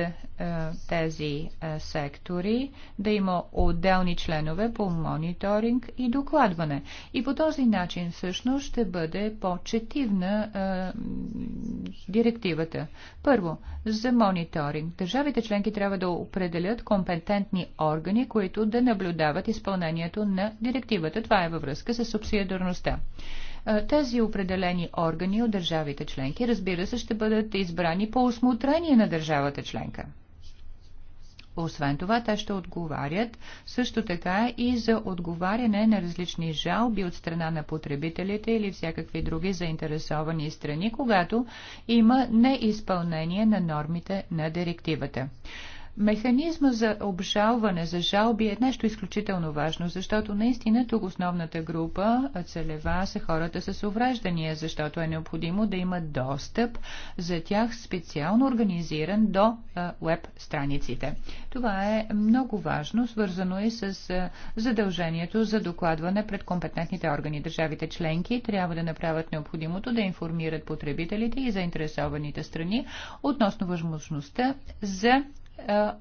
тези сектори, да има отделни членове по мониторинг и докладване. И по този начин всъщност ще бъде по-четивна директивата. Първо, за мониторинг. Държавите членки трябва да определят компетентни органи, които да наблюдават изпълнението на директивата. Това е във връзка с субсидиарността. Е, тези определени органи от държавите членки, разбира се, ще бъдат избрани по осмотрение на държавата членка. Освен това, те ще отговарят също така и за отговаряне на различни жалби от страна на потребителите или всякакви други заинтересовани страни, когато има неизпълнение на нормите на директивата. Механизма за обжалване, за жалби е нещо изключително важно, защото наистина тук основната група целева са хората с увреждания, защото е необходимо да имат достъп за тях специално организиран до веб страниците. Това е много важно, свързано и е с задължението за докладване пред компетентните органи. Държавите членки трябва да направят необходимото да информират потребителите и заинтересованите страни относно възможността за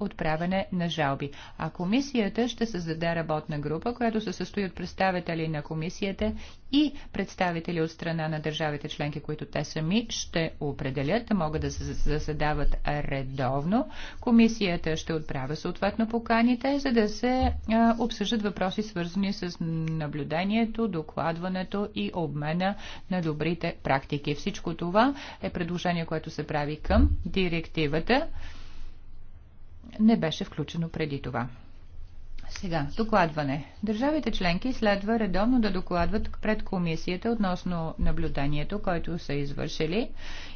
отправяне на жалби. А комисията ще създаде работна група, която се състои от представители на комисията и представители от страна на държавите членки, които те сами ще определят, могат да се заседават редовно. Комисията ще отправя съответно поканите, за да се обсъждат въпроси свързани с наблюдението, докладването и обмена на добрите практики. Всичко това е предложение, което се прави към директивата не беше включено преди това. Сега, докладване. Държавите членки следва редовно да докладват пред комисията относно наблюдението, което са извършили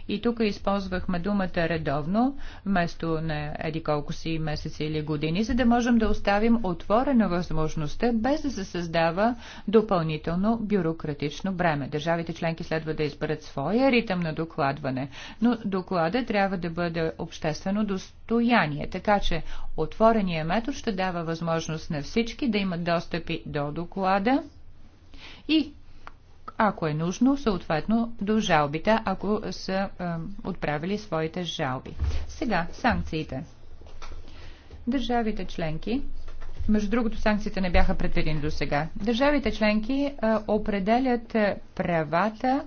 и тук използвахме думата редовно, вместо на еди колко си месеци или години, за да можем да оставим отворена възможността, без да се създава допълнително бюрократично бреме. Държавите членки следва да изберат своя ритъм на докладване, но доклада трябва да бъде обществено достояние, така че отворения метод ще дава възможност на всички да имат достъпи до доклада и ако е нужно, съответно до жалбите, ако са е, отправили своите жалби. Сега, санкциите. Държавите членки между другото, санкциите не бяха предвидени до сега. Държавите членки е, определят е, правата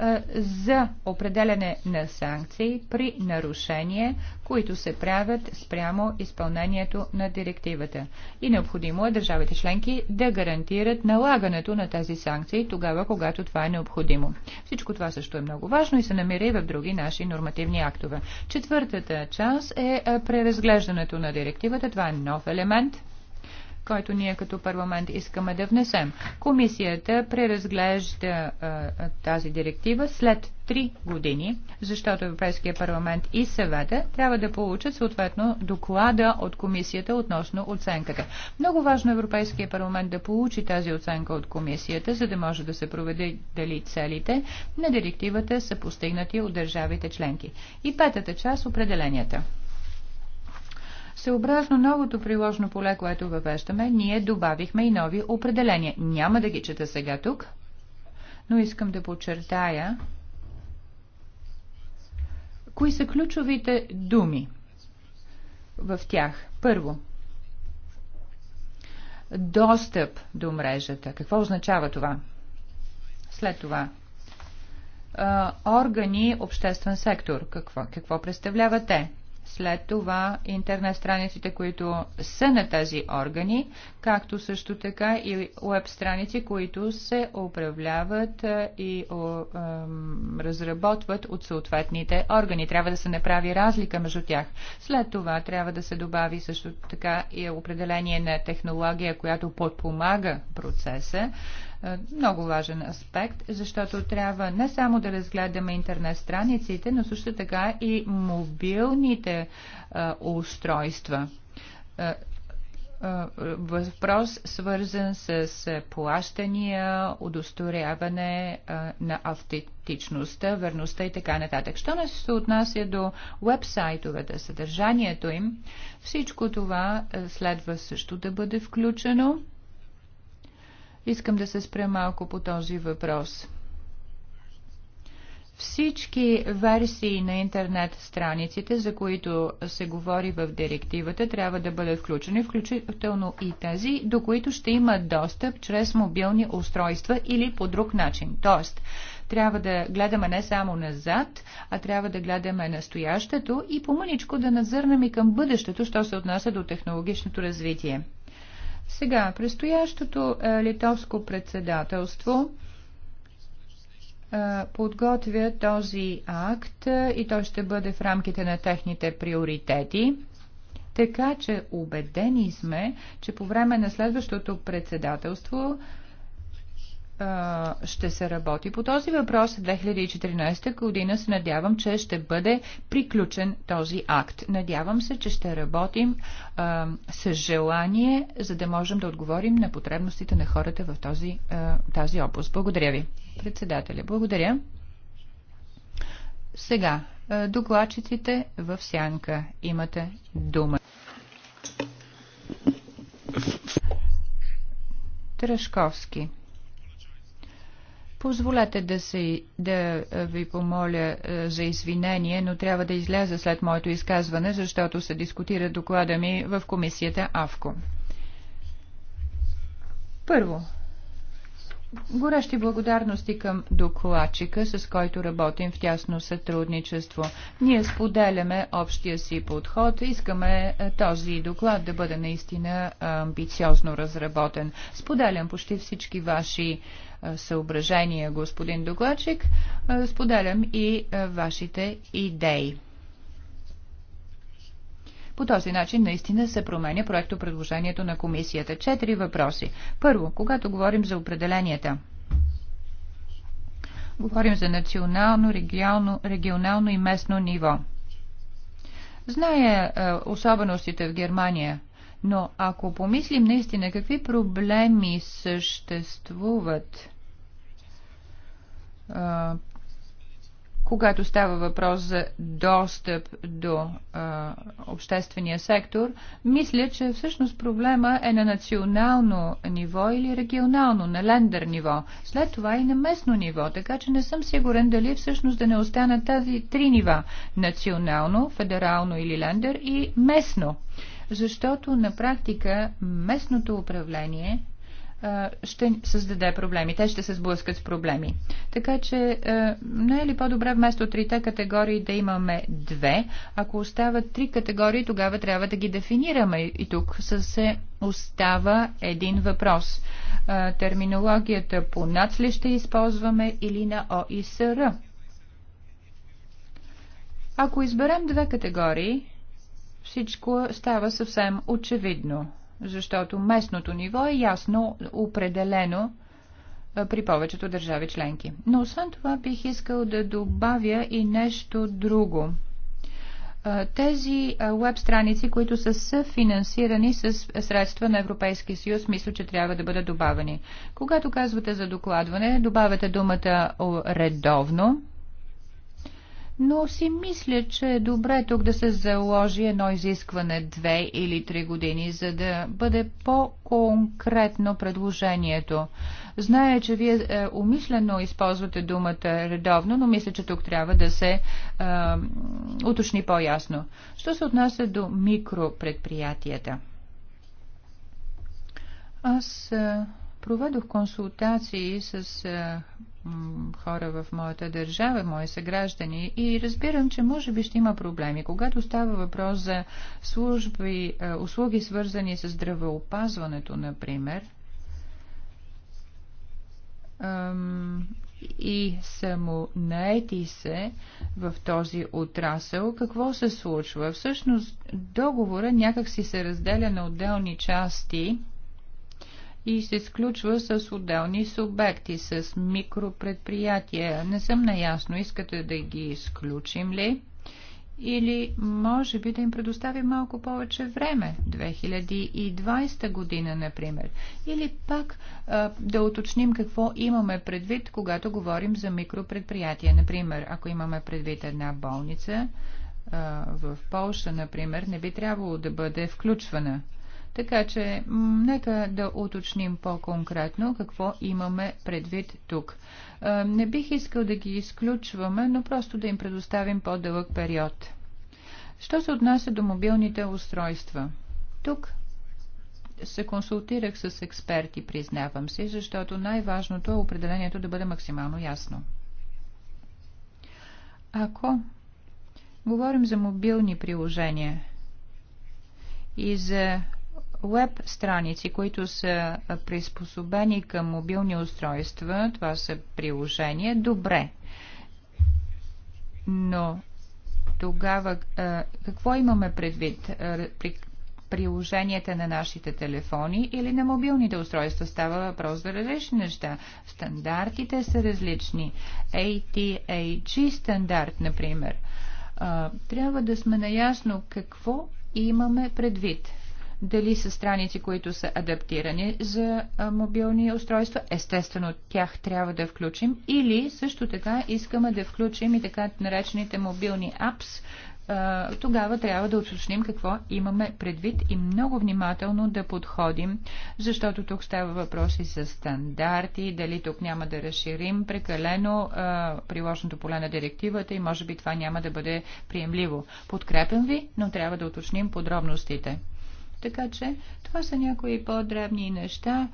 е, за определене на санкции при нарушение, които се правят спрямо изпълнението на директивата. И необходимо е държавите членки да гарантират налагането на тези санкции тогава, когато това е необходимо. Всичко това също е много важно и се намира и в други наши нормативни актове. Четвъртата част е, е преразглеждането на директивата. Това е нов елемент който ние като парламент искаме да внесем. Комисията преразглежда а, тази директива след 3 години, защото Европейския парламент и съвета трябва да получат съответно доклада от комисията относно оценката. Много важно е Европейския парламент да получи тази оценка от комисията, за да може да се проведе дали целите на директивата са постигнати от държавите членки. И петата част – определенията. Съобразно новото приложно поле, което въвеждаме, ние добавихме и нови определения. Няма да ги чета сега тук, но искам да подчертая кои са ключовите думи в тях. Първо, достъп до мрежата. Какво означава това? След това, органи, обществен сектор. Какво, какво представляват те? След това интернет страниците, които са на тези органи, както също така и веб страници, които се управляват и разработват от съответните органи. Трябва да се направи разлика между тях. След това трябва да се добави също така и определение на технология, която подпомага процеса е, много важен аспект, защото трябва не само да разгледаме интернет страниците, но също така и мобилните е, устройства е, въпрос свързан с плащания, удосторяване на автентичността, верността и така нататък. Що не се отнася до вебсайтовете, съдържанието им, всичко това следва също да бъде включено Искам да се спре малко по този въпрос. Всички версии на интернет страниците, за които се говори в директивата, трябва да бъдат включени, включително и тези, до които ще имат достъп чрез мобилни устройства или по друг начин. Тоест, трябва да гледаме не само назад, а трябва да гледаме настоящето и помъничко да надзърнем и към бъдещето, що се отнася до технологичното развитие. Сега, предстоящото е, литовско председателство е, подготвя този акт е, и той ще бъде в рамките на техните приоритети. Така че убедени сме, че по време на следващото председателство ще се работи по този въпрос. 2014 година се надявам, че ще бъде приключен този акт. Надявам се, че ще работим а, с желание, за да можем да отговорим на потребностите на хората в този, а, тази област. Благодаря ви, председателя. Благодаря. Сега, докладчиците в сянка. Имате дума. Трашковски. Позволете да, се, да е, ви помоля е, за извинение, но трябва да изляза след моето изказване, защото се дискутира доклада ми в комисията АВКО. Първо, горещи благодарности към докладчика, с който работим в тясно сътрудничество. Ние споделяме общия си подход. Искаме е, този доклад да бъде наистина амбициозно разработен. Споделям почти всички ваши съображения, господин докладчик. Е, споделям и е, вашите идеи. По този начин наистина се променя проекто предложението на комисията. Четири въпроси. Първо, когато говорим за определенията. Говорим за национално, регионално, регионално и местно ниво. Зная е, особеностите в Германия, но ако помислим наистина какви проблеми съществуват когато става въпрос за достъп до а, обществения сектор, мисля, че всъщност проблема е на национално ниво или регионално, на лендър ниво, след това и на местно ниво, така че не съм сигурен дали всъщност да не останат тази три нива – национално, федерално или лендър и местно, защото на практика местното управление – ще създаде проблеми. Те ще се сблъскат с проблеми. Така че не е ли по-добре вместо трите категории да имаме две? Ако остават три категории, тогава трябва да ги дефинираме. И тук се остава един въпрос. Терминологията по НАЦ ли ще използваме или на ОИСР? Ако изберем две категории, всичко става съвсем очевидно защото местното ниво е ясно определено е, при повечето държави членки. Но освен това бих искал да добавя и нещо друго. Е, тези веб е, страници, които са съфинансирани с средства на Европейския съюз, мисля, че трябва да бъдат добавени. Когато казвате за докладване, добавяте думата редовно, но си мисля, че е добре тук да се заложи едно изискване две или три години, за да бъде по-конкретно предложението. Зная, че вие е, умишлено използвате думата редовно, но мисля, че тук трябва да се е, уточни по-ясно. Що се отнася до микропредприятията? Аз е, проведох консултации с е, хора в моята държава, мои съграждани и разбирам, че може би ще има проблеми. Когато става въпрос за служби, е, услуги свързани с здравеопазването, например, и самонаети се в този отрасъл, какво се случва? Всъщност договора някак си се разделя на отделни части – и се сключва с отделни субекти, с микропредприятия. Не съм наясно, искате да ги изключим ли? Или може би да им предостави малко повече време, 2020 година, например. Или пак а, да уточним какво имаме предвид, когато говорим за микропредприятия. Например, ако имаме предвид една болница а, в Полша, например, не би трябвало да бъде включвана така че, нека да уточним по-конкретно какво имаме предвид тук. Е, не бих искал да ги изключваме, но просто да им предоставим по-дълъг период. Що се отнася до мобилните устройства? Тук се консултирах с експерти, признавам се, защото най-важното е определението да бъде максимално ясно. Ако говорим за мобилни приложения и за веб страници, които са приспособени към мобилни устройства, това са приложения, добре. Но тогава какво имаме предвид? При приложенията на нашите телефони или на мобилните устройства става въпрос за различни неща. Стандартите са различни. ATAG e стандарт, например. Трябва да сме наясно какво имаме предвид дали са страници, които са адаптирани за мобилни устройства, естествено тях трябва да включим, или също така искаме да включим и така наречените мобилни апс, тогава трябва да уточним какво имаме предвид и много внимателно да подходим, защото тук става въпроси за стандарти, дали тук няма да разширим прекалено приложното поле на директивата и може би това няма да бъде приемливо. Подкрепям ви, но трябва да уточним подробностите. Така че това са някои по-древни неща.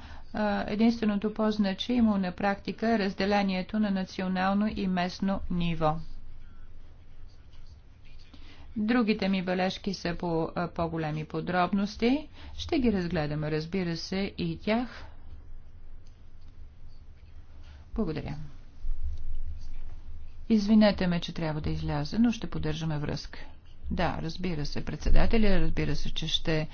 Единственото по-значимо на практика е разделението на национално и местно ниво. Другите ми бележки са по по-големи подробности. Ще ги разгледаме, разбира се, и тях. Благодаря. Извинете ме, че трябва да изляза, но ще поддържаме връзка. Да, разбира се, председателя, разбира се, че ще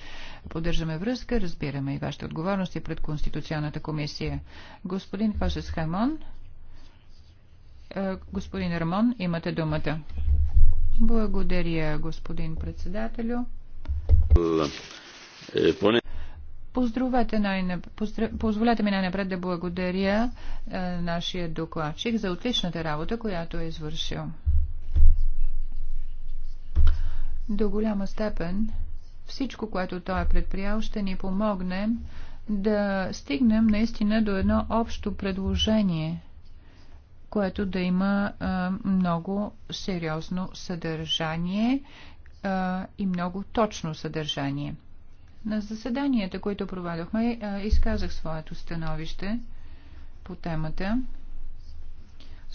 поддържаме връзка, разбираме и вашите отговорности пред Конституционната комисия. Господин Фашес Хамон, е, господин Рамон, имате думата. Благодаря, господин председателю. Поздравете най поздра... Позволете ми най-напред да благодаря е, нашия докладчик за отличната работа, която е извършил. До голяма степен всичко, което той е предприял, ще ни помогне да стигнем наистина до едно общо предложение, което да има а, много сериозно съдържание а, и много точно съдържание. На заседанията, които проведохме, изказах своето становище по темата.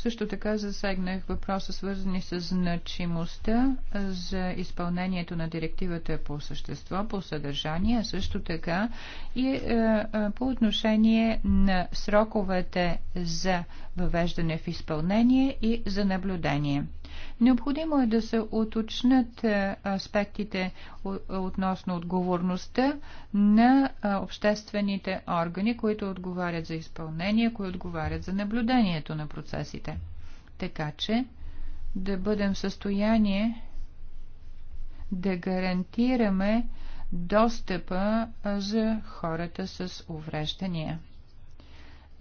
Също така засегнах въпроса, свързани с значимостта за изпълнението на директивата по същество, по съдържание, а също така и е, по отношение на сроковете за въвеждане в изпълнение и за наблюдение. Необходимо е да се уточнят е, аспектите относно отговорността на е, обществените органи, които отговарят за изпълнение, които отговарят за наблюдението на процесите. Така че да бъдем в състояние да гарантираме достъпа е, за хората с увреждания.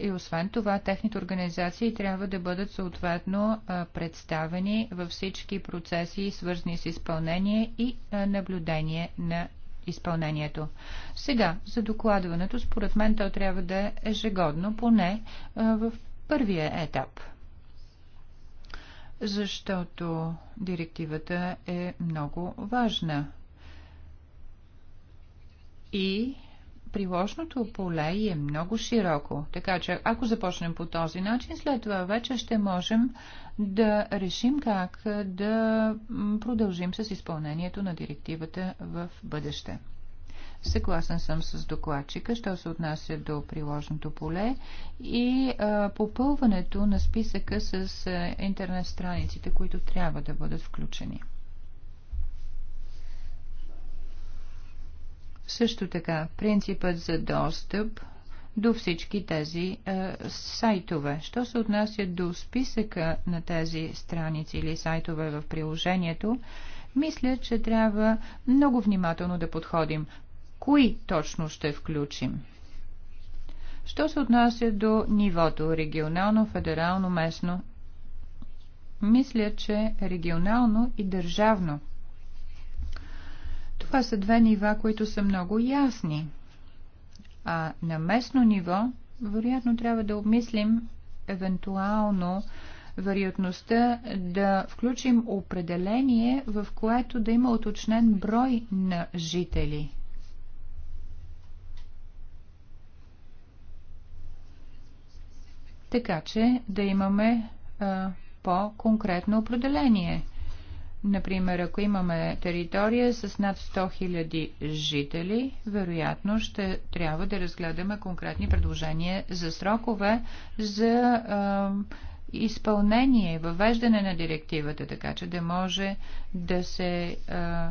И освен това, техните организации трябва да бъдат съответно представени във всички процеси, свързани с изпълнение и наблюдение на изпълнението. Сега, за докладването, според мен то трябва да е ежегодно, поне в първия етап. Защото директивата е много важна. И приложното поле е много широко, така че ако започнем по този начин, след това вече ще можем да решим как да продължим с изпълнението на директивата в бъдеще. Съгласен съм с докладчика, що се отнася до приложното поле и а, попълването на списъка с а, интернет страниците, които трябва да бъдат включени. Също така, принципът за достъп до всички тези е, сайтове. Що се отнася до списъка на тези страници или сайтове в приложението, мисля, че трябва много внимателно да подходим. Кои точно ще включим? Що се отнася до нивото регионално, федерално, местно? Мисля, че регионално и държавно това са две нива, които са много ясни. А на местно ниво, вероятно, трябва да обмислим евентуално вероятността да включим определение, в което да има уточнен брой на жители. Така че да имаме по-конкретно определение – Например, ако имаме територия с над 100 000 жители, вероятно ще трябва да разгледаме конкретни предложения за срокове за е, изпълнение, въвеждане на директивата, така че да може да се е, е,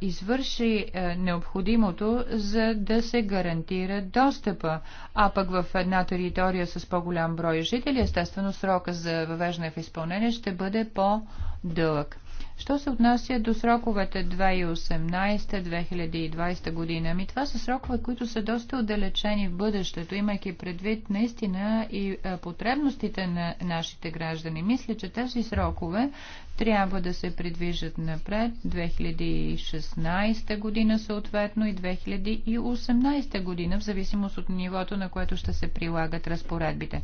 извърши е, необходимото, за да се гарантира достъпа. А пък в една територия с по-голям брой жители, естествено срока за въвеждане в изпълнение ще бъде по-дълъг. Що се отнася до сроковете 2018-2020 година? Ми това са срокове, които са доста отдалечени в бъдещето, имайки предвид наистина и е, потребностите на нашите граждани. Мисля, че тези срокове трябва да се придвижат напред 2016 година съответно и 2018 година, в зависимост от нивото, на което ще се прилагат разпоредбите.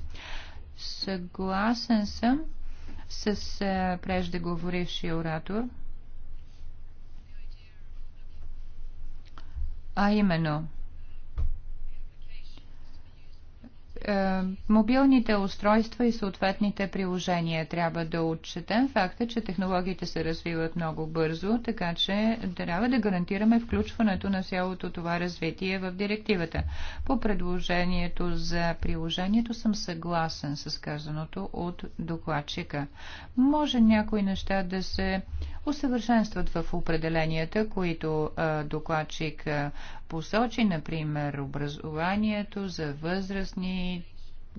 Съгласен съм с е, преждеговорившия оратор. А именно – Е, мобилните устройства и съответните приложения. Трябва да отчетем факта, че технологиите се развиват много бързо, така че трябва да гарантираме включването на цялото това развитие в директивата. По предложението за приложението съм съгласен с казаното от докладчика. Може някои неща да се усъвършенстват в определенията, които е, докладчик е, посочи, например, образованието за възрастни,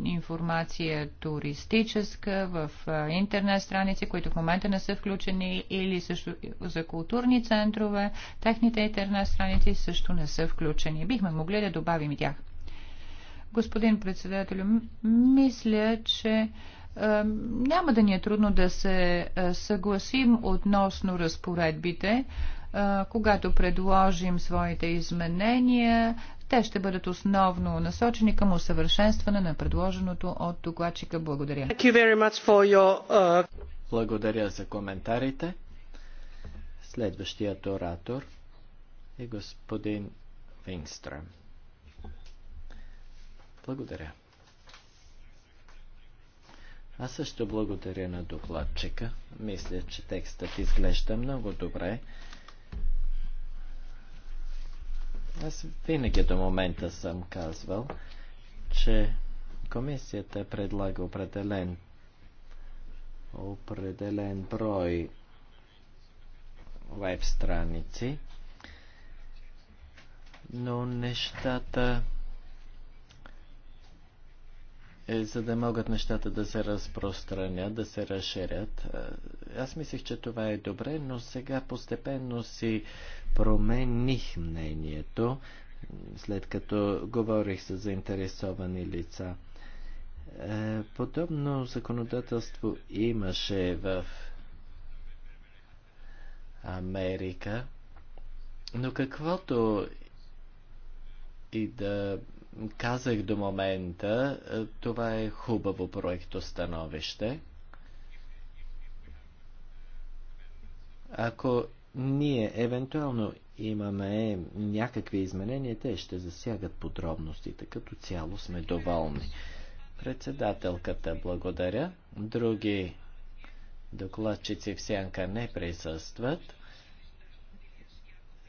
информация туристическа в интернет страници, които в момента не са включени, или също за културни центрове, техните интернет страници също не са включени. Бихме могли да добавим и тях. Господин председател, мисля, че няма да ни е трудно да се съгласим относно разпоредбите, когато предложим своите изменения, те ще бъдат основно насочени към усъвършенстване на предложеното от докладчика. Благодаря. Uh, благодаря за коментарите. Следващият оратор е господин Вингстрем. Благодаря. Аз също благодаря на докладчика. Мисля, че текстът изглежда много добре. Аз винаги до момента съм казвал, че комисията предлага определен определен брой веб страници, но нещата е, за да могат нещата да се разпространят, да се разширят. Е, аз мислех, че това е добре, но сега постепенно си промених мнението, след като говорих с заинтересовани лица. Е, подобно законодателство имаше в Америка, но каквото и да казах до момента, е, това е хубаво проекто становище. Ако ние евентуално имаме някакви изменения, те ще засягат подробностите. Като цяло сме доволни. Председателката благодаря. Други докладчици в сянка не присъстват.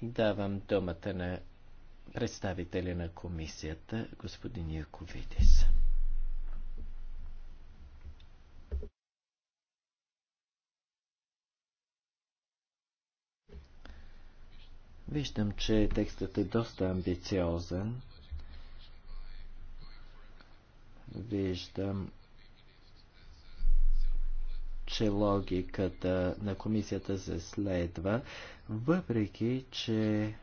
Давам думата на представителя на комисията, господин Яковидис. Виждам, че текстът е доста амбициозен. Виждам, че логиката на комисията се следва, въпреки, че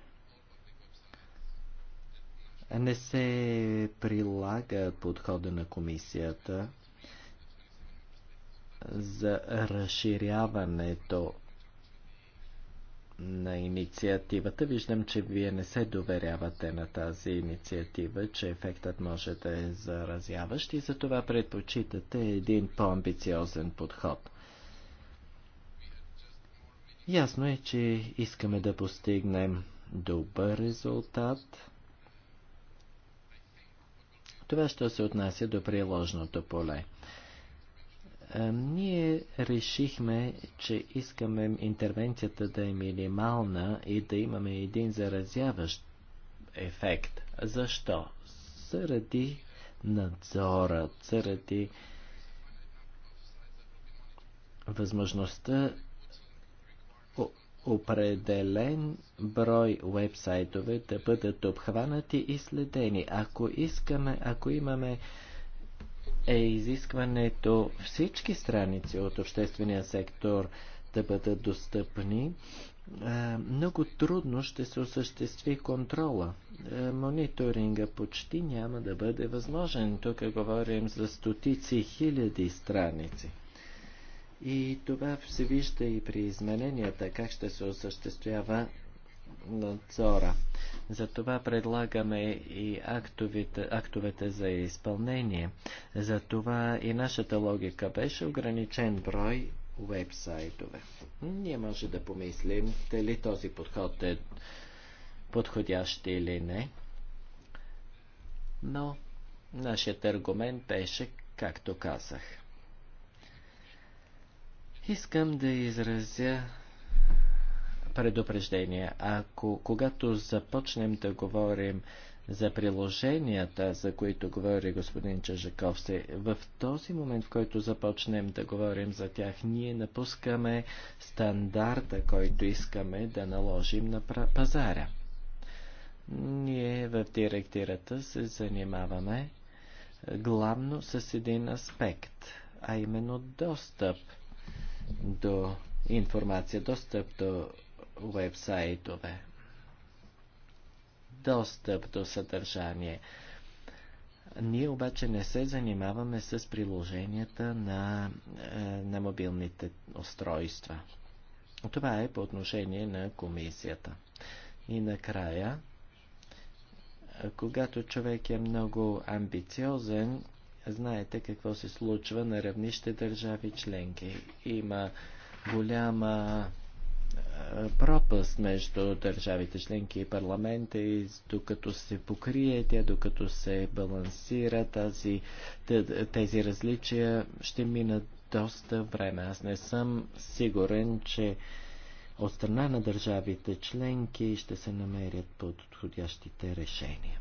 не се прилага подхода на комисията за разширяването на инициативата. Виждам, че вие не се доверявате на тази инициатива, че ефектът може да е заразяващ и затова предпочитате един по-амбициозен подход. Ясно е, че искаме да постигнем добър резултат това ще се отнася до приложното поле. Е, ние решихме, че искаме интервенцията да е минимална и да имаме един заразяващ ефект. Защо? Заради надзора, заради възможността определен брой вебсайтове да бъдат обхванати и следени. Ако искаме, ако имаме е изискването всички страници от обществения сектор да бъдат достъпни, е, много трудно ще се осъществи контрола. Е, мониторинга почти няма да бъде възможен. Тук говорим за стотици хиляди страници. И това се вижда и при измененията, как ще се осъществява надзора. Затова предлагаме и актовете, актовете за изпълнение. Затова и нашата логика беше ограничен брой вебсайтове. Ние може да помислим дали този подход е подходящ или не. Но нашият аргумент беше, както казах – Искам да изразя предупреждение. Ако когато започнем да говорим за приложенията, за които говори господин се, в този момент, в който започнем да говорим за тях, ние напускаме стандарта, който искаме да наложим на пазара. Ние в директирата се занимаваме главно с един аспект, а именно достъп – до информация, достъп до вебсайтове, достъп до съдържание. Ние обаче не се занимаваме с приложенията на, е, на мобилните устройства. Това е по отношение на комисията. И накрая, е, когато човек е много амбициозен, Знаете какво се случва на равнище държави членки. Има голяма пропаст между държавите членки и парламента и докато се покрие тя, докато се балансира тази, тези различия, ще минат доста време. Аз не съм сигурен, че от страна на държавите членки ще се намерят подходящите решения.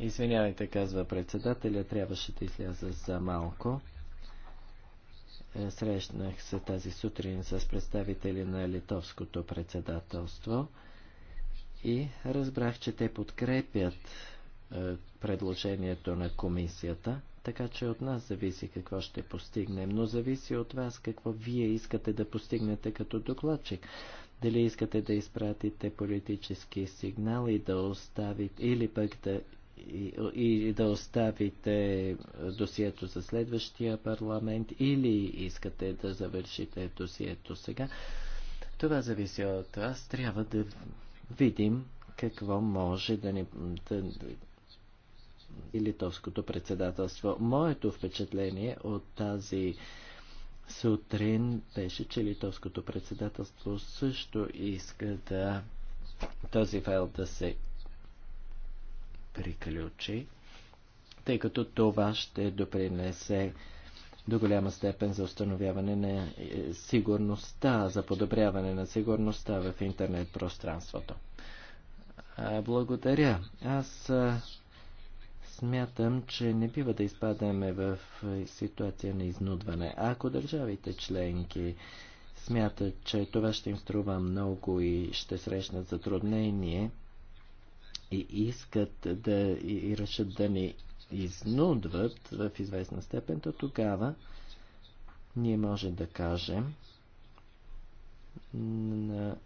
Извинявайте, казва председателя, трябваше да изляза за малко. Е, срещнах се тази сутрин с представители на литовското председателство и разбрах, че те подкрепят е, предложението на комисията, така че от нас зависи какво ще постигнем, но зависи от вас какво вие искате да постигнете като докладчик. Дали искате да изпратите политически сигнали да оставите или пък да и, и да оставите досието за следващия парламент или искате да завършите досието сега. Това зависи от вас. Трябва да видим какво може да ни... Да, и литовското председателство. Моето впечатление от тази сутрин беше, че литовското председателство също иска да този файл да се приключи, тъй като това ще допринесе до голяма степен за установяване на е, сигурността, за подобряване на сигурността в интернет пространството. Благодаря. Аз смятам, че не бива да изпадаме в е, ситуация на изнудване. Ако държавите членки смятат, че това ще им струва много и ще срещнат затруднение, и искат да и решат да ни изнудват в известна степен, то тогава ние може да кажем на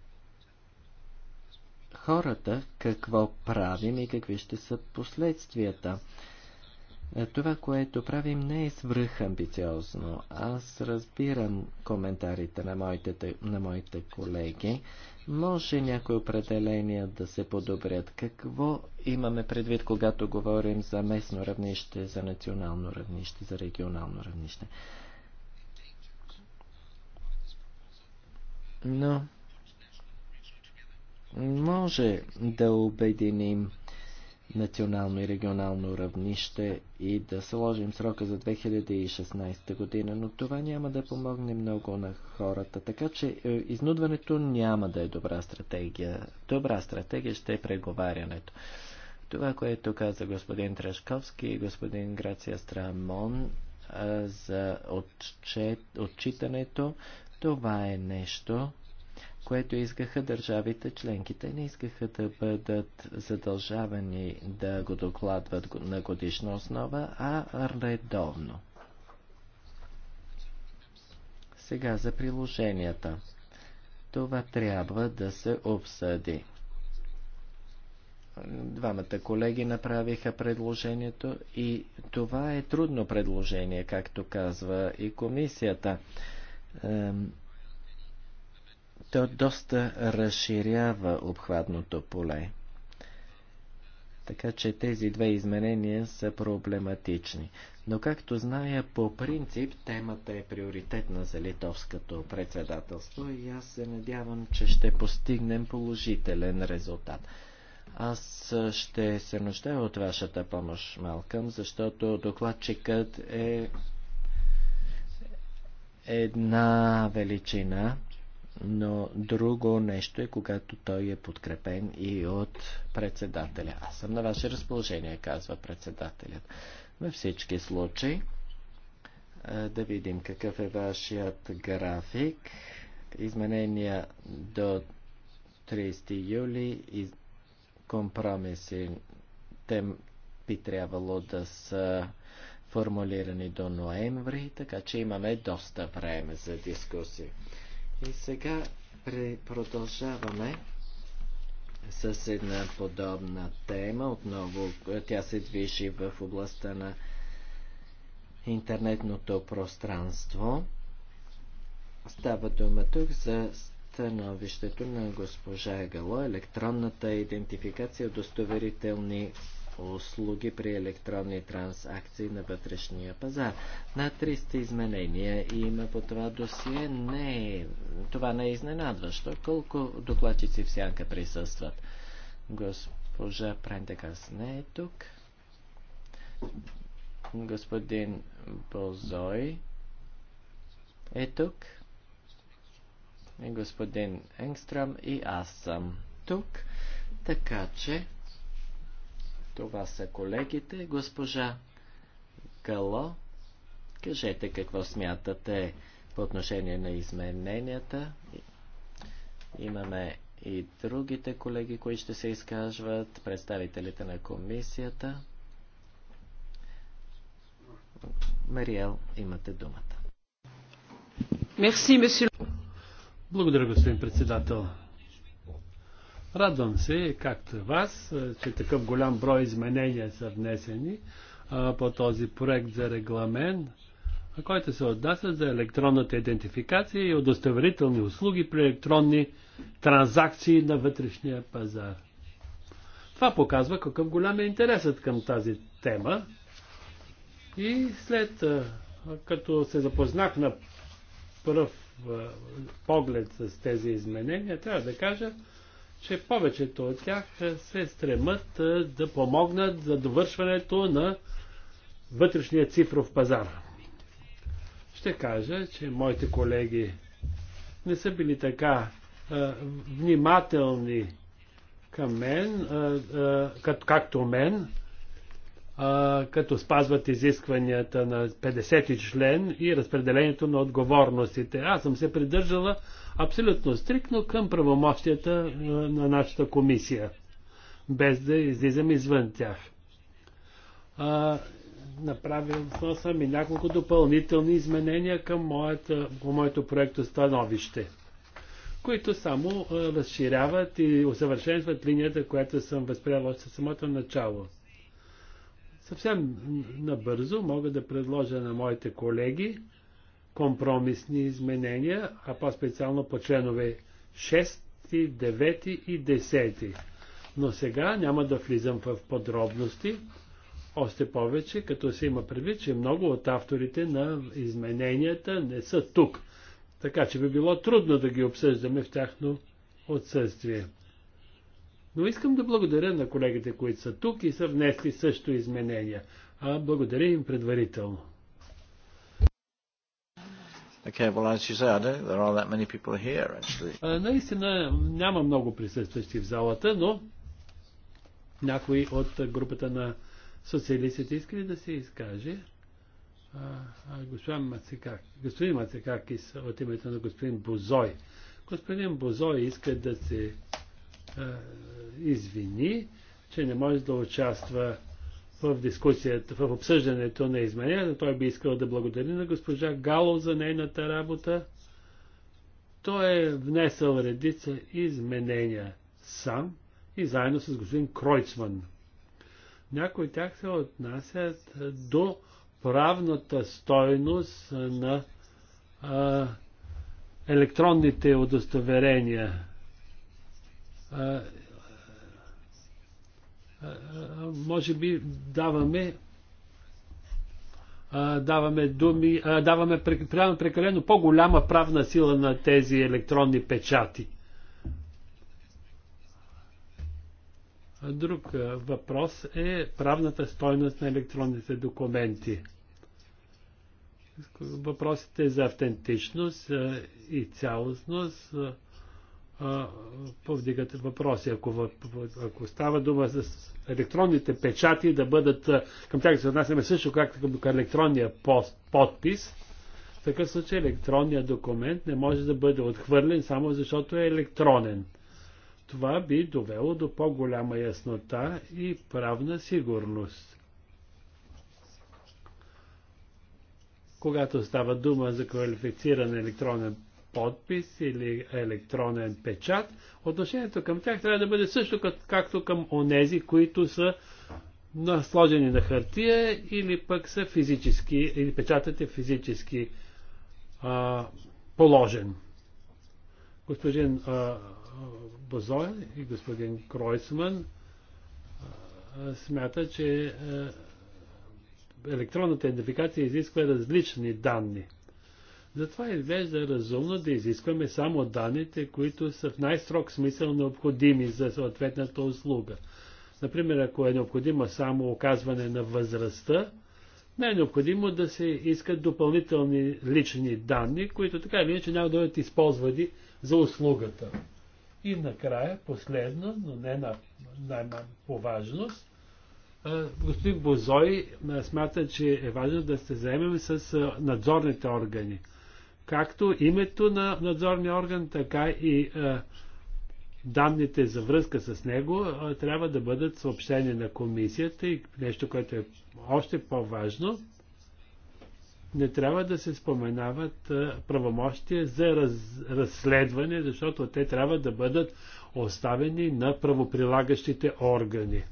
хората какво правим и какви ще са последствията. Е, това, което правим, не е свръх амбициозно. Аз разбирам коментарите на моите, на моите колеги, може някои определения да се подобрят. Какво имаме предвид, когато говорим за местно равнище, за национално равнище, за регионално равнище? Но може да обединим национално и регионално равнище и да сложим срока за 2016 година, но това няма да помогне много на хората. Така че е, изнудването няма да е добра стратегия. Добра стратегия ще е преговарянето. Това, което каза господин Трешковски и господин Грация Страмон за отчет, отчитането, това е нещо, което искаха държавите членките. Не искаха да бъдат задължавани да го докладват на годишна основа, а редовно. Сега за приложенията. Това трябва да се обсъди. Двамата колеги направиха предложението и това е трудно предложение, както казва и комисията. То доста разширява обхватното поле. Така че тези две изменения са проблематични. Но както зная, по принцип темата е приоритетна за литовското председателство и аз се надявам, че ще постигнем положителен резултат. Аз ще се нуждая от вашата помощ, Малкъм, защото докладчикът е една величина но друго нещо е, когато той е подкрепен и от председателя. Аз съм на ваше разположение, казва председателят. Във всички случаи, да видим какъв е вашият график. Изменения до 30 юли и компромиси те би трябвало да са формулирани до ноември, така че имаме доста време за дискусии. И сега продължаваме с една подобна тема. Отново е, тя се движи в областта на интернетното пространство. Става дума тук за становището на госпожа Гало, електронната идентификация, удостоверителни услуги при електронни трансакции на вътрешния пазар. На 300 изменения има по това досие. Не, е, това не е изненадващо. Колко докладчици в сянка присъстват? Госпожа Прендегас не е тук. Господин Бозой е тук. И господин Енгстрам и аз съм тук. Така че това са колегите. Госпожа Гало, кажете какво смятате по отношение на измененията. Имаме и другите колеги, които ще се изкажват, представителите на комисията. Мариел, имате думата. Благодаря, господин председател. Радвам се, както вас, че такъв голям брой изменения са внесени по този проект за регламент, който се отнася за електронната идентификация и удостоверителни услуги при електронни транзакции на вътрешния пазар. Това показва какъв голям е интересът към тази тема. И след като се запознах на пръв поглед с тези изменения, трябва да кажа, че повечето от тях се стремат да помогнат за довършването на вътрешния цифров пазар. Ще кажа, че моите колеги не са били така а, внимателни към мен, а, а, както мен, като спазват изискванията на 50-ти член и разпределението на отговорностите. Аз съм се придържала абсолютно стрикно към правомощията на нашата комисия, без да излизам извън тях. А, направил съм и няколко допълнителни изменения към моята, по моето проекто становище, които само разширяват и усъвършенстват линията, която съм възприял още самото начало. Съвсем набързо мога да предложа на моите колеги компромисни изменения, а по-специално по членове 6, 9 и 10. Но сега няма да влизам в подробности, още повече, като се има предвид, че много от авторите на измененията не са тук. Така че би било трудно да ги обсъждаме в тяхно отсъствие. Но искам да благодаря на колегите, които са тук и са внесли също изменения. А благодаря им предварително. Okay, well, as you say, I don't there are that many people here, actually. наистина няма много присъстващи в залата, но някой от групата на социалистите иска ли да се изкаже? А, а, господин, Мацикак, господин от името на господин Бозой. Господин Бозой иска да се е, извини, че не може да участва в дискусията, в обсъждането на измененията. Той би искал да благодари на госпожа Гало за нейната работа. Той е внесъл редица изменения сам и заедно с господин Кройцман. Някои от тях се отнасят до правната стойност на а, електронните удостоверения а, може би даваме даваме думи, даваме прекалено по-голяма правна сила на тези електронни печати. Друг въпрос е правната стойност на електронните документи. Въпросите за автентичност и цялостност повдигате въпроси. Ако, ако става дума за електронните печати, да бъдат, към тях се отнасяме също както към електронния пост, подпис, в такъв случай електронният документ не може да бъде отхвърлен само защото е електронен. Това би довело до по-голяма яснота и правна сигурност. Когато става дума за квалифициран електронен подпис или електронен печат, отношението към тях трябва да бъде също както към онези, които са насложени на хартия или пък са физически, или печатът е физически а, положен. Господин а, Бозоя и господин Кройсман смятат, смята, че а, електронната идентификация изисква различни данни – затова изглежда е разумно да изискваме само данните, които са в най-строг смисъл необходими за съответната услуга. Например, ако е необходимо само оказване на възрастта, не е необходимо да се искат допълнителни лични данни, които така или иначе няма да бъдат използвани за услугата. И накрая, последно, но не на, най- по важност, господин Бозой смята, че е важно да се заемем с надзорните органи както името на надзорния орган, така и данните за връзка с него трябва да бъдат съобщени на комисията и нещо, което е още по-важно, не трябва да се споменават правомощия за раз, разследване, защото те трябва да бъдат оставени на правоприлагащите органи.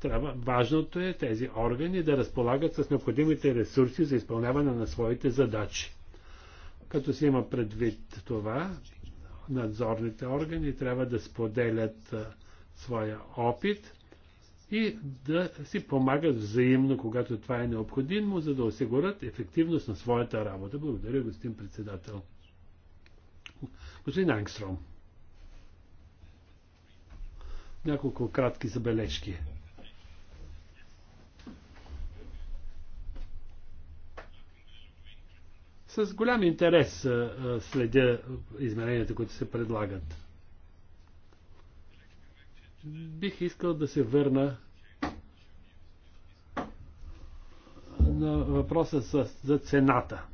Трябва, важното е тези органи да разполагат с необходимите ресурси за изпълняване на своите задачи. Като се има предвид това, надзорните органи трябва да споделят а, своя опит и да си помагат взаимно, когато това е необходимо, за да осигурят ефективност на своята работа. Благодаря, господин председател. Господин Ангстром. Няколко кратки забележки. С голям интерес следя измененията, които се предлагат. Бих искал да се върна на въпроса за цената.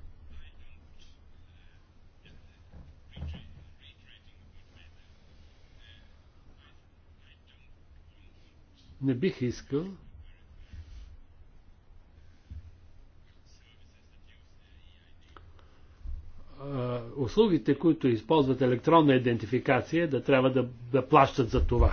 не бих искал услугите, които използват електронна идентификация, да трябва да, да плащат за това.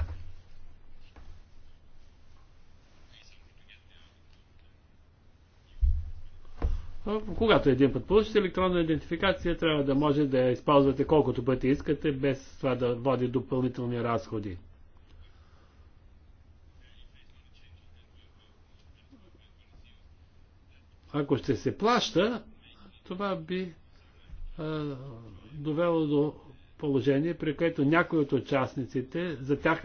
Когато един път получите електронна идентификация, трябва да може да я използвате колкото пъти искате, без това да води допълнителни разходи. Ако ще се плаща, това би довело до положение, при което някои от участниците, за тях,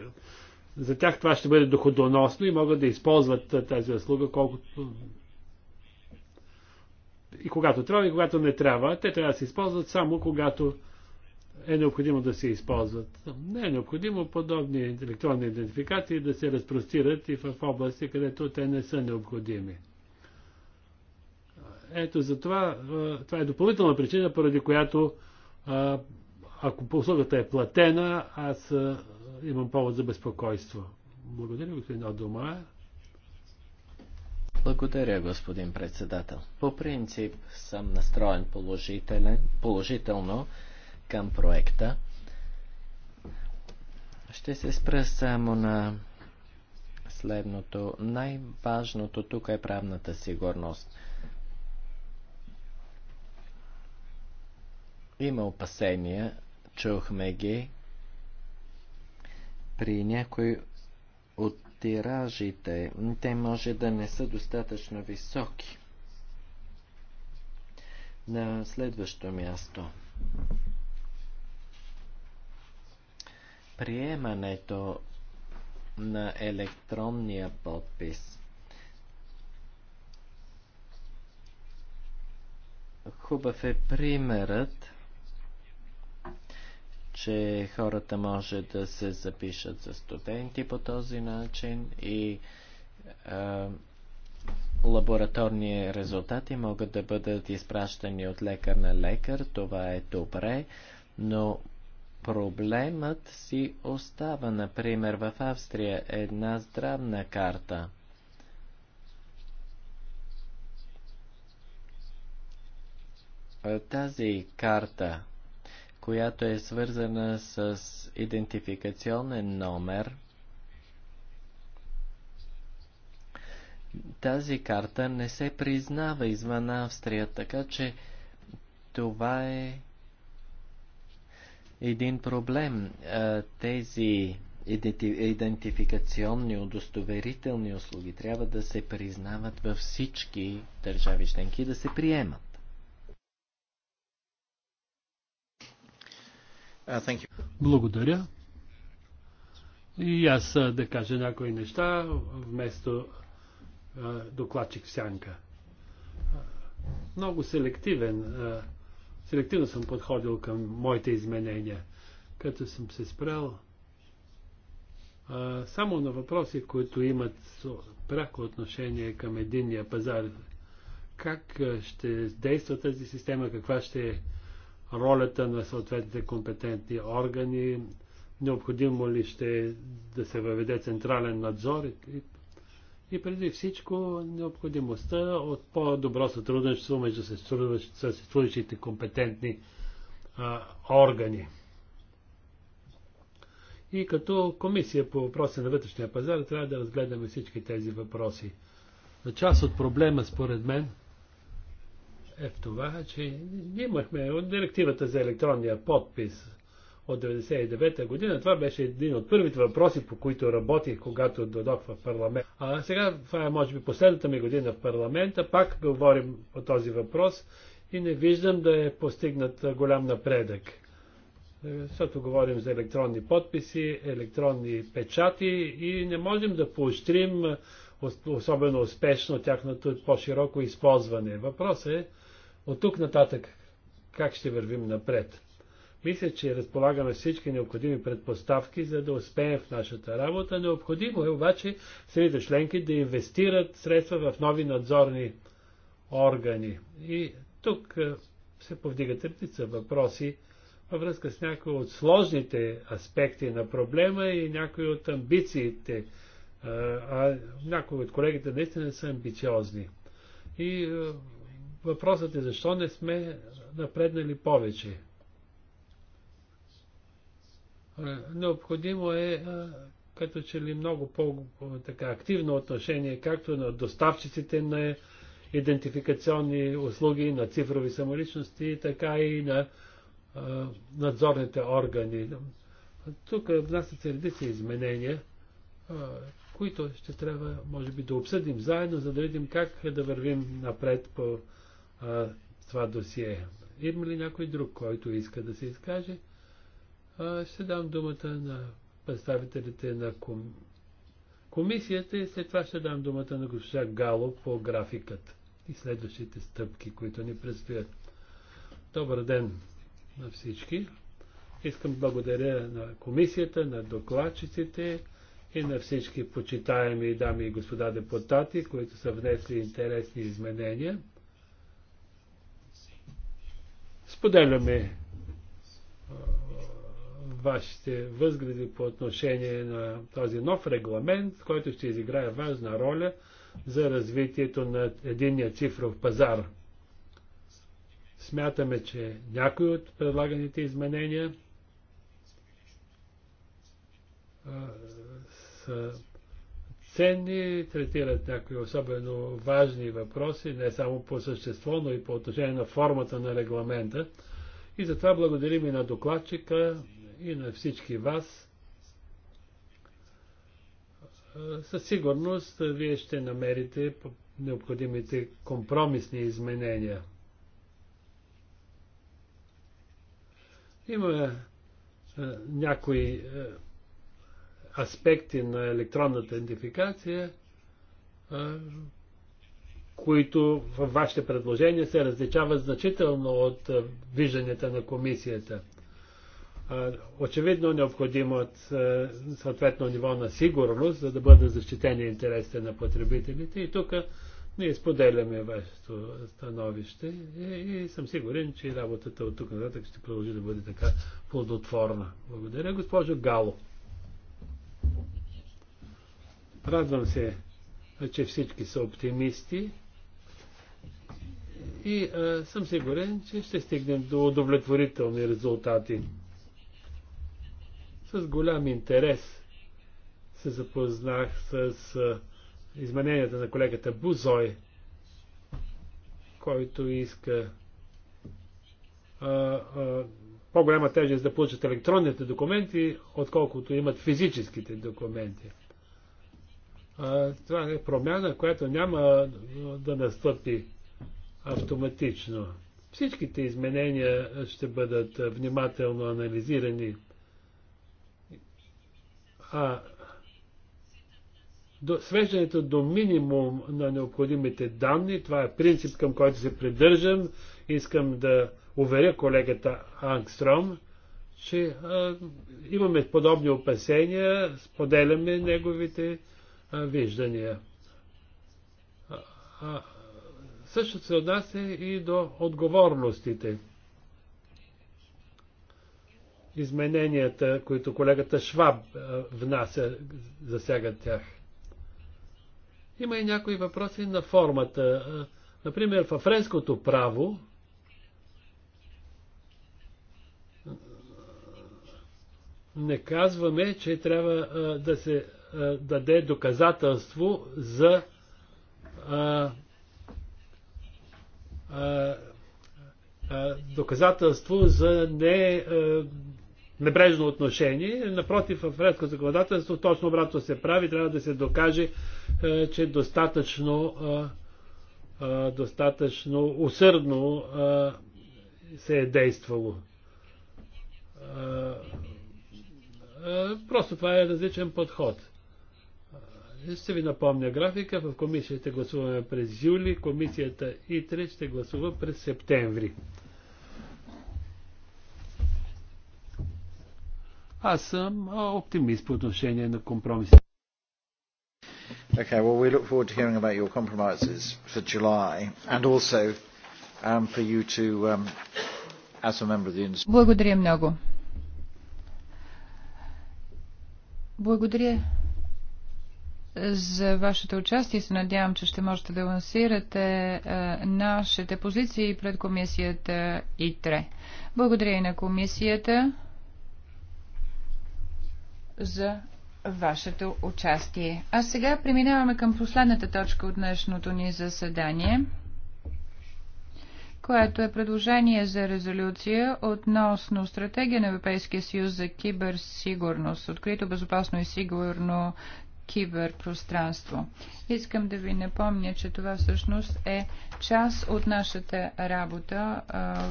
за тях това ще бъде доходоносно и могат да използват тази услуга колкото и когато трябва, и когато не трябва. Те трябва да се използват само когато е необходимо да се използват. Не е необходимо подобни електронни идентификации да се разпростират и в области, където те не са необходими. Ето за това, това е допълнителна причина, поради която ако послугата е платена, аз имам повод за безпокойство. Благодаря, господин Адомая. Благодаря, господин председател. По принцип съм настроен положително към проекта. Ще се спра само на следното. Най-важното тук е правната сигурност – Има опасения, чухме ги при някои от тиражите. Те може да не са достатъчно високи. На следващо място. Приемането на електронния подпис. Хубав е примерът че хората може да се запишат за студенти по този начин и а, лабораторни резултати могат да бъдат изпращани от лекар на лекар. Това е добре, но проблемът си остава. Например, в Австрия една здравна карта. Тази карта която е свързана с идентификационен номер. Тази карта не се признава извън Австрия, така че това е един проблем. Тези идентификационни удостоверителни услуги трябва да се признават във всички държави членки да се приемат. Uh, Благодаря. И аз да кажа някои неща вместо докладчик в сянка. Много селективен. Селективно съм подходил към моите изменения, като съм се спрял само на въпроси, които имат пряко отношение към единния пазар. Как ще действа тази система, каква ще е ролята на съответните компетентни органи, необходимо ли ще да се въведе централен надзор и, и преди всичко необходимостта от по-добро сътрудничество между съществуващите компетентни а, органи. И като комисия по въпроси на вътрешния пазар трябва да разгледаме всички тези въпроси. На част от проблема, според мен, е в това, че имахме от директивата за електронния подпис от 1999 година. Това беше един от първите въпроси, по които работих, когато додох в парламент. А сега, това е може би последната ми година в парламента, пак говорим по този въпрос и не виждам да е постигнат голям напредък. Защото говорим за електронни подписи, електронни печати и не можем да поощрим особено успешно тяхното по-широко използване. Въпрос е от тук нататък как ще вървим напред? Мисля, че разполагаме всички необходими предпоставки, за да успеем в нашата работа. Необходимо е обаче самите членки да инвестират средства в нови надзорни органи. И тук е, се повдигат редица въпроси във връзка с някои от сложните аспекти на проблема и някои от амбициите. Е, а някои от колегите наистина са амбициозни. И е, Въпросът е защо не сме напреднали повече. Е, необходимо е, е като че ли много по-активно отношение, както на доставчиците на идентификационни услуги, на цифрови самоличности, така и на а, е, надзорните органи. Тук внасят се редица изменения, а, които ще трябва, може би, да обсъдим заедно, за да видим как да вървим напред по а, това досие. Има ли някой друг, който иска да се изкаже? А, ще дам думата на представителите на ком... комисията и след това ще дам думата на госпожа Гало по графикът и следващите стъпки, които ни предстоят. Добър ден на всички! Искам благодаря на комисията, на докладчиците и на всички почитаеми дами и господа депутати, които са внесли интересни изменения – Споделяме вашите възгледи по отношение на този нов регламент, който ще изиграе важна роля за развитието на единния цифров пазар. Смятаме, че някои от предлаганите изменения са ценни, третират някои особено важни въпроси, не само по същество, но и по отношение на формата на регламента. И затова благодарим и на докладчика, и на всички вас. Със сигурност вие ще намерите необходимите компромисни изменения. Има някои аспекти на електронната идентификация, които във вашите предложения се различават значително от вижданията на комисията. Очевидно необходимо от съответно ниво на сигурност, за да бъдат защитени интересите на потребителите. И тук ние споделяме вашето становище и, и съм сигурен, че работата от тук нататък ще продължи да бъде така плодотворна. Благодаря, госпожо Гало. Радвам се, че всички са оптимисти и а, съм сигурен, че ще стигнем до удовлетворителни резултати. С голям интерес се запознах с а, измененията на колегата Бузой, който иска а, а, по-голяма тежест да получат електронните документи, отколкото имат физическите документи това е промяна, която няма да настъпи автоматично. Всичките изменения ще бъдат внимателно анализирани. А до, свеждането до минимум на необходимите данни, това е принцип към който се придържам, искам да уверя колегата Ангстром, че а, имаме подобни опасения, споделяме неговите виждания. Също се отнася и до отговорностите. Измененията, които колегата Шваб внася, засягат тях. Има и някои въпроси на формата. Например, във френското право не казваме, че трябва да се е, даде доказателство за а, а, а, доказателство за не е, небрежно отношение. Напротив, в френско законодателство точно обратно се прави. Трябва да се докаже, е, че достатъчно, достатъчно усърдно се е действало. Просто това е различен подход. Ще ви напомня графика. В комисията гласуваме през юли, комисията и ИТРЕ ще гласува през септември. Аз съм оптимист по отношение на компромисите. Okay, well, we look forward to hearing about your compromises for July and also um, for you to, um, as a member of the industry. Благодаря много. Благодаря за вашето участие. Се надявам, че ще можете да лансирате е, нашите позиции пред комисията ИТРЕ. Благодаря и на комисията за вашето участие. А сега преминаваме към последната точка от днешното ни заседание, което е предложение за резолюция относно стратегия на Европейския съюз за киберсигурност, открито, безопасно и сигурно киберпространство. Искам да ви напомня, че това всъщност е част от нашата работа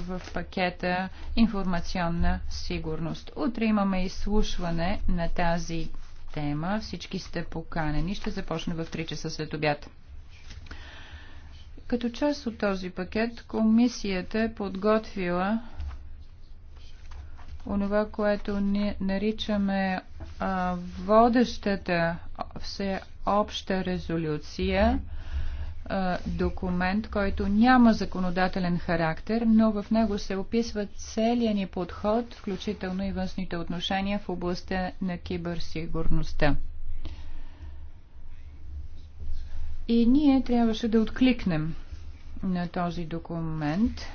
в пакета информационна сигурност. Утре имаме изслушване на тази тема. Всички сте поканени. Ще започне в 3 часа след обяд. Като част от този пакет, комисията е подготвила онова, което ние наричаме а, водещата всеобща резолюция, а, документ, който няма законодателен характер, но в него се описва целият ни подход, включително и външните отношения в областта на киберсигурността. И ние трябваше да откликнем на този документ –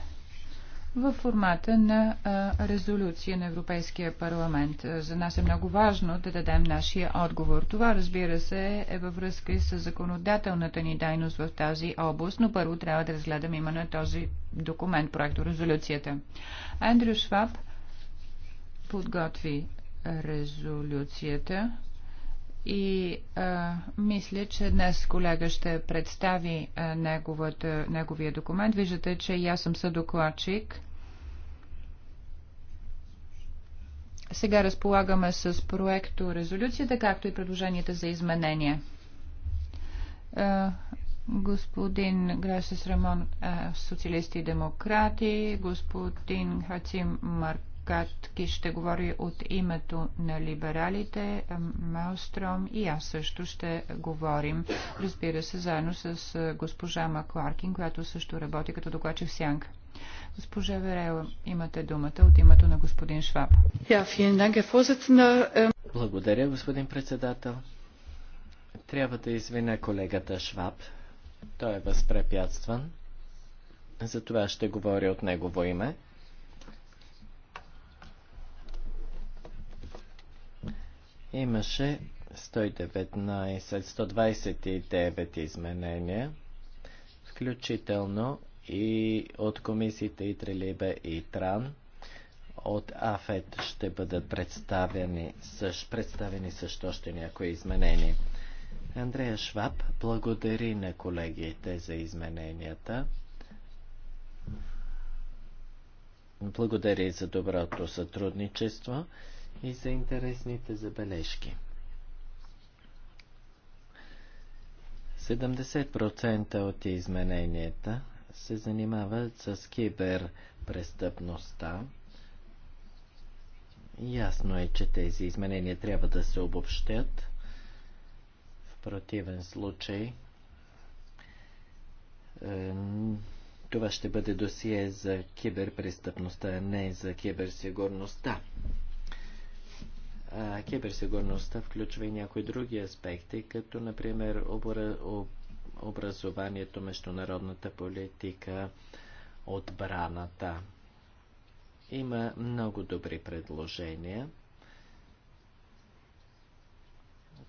в формата на резолюция на Европейския парламент. За нас е много важно да дадем нашия отговор. Това, разбира се, е във връзка и с законодателната ни дайност в тази област, но първо трябва да разгледам именно този документ, проекто резолюцията. Андрю Шваб подготви резолюцията и а, мисля, че днес колега ще представи а, неговата, неговия документ. Виждате, че и аз съм съдокладчик. Сега разполагаме с проекто резолюцията, както и предложенията за изменения. А, господин Грасис Рамон, а, социалисти и демократи, господин Хацим Марк Ки ще говори от името на либералите, Маустром и аз също ще говорим. Разбира се, заедно с госпожа Макларкин, която също работи като докладчик в Сянка. Госпожа Верела, имате думата от името на господин Шваб. Е, Благодаря, господин председател. Трябва да извиня колегата Шваб. Той е възпрепятстван. Затова ще говоря от негово име. Имаше 119-129 изменения, включително и от комисиите и Трилибе и Тран. От АФЕТ ще бъдат представени, също, представени също още някои изменения. Андрея Шваб благодари на колегите за измененията. Благодари за доброто сътрудничество и за интересните забележки. 70% от измененията се занимават с киберпрестъпността. Ясно е, че тези изменения трябва да се обобщят. В противен случай това ще бъде досие за киберпрестъпността, а не за киберсигурността киберсигурността включва и някои други аспекти, като например образованието, международната политика, отбраната. Има много добри предложения,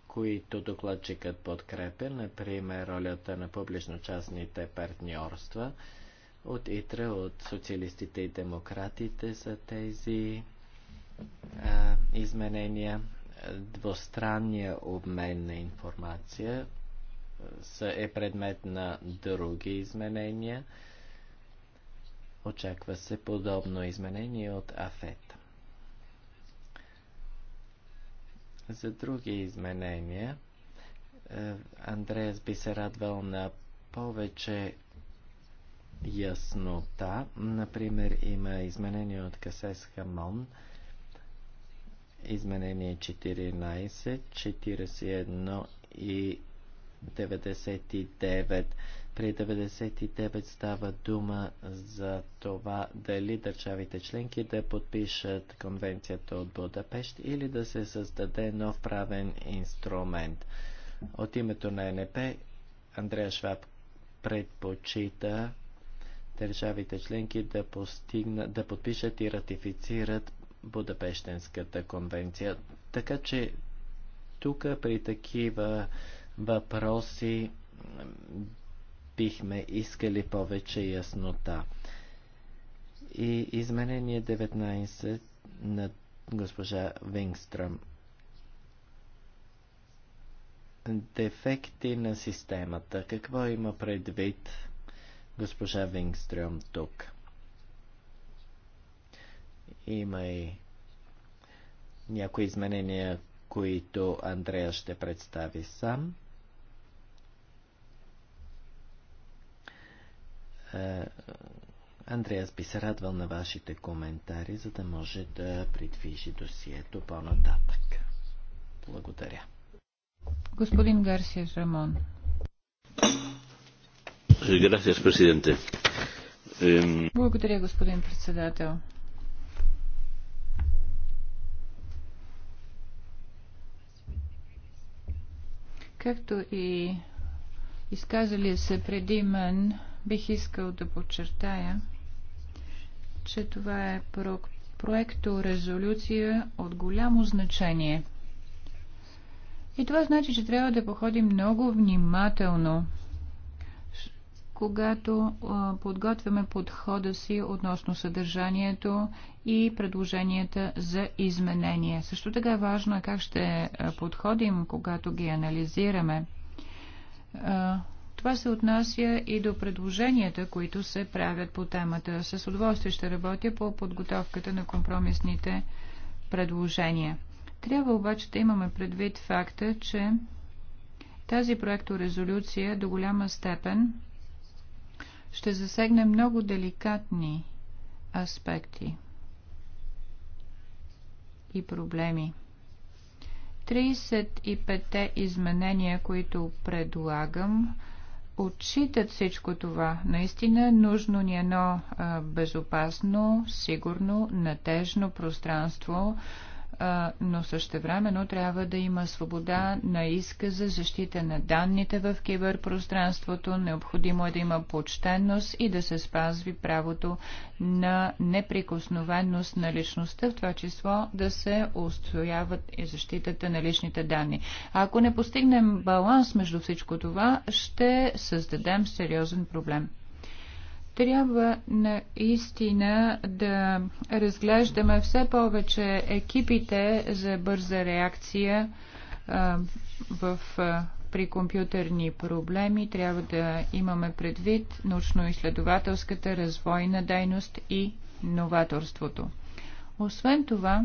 които докладчикът подкрепя, например ролята на публично-частните партньорства. От ИТРА, от социалистите и демократите са тези изменения, двустранния обмен на информация са, е предмет на други изменения. Очаква се подобно изменение от АФЕТ. За други изменения, Андреас би се радвал на повече яснота. Например, има изменение от Касес Хамон – Изменение 14, 41 и 99. При 99 става дума за това дали държавите членки да подпишат конвенцията от Будапешт или да се създаде нов правен инструмент. От името на НП Андрея Шваб предпочита държавите членки да, постигна, да подпишат и ратифицират Будапештенската конвенция. Така че тук при такива въпроси бихме искали повече яснота. И изменение 19 на госпожа Вингстрам. Дефекти на системата. Какво има предвид госпожа Вингстрам тук? Има и някои изменения, които Андрея ще представи сам. Е, Андреас би се радвал на вашите коментари, за да може да придвижи досието по-нататък. Благодаря. Господин Гарсия Рамон. Е, Благодаря, господин председател. Както и изказали се преди мен, бих искал да подчертая, че това е проекто резолюция от голямо значение. И това значи, че трябва да походим много внимателно – когато подготвяме подхода си относно съдържанието и предложенията за изменение. Също така е важно е как ще подходим, когато ги анализираме. Това се отнася и до предложенията, които се правят по темата. С удоволствие ще работя по подготовката на компромисните предложения. Трябва обаче да имаме предвид факта, че тази проекторезолюция до голяма степен ще засегне много деликатни аспекти и проблеми. 35-те изменения, които предлагам, отчитат всичко това. Наистина нужно ни е едно а, безопасно, сигурно, натежно пространство, но същевременно трябва да има свобода на изказа, защита на данните в киберпространството, необходимо е да има почтенност и да се спазви правото на неприкосновеност на личността, в това число да се устояват и защитата на личните данни. А ако не постигнем баланс между всичко това, ще създадем сериозен проблем трябва наистина да разглеждаме все повече екипите за бърза реакция в, при компютърни проблеми. Трябва да имаме предвид научно-изследователската развойна дейност и новаторството. Освен това,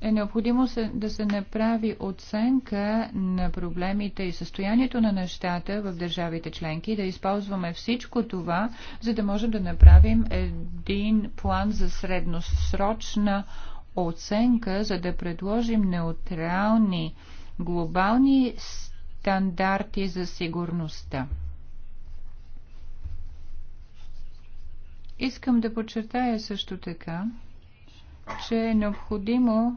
е необходимо се, да се направи оценка на проблемите и състоянието на нещата в държавите членки, да използваме всичко това, за да можем да направим един план за средносрочна оценка, за да предложим неутрални глобални стандарти за сигурността. Искам да подчертая също така, че е необходимо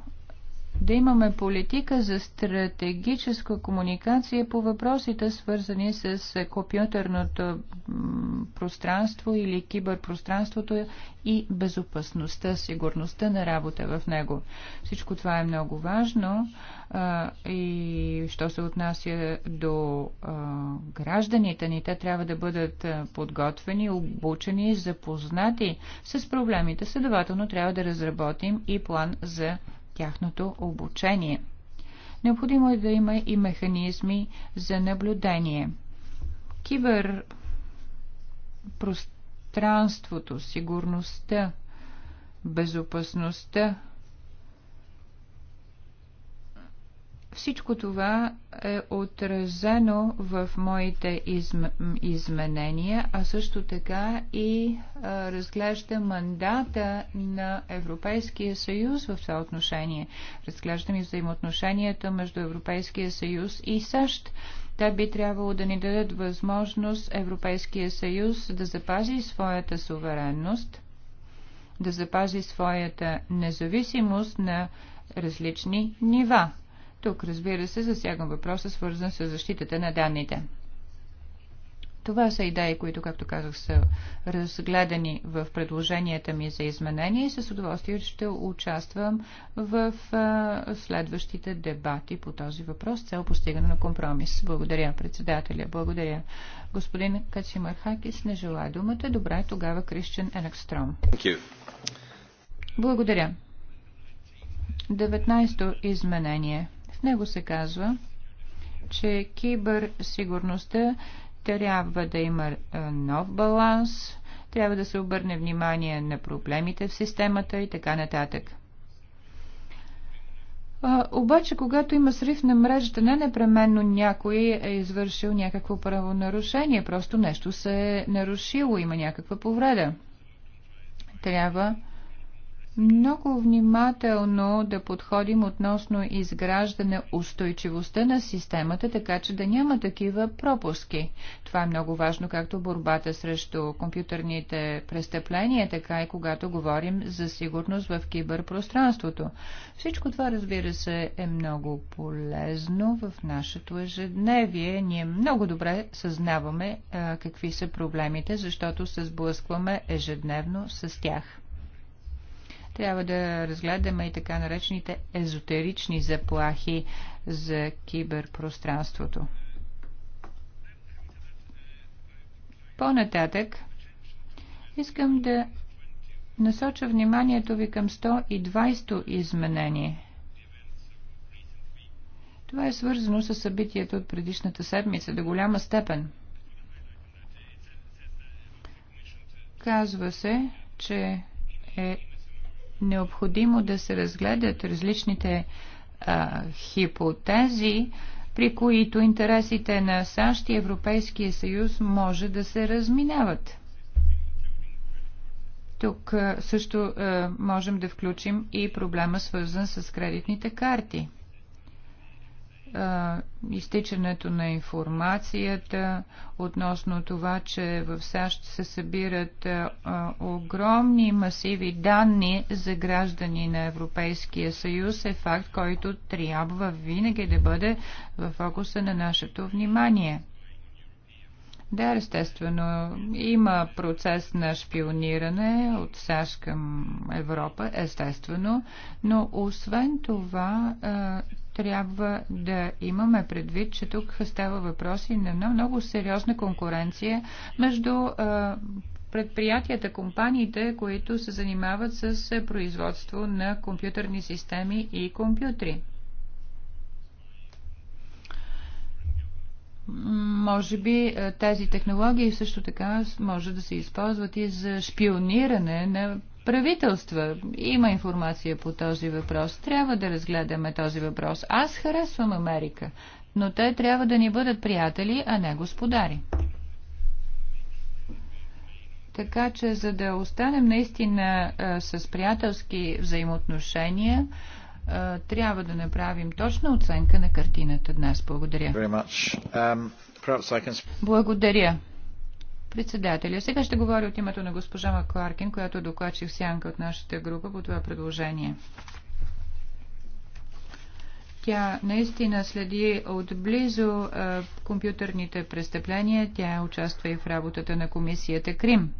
да имаме политика за стратегическа комуникация по въпросите, свързани с компютърното пространство или киберпространството и безопасността, сигурността на работа в него. Всичко това е много важно а, и що се отнася до а, гражданите ни, те трябва да бъдат подготвени, обучени, запознати с проблемите. Следователно трябва да разработим и план за тяхното обучение. Необходимо е да има и механизми за наблюдение. Кибер пространството, сигурността, безопасността Всичко това е отразено в моите изм... изменения, а също така и а, разглежда мандата на Европейския съюз в това отношение. Разглеждам и взаимоотношенията между Европейския съюз и САЩ. Те би трябвало да ни дадат възможност Европейския съюз да запази своята суверенност, да запази своята независимост на различни нива тук, разбира се, засягам въпроса, свързан с защитата на данните. Това са идеи, които, както казах, са разгледани в предложенията ми за изменение и с удоволствие ще участвам в следващите дебати по този въпрос, цел постигане на компромис. Благодаря, председателя. Благодаря. Господин Кацимар Хакис не желая думата. Добре, тогава Кристиан Енекстром. Благодаря. 19-то изменение него се казва, че сигурността трябва да има нов баланс, трябва да се обърне внимание на проблемите в системата и така нататък. А, обаче, когато има срив на мрежата, не непременно някой е извършил някакво правонарушение, просто нещо се е нарушило, има някаква повреда. Трябва много внимателно да подходим относно изграждане устойчивостта на системата, така че да няма такива пропуски. Това е много важно, както борбата срещу компютърните престъпления, така и когато говорим за сигурност в киберпространството. Всичко това, разбира се, е много полезно в нашето ежедневие. Ние много добре съзнаваме а, какви са проблемите, защото се сблъскваме ежедневно с тях. Трябва да разгледаме и така наречените езотерични заплахи за киберпространството. По-нататък искам да насоча вниманието ви към 120-то изменение. Това е свързано с събитието от предишната седмица до голяма степен. Казва се, че е необходимо да се разгледат различните а, хипотези, при които интересите на САЩ и Европейския съюз може да се разминават. Тук също можем да включим и проблема свързан с кредитните карти изтичането на информацията относно това, че в САЩ се събират огромни масиви данни за граждани на Европейския съюз е факт, който трябва винаги да бъде в фокуса на нашето внимание. Да, естествено, има процес на шпиониране от САЩ към Европа, естествено, но освен това трябва да имаме предвид, че тук става въпрос и на много, сериозна конкуренция между предприятията, компаниите, които се занимават с производство на компютърни системи и компютри. Може би тези технологии също така може да се използват и за шпиониране на правителства. Има информация по този въпрос. Трябва да разгледаме този въпрос. Аз харесвам Америка, но те трябва да ни бъдат приятели, а не господари. Така че, за да останем наистина а, с приятелски взаимоотношения, а, трябва да направим точна оценка на картината днес. Благодаря. Um, Благодаря председателя. Сега ще говоря от името на госпожа Макларкин, която е докладчих сянка от нашата група по това предложение. Тя наистина следи отблизо е, компютърните престъпления. Тя участва и в работата на комисията Крим.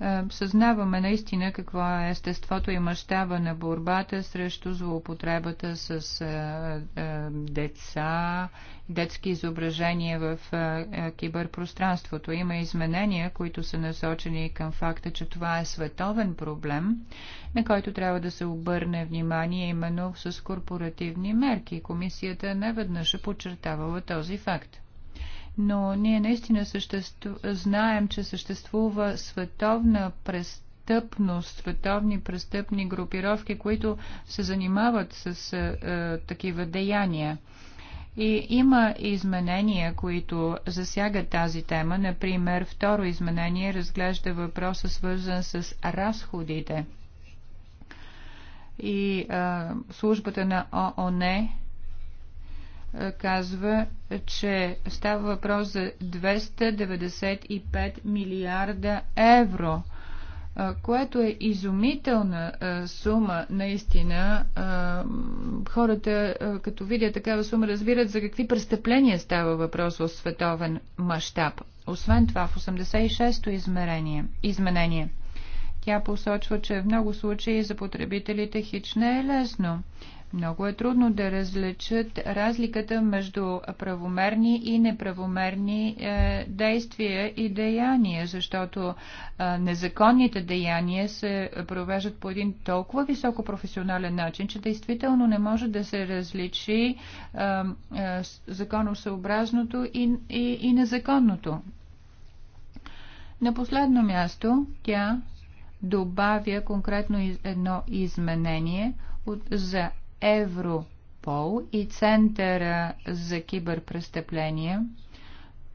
Е, съзнаваме наистина какво е естеството и мащаба на борбата срещу злоупотребата с е, е, деца, детски изображения в киберпространството. Има изменения, които са насочени към факта, че това е световен проблем, на който трябва да се обърне внимание именно с корпоративни мерки. Комисията неведнъж е подчертавала този факт но ние наистина съществу... знаем, че съществува световна престъпност световни престъпни групировки, които се занимават с е, е, такива деяния. И има изменения, които засягат тази тема. Например, второ изменение разглежда въпроса, свързан с разходите. И е, службата на ООН казва, че става въпрос за 295 милиарда евро, което е изумителна сума, наистина. Хората, като видят такава сума, разбират за какви престъпления става въпрос в световен мащаб. Освен това, в 86-то измерение, изменение, тя посочва, че в много случаи за потребителите хич не е лесно много е трудно да различат разликата между правомерни и неправомерни е, действия и деяния, защото е, незаконните деяния се провеждат по един толкова високо професионален начин, че действително не може да се различи е, е, законосъобразното и, и, и незаконното. На последно място тя добавя конкретно едно изменение – за Европол и Центъра за киберпрестъпления,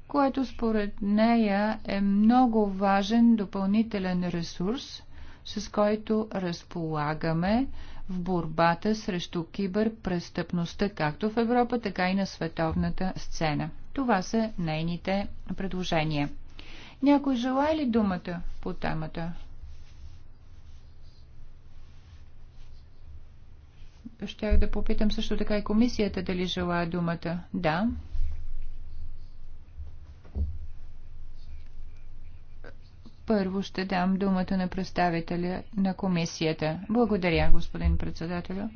което според нея е много важен допълнителен ресурс, с който разполагаме в борбата срещу киберпрестъпността както в Европа, така и на световната сцена. Това са нейните предложения. Някой желая ли думата по темата? щях да попитам също така и комисията дали желая думата. Да. Първо ще дам думата на представителя на комисията. Благодаря, господин председателя.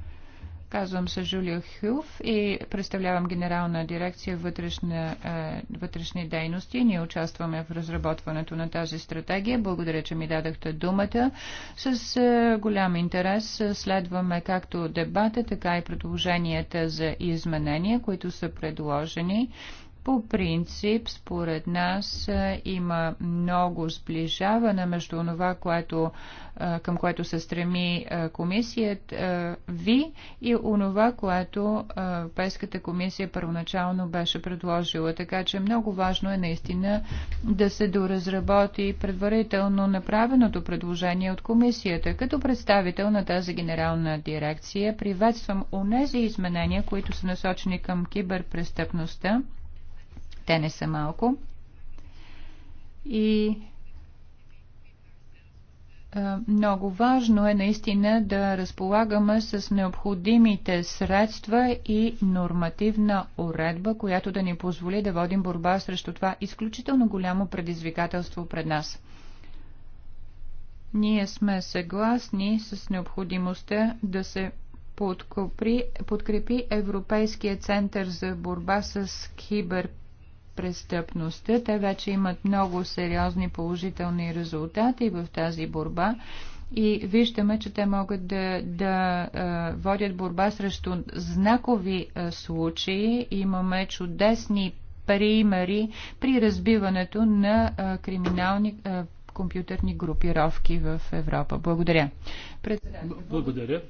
Казвам се Жулия Хюф и представлявам Генерална дирекция вътрешна, е, вътрешни дейности. Ние участваме в разработването на тази стратегия. Благодаря, че ми дадахте думата. С е, голям интерес следваме както дебата, така и предложенията за изменения, които са предложени по принцип, според нас е, има много сближаване между това, което, е, към което се стреми е, комисията ви и онова, което Европейската комисия първоначално беше предложила. Така че много важно е наистина да се доразработи предварително направеното предложение от комисията. Като представител на тази генерална дирекция приветствам онези изменения, които са насочени към киберпрестъпността те не са малко. И много важно е наистина да разполагаме с необходимите средства и нормативна уредба, която да ни позволи да водим борба срещу това изключително голямо предизвикателство пред нас. Ние сме съгласни с необходимостта да се подкрепи, Европейския център за борба с кибер престъпността. Те вече имат много сериозни положителни резултати в тази борба и виждаме, че те могат да, да а, водят борба срещу знакови а, случаи. Имаме чудесни примери при разбиването на а, криминални а, компютърни групировки в Европа. Благодаря. Председател. Благодаря.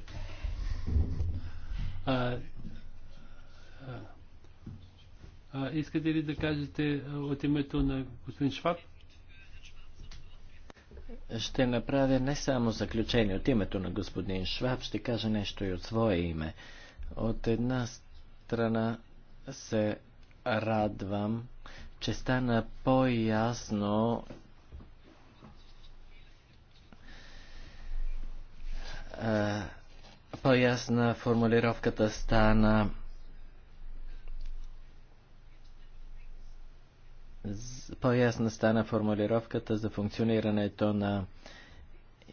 А, искате ли да кажете от името на господин Шваб? Ще направя не само заключение от името на господин Шваб, ще кажа нещо и от свое име. От една страна се радвам, че стана по-ясно по-ясна формулировката стана по-ясна стана формулировката за функционирането на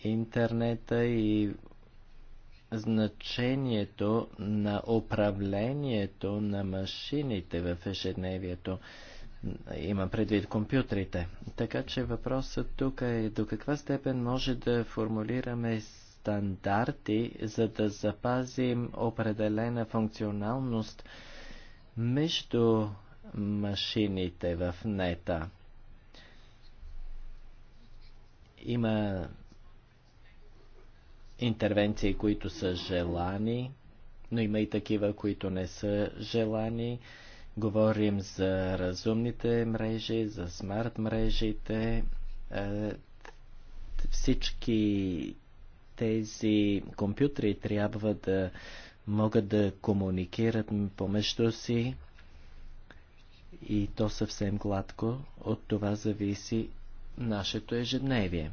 интернета и значението на управлението на машините в ежедневието. Има предвид компютрите. Така че въпросът тук е до каква степен може да формулираме стандарти, за да запазим определена функционалност между машините в нета. Има интервенции, които са желани, но има и такива, които не са желани. Говорим за разумните мрежи, за смарт мрежите. Е, всички тези компютри трябва да могат да комуникират помежду си и то съвсем гладко, от това зависи нашето ежедневие.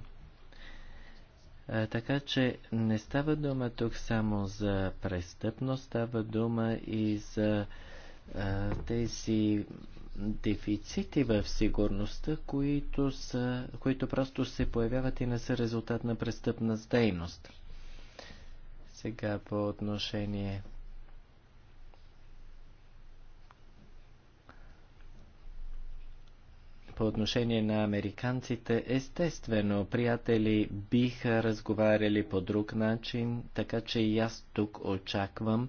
А, така че не става дума тук само за престъпност, става дума и за а, тези дефицити в сигурността, които, са, които просто се появяват и не са резултат на престъпна дейност. Сега по отношение по отношение на американците, естествено, приятели биха разговаряли по друг начин, така че и аз тук очаквам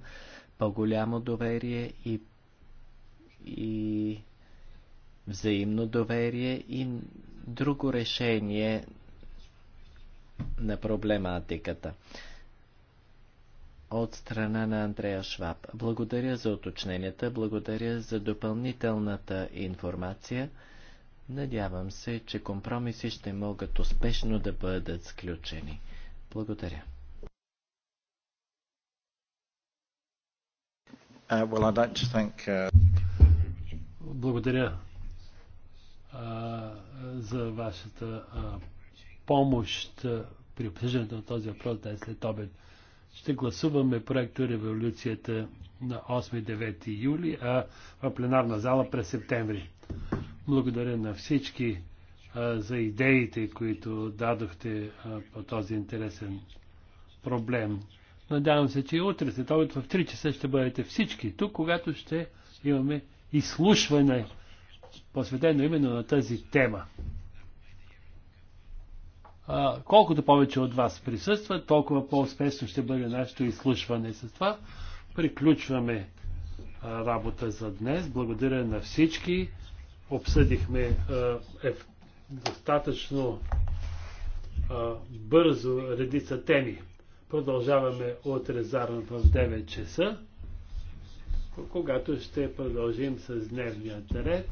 по-голямо доверие и, и взаимно доверие и друго решение на проблематиката. От страна на Андрея Шваб. Благодаря за уточненията, благодаря за допълнителната информация. Надявам се, че компромиси ще могат успешно да бъдат сключени. Благодаря. Uh, well, like thank, uh... Благодаря uh, за вашата uh, помощ при обсъждането на този въпрос днес след обед. Ще гласуваме проекта Революцията на 8-9 юли, а в пленарна зала през септември. Благодаря на всички а, за идеите, които дадохте а, по този интересен проблем. Надявам се, че и утре, след обед в 3 часа ще бъдете всички тук, когато ще имаме изслушване, посветено именно на тази тема. А, колкото повече от вас присъства, толкова по-успешно ще бъде нашето изслушване. С това приключваме работа за днес. Благодаря на всички обсъдихме е достатъчно бързо редица теми. Продължаваме от Резарн в 9 часа, когато ще продължим с дневния ред.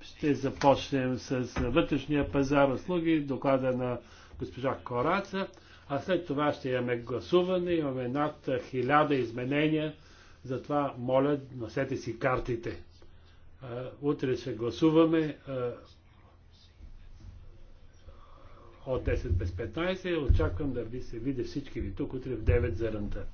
Ще започнем с вътрешния пазар услуги, доклада на госпожа Кораца, а след това ще имаме гласуване, имаме над хиляда изменения, затова моля, носете си картите. Е, утре ще гласуваме е, от 10 без 15. Очаквам да ви се видя всички ви тук утре в 9 за рънта.